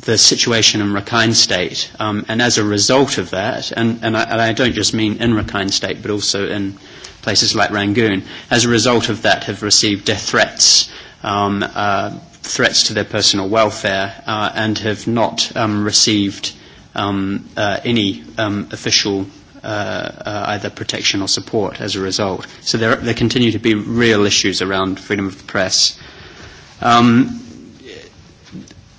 the situation in Rakhine State, and as a result of that, and and I don't just mean in Rakhine State, but also in places like Rangoon, as a result of that have received death threats, um threats to their personal welfare and have not received any official either protection or support as a result. So there there continue to be real issues around freedom of the press.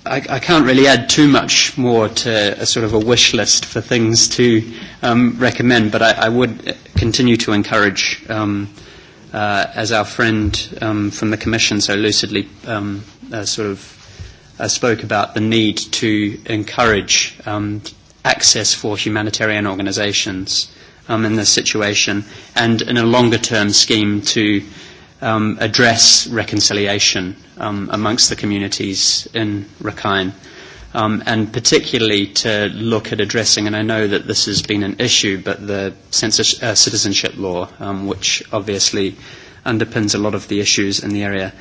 I can't really add too much more to a sort of a wish list for things to recommend, but I would continue to encourage um as our friend from the Commission so lucidly sort of spoke about the need to encourage access for humanitarian organisations in this situation and in a longer term scheme to address reconciliation amongst the communities in Rakhine and particularly to look at addressing, and I know that this has been an issue, but the citizenship law, which obviously underpins a lot of the issues in the area.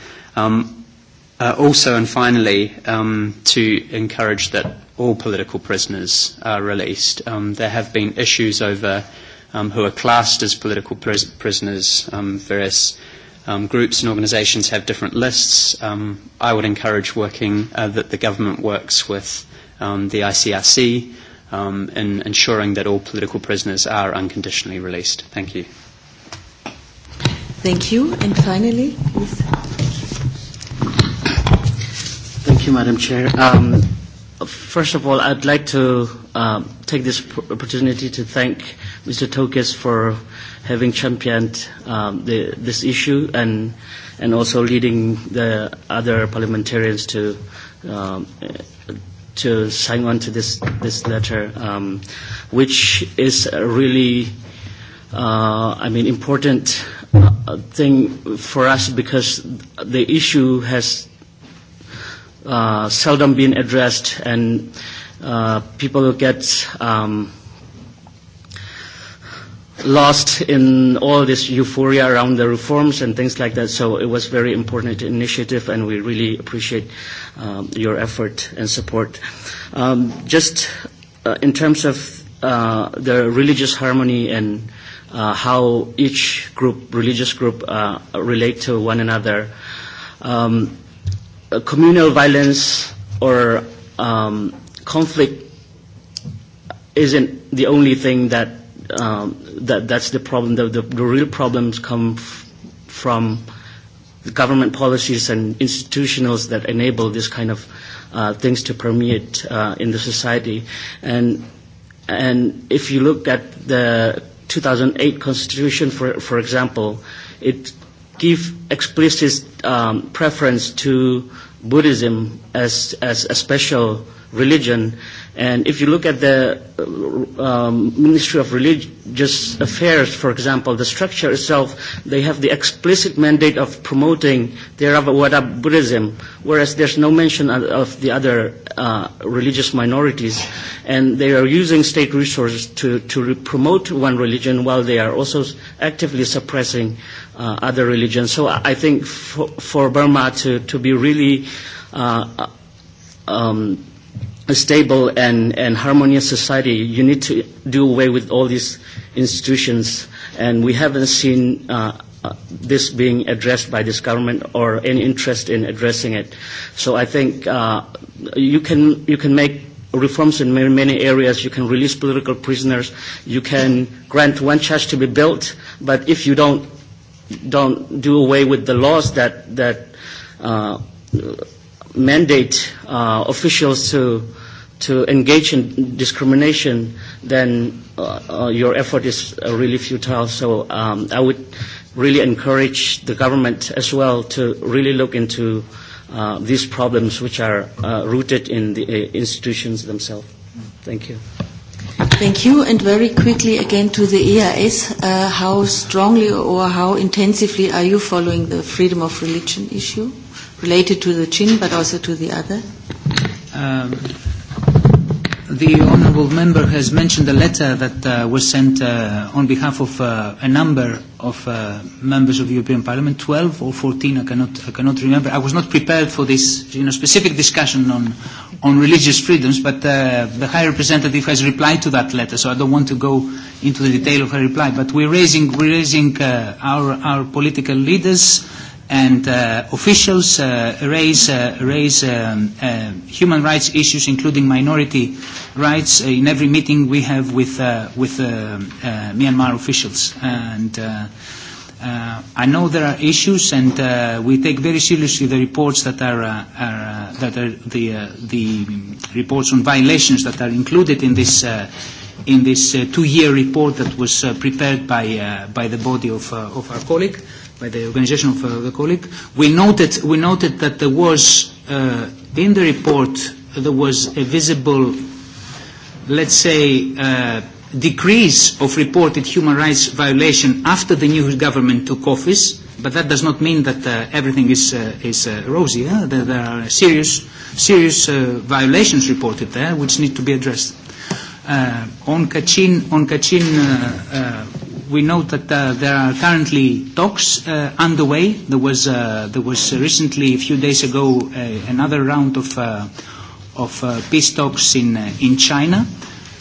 Also and finally, to encourage that all political prisoners are released. There have been issues over who are classed as political prisoners, various Groups and organisations have different lists. I would encourage working that the government works with the ICRC in ensuring that all political prisoners are unconditionally released. Thank you. Thank you. And finally, please. Thank you, Madam Chair. First of all, I'd like to take this opportunity to thank Mr. Tokes for having championed um, the, this issue and and also leading the other parliamentarians to um, to sign on to this this letter, um, which is a really, uh, I mean, important thing for us because the issue has seldom been addressed and uh, people get um, lost in all this euphoria around the reforms and things like that. So it was very important initiative, and we really appreciate your effort and support. Just in terms of the religious harmony and how each group, religious group, relate to one another, communal violence or conflict isn't the only thing that that that's the problem. The the real problems come from the government policies and institutionals that enable this kind of things to permeate in the society. And and if you look at the 2008 constitution, for for example, it gives explicit preference to Buddhism as as a special religion. And if you look at the Ministry of Religious Affairs, for example, the structure itself, they have the explicit mandate of promoting Theravada Buddhism, whereas there's no mention of the other religious minorities. And they are using state resources to, to promote one religion while they are also actively suppressing other religions. So I think for, Burma to, to be really um, a stable and, and harmonious society, you need to do away with all these institutions. And we haven't seen uh, this being addressed by this government or any interest in addressing it. So I think uh, you, can, you can make reforms in many, many areas. You can release political prisoners. You can grant one church to be built. But if you don't, don't do away with the laws that, that uh, mandate uh, officials to to engage in discrimination, then your effort is really futile. So I would really encourage the government as well to really look into these problems which are rooted in the institutions themselves. Thank you. Thank you. And very quickly again to the EIS, how strongly or how intensively are you following the freedom of religion issue related to the Chin but also to the other? The honourable member has mentioned a letter that was sent on behalf of a number of members of the European Parliament, 12 or 14, I cannot, I cannot remember. I was not prepared for this you know, specific discussion on, on religious freedoms, but the High Representative has replied to that letter, so I don't want to go into the detail of her reply. But we're raising, we're raising our, our political leaders and officials raise raise human rights issues including minority rights in every meeting we have with with Myanmar officials and I know there are issues and we take very seriously the reports that are that are the the reports on violations that are included in this in this two year report that was prepared by by the body of of our colleague by the organization of the colleague, we noted, we noted that there was, in the report, there was a visible, let's say, decrease of reported human rights violation after the new government took office, but that does not mean that everything is, is rosy. There are serious, serious violations reported there which need to be addressed. on Kachin, on Kachin we note that there are currently talks underway. There was there was recently, a few days ago, another round of of peace talks in in China,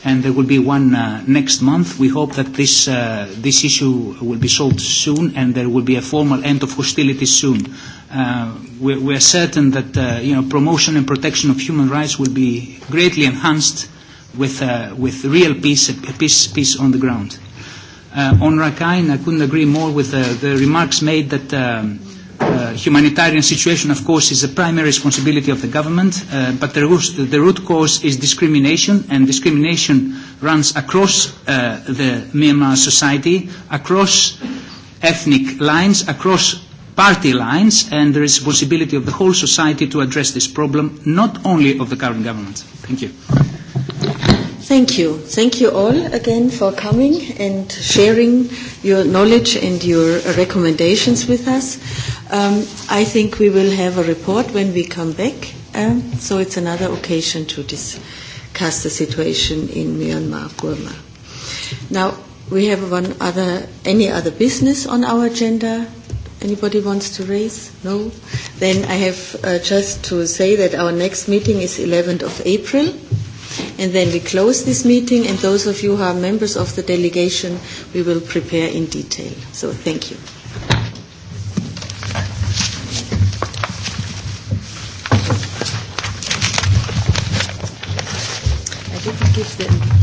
and there will be one next month. We hope that this this issue will be solved soon, and there will be a formal end of hostilities soon. We are certain that you know promotion and protection of human rights will be greatly enhanced with with real peace peace peace on the ground on Rakhine, I couldn't agree more with the remarks made that the humanitarian situation, of course, is the primary responsibility of the government, but the root cause is discrimination, and discrimination runs across the Myanmar society, across ethnic lines, across party lines, and the responsibility of the whole society to address this problem, not only of the current government. Thank you. Thank you. Thank you all again for coming and sharing your knowledge and your recommendations with us. I think we will have a report when we come back, so it's another occasion to discuss the situation in Myanmar, Burma. Now, we have one other, any other business on our agenda? Anybody wants to raise? No? Then I have just to say that our next meeting is 11th of April And then we close this meeting, and those of you who are members of the delegation, we will prepare in detail. So thank you. I them.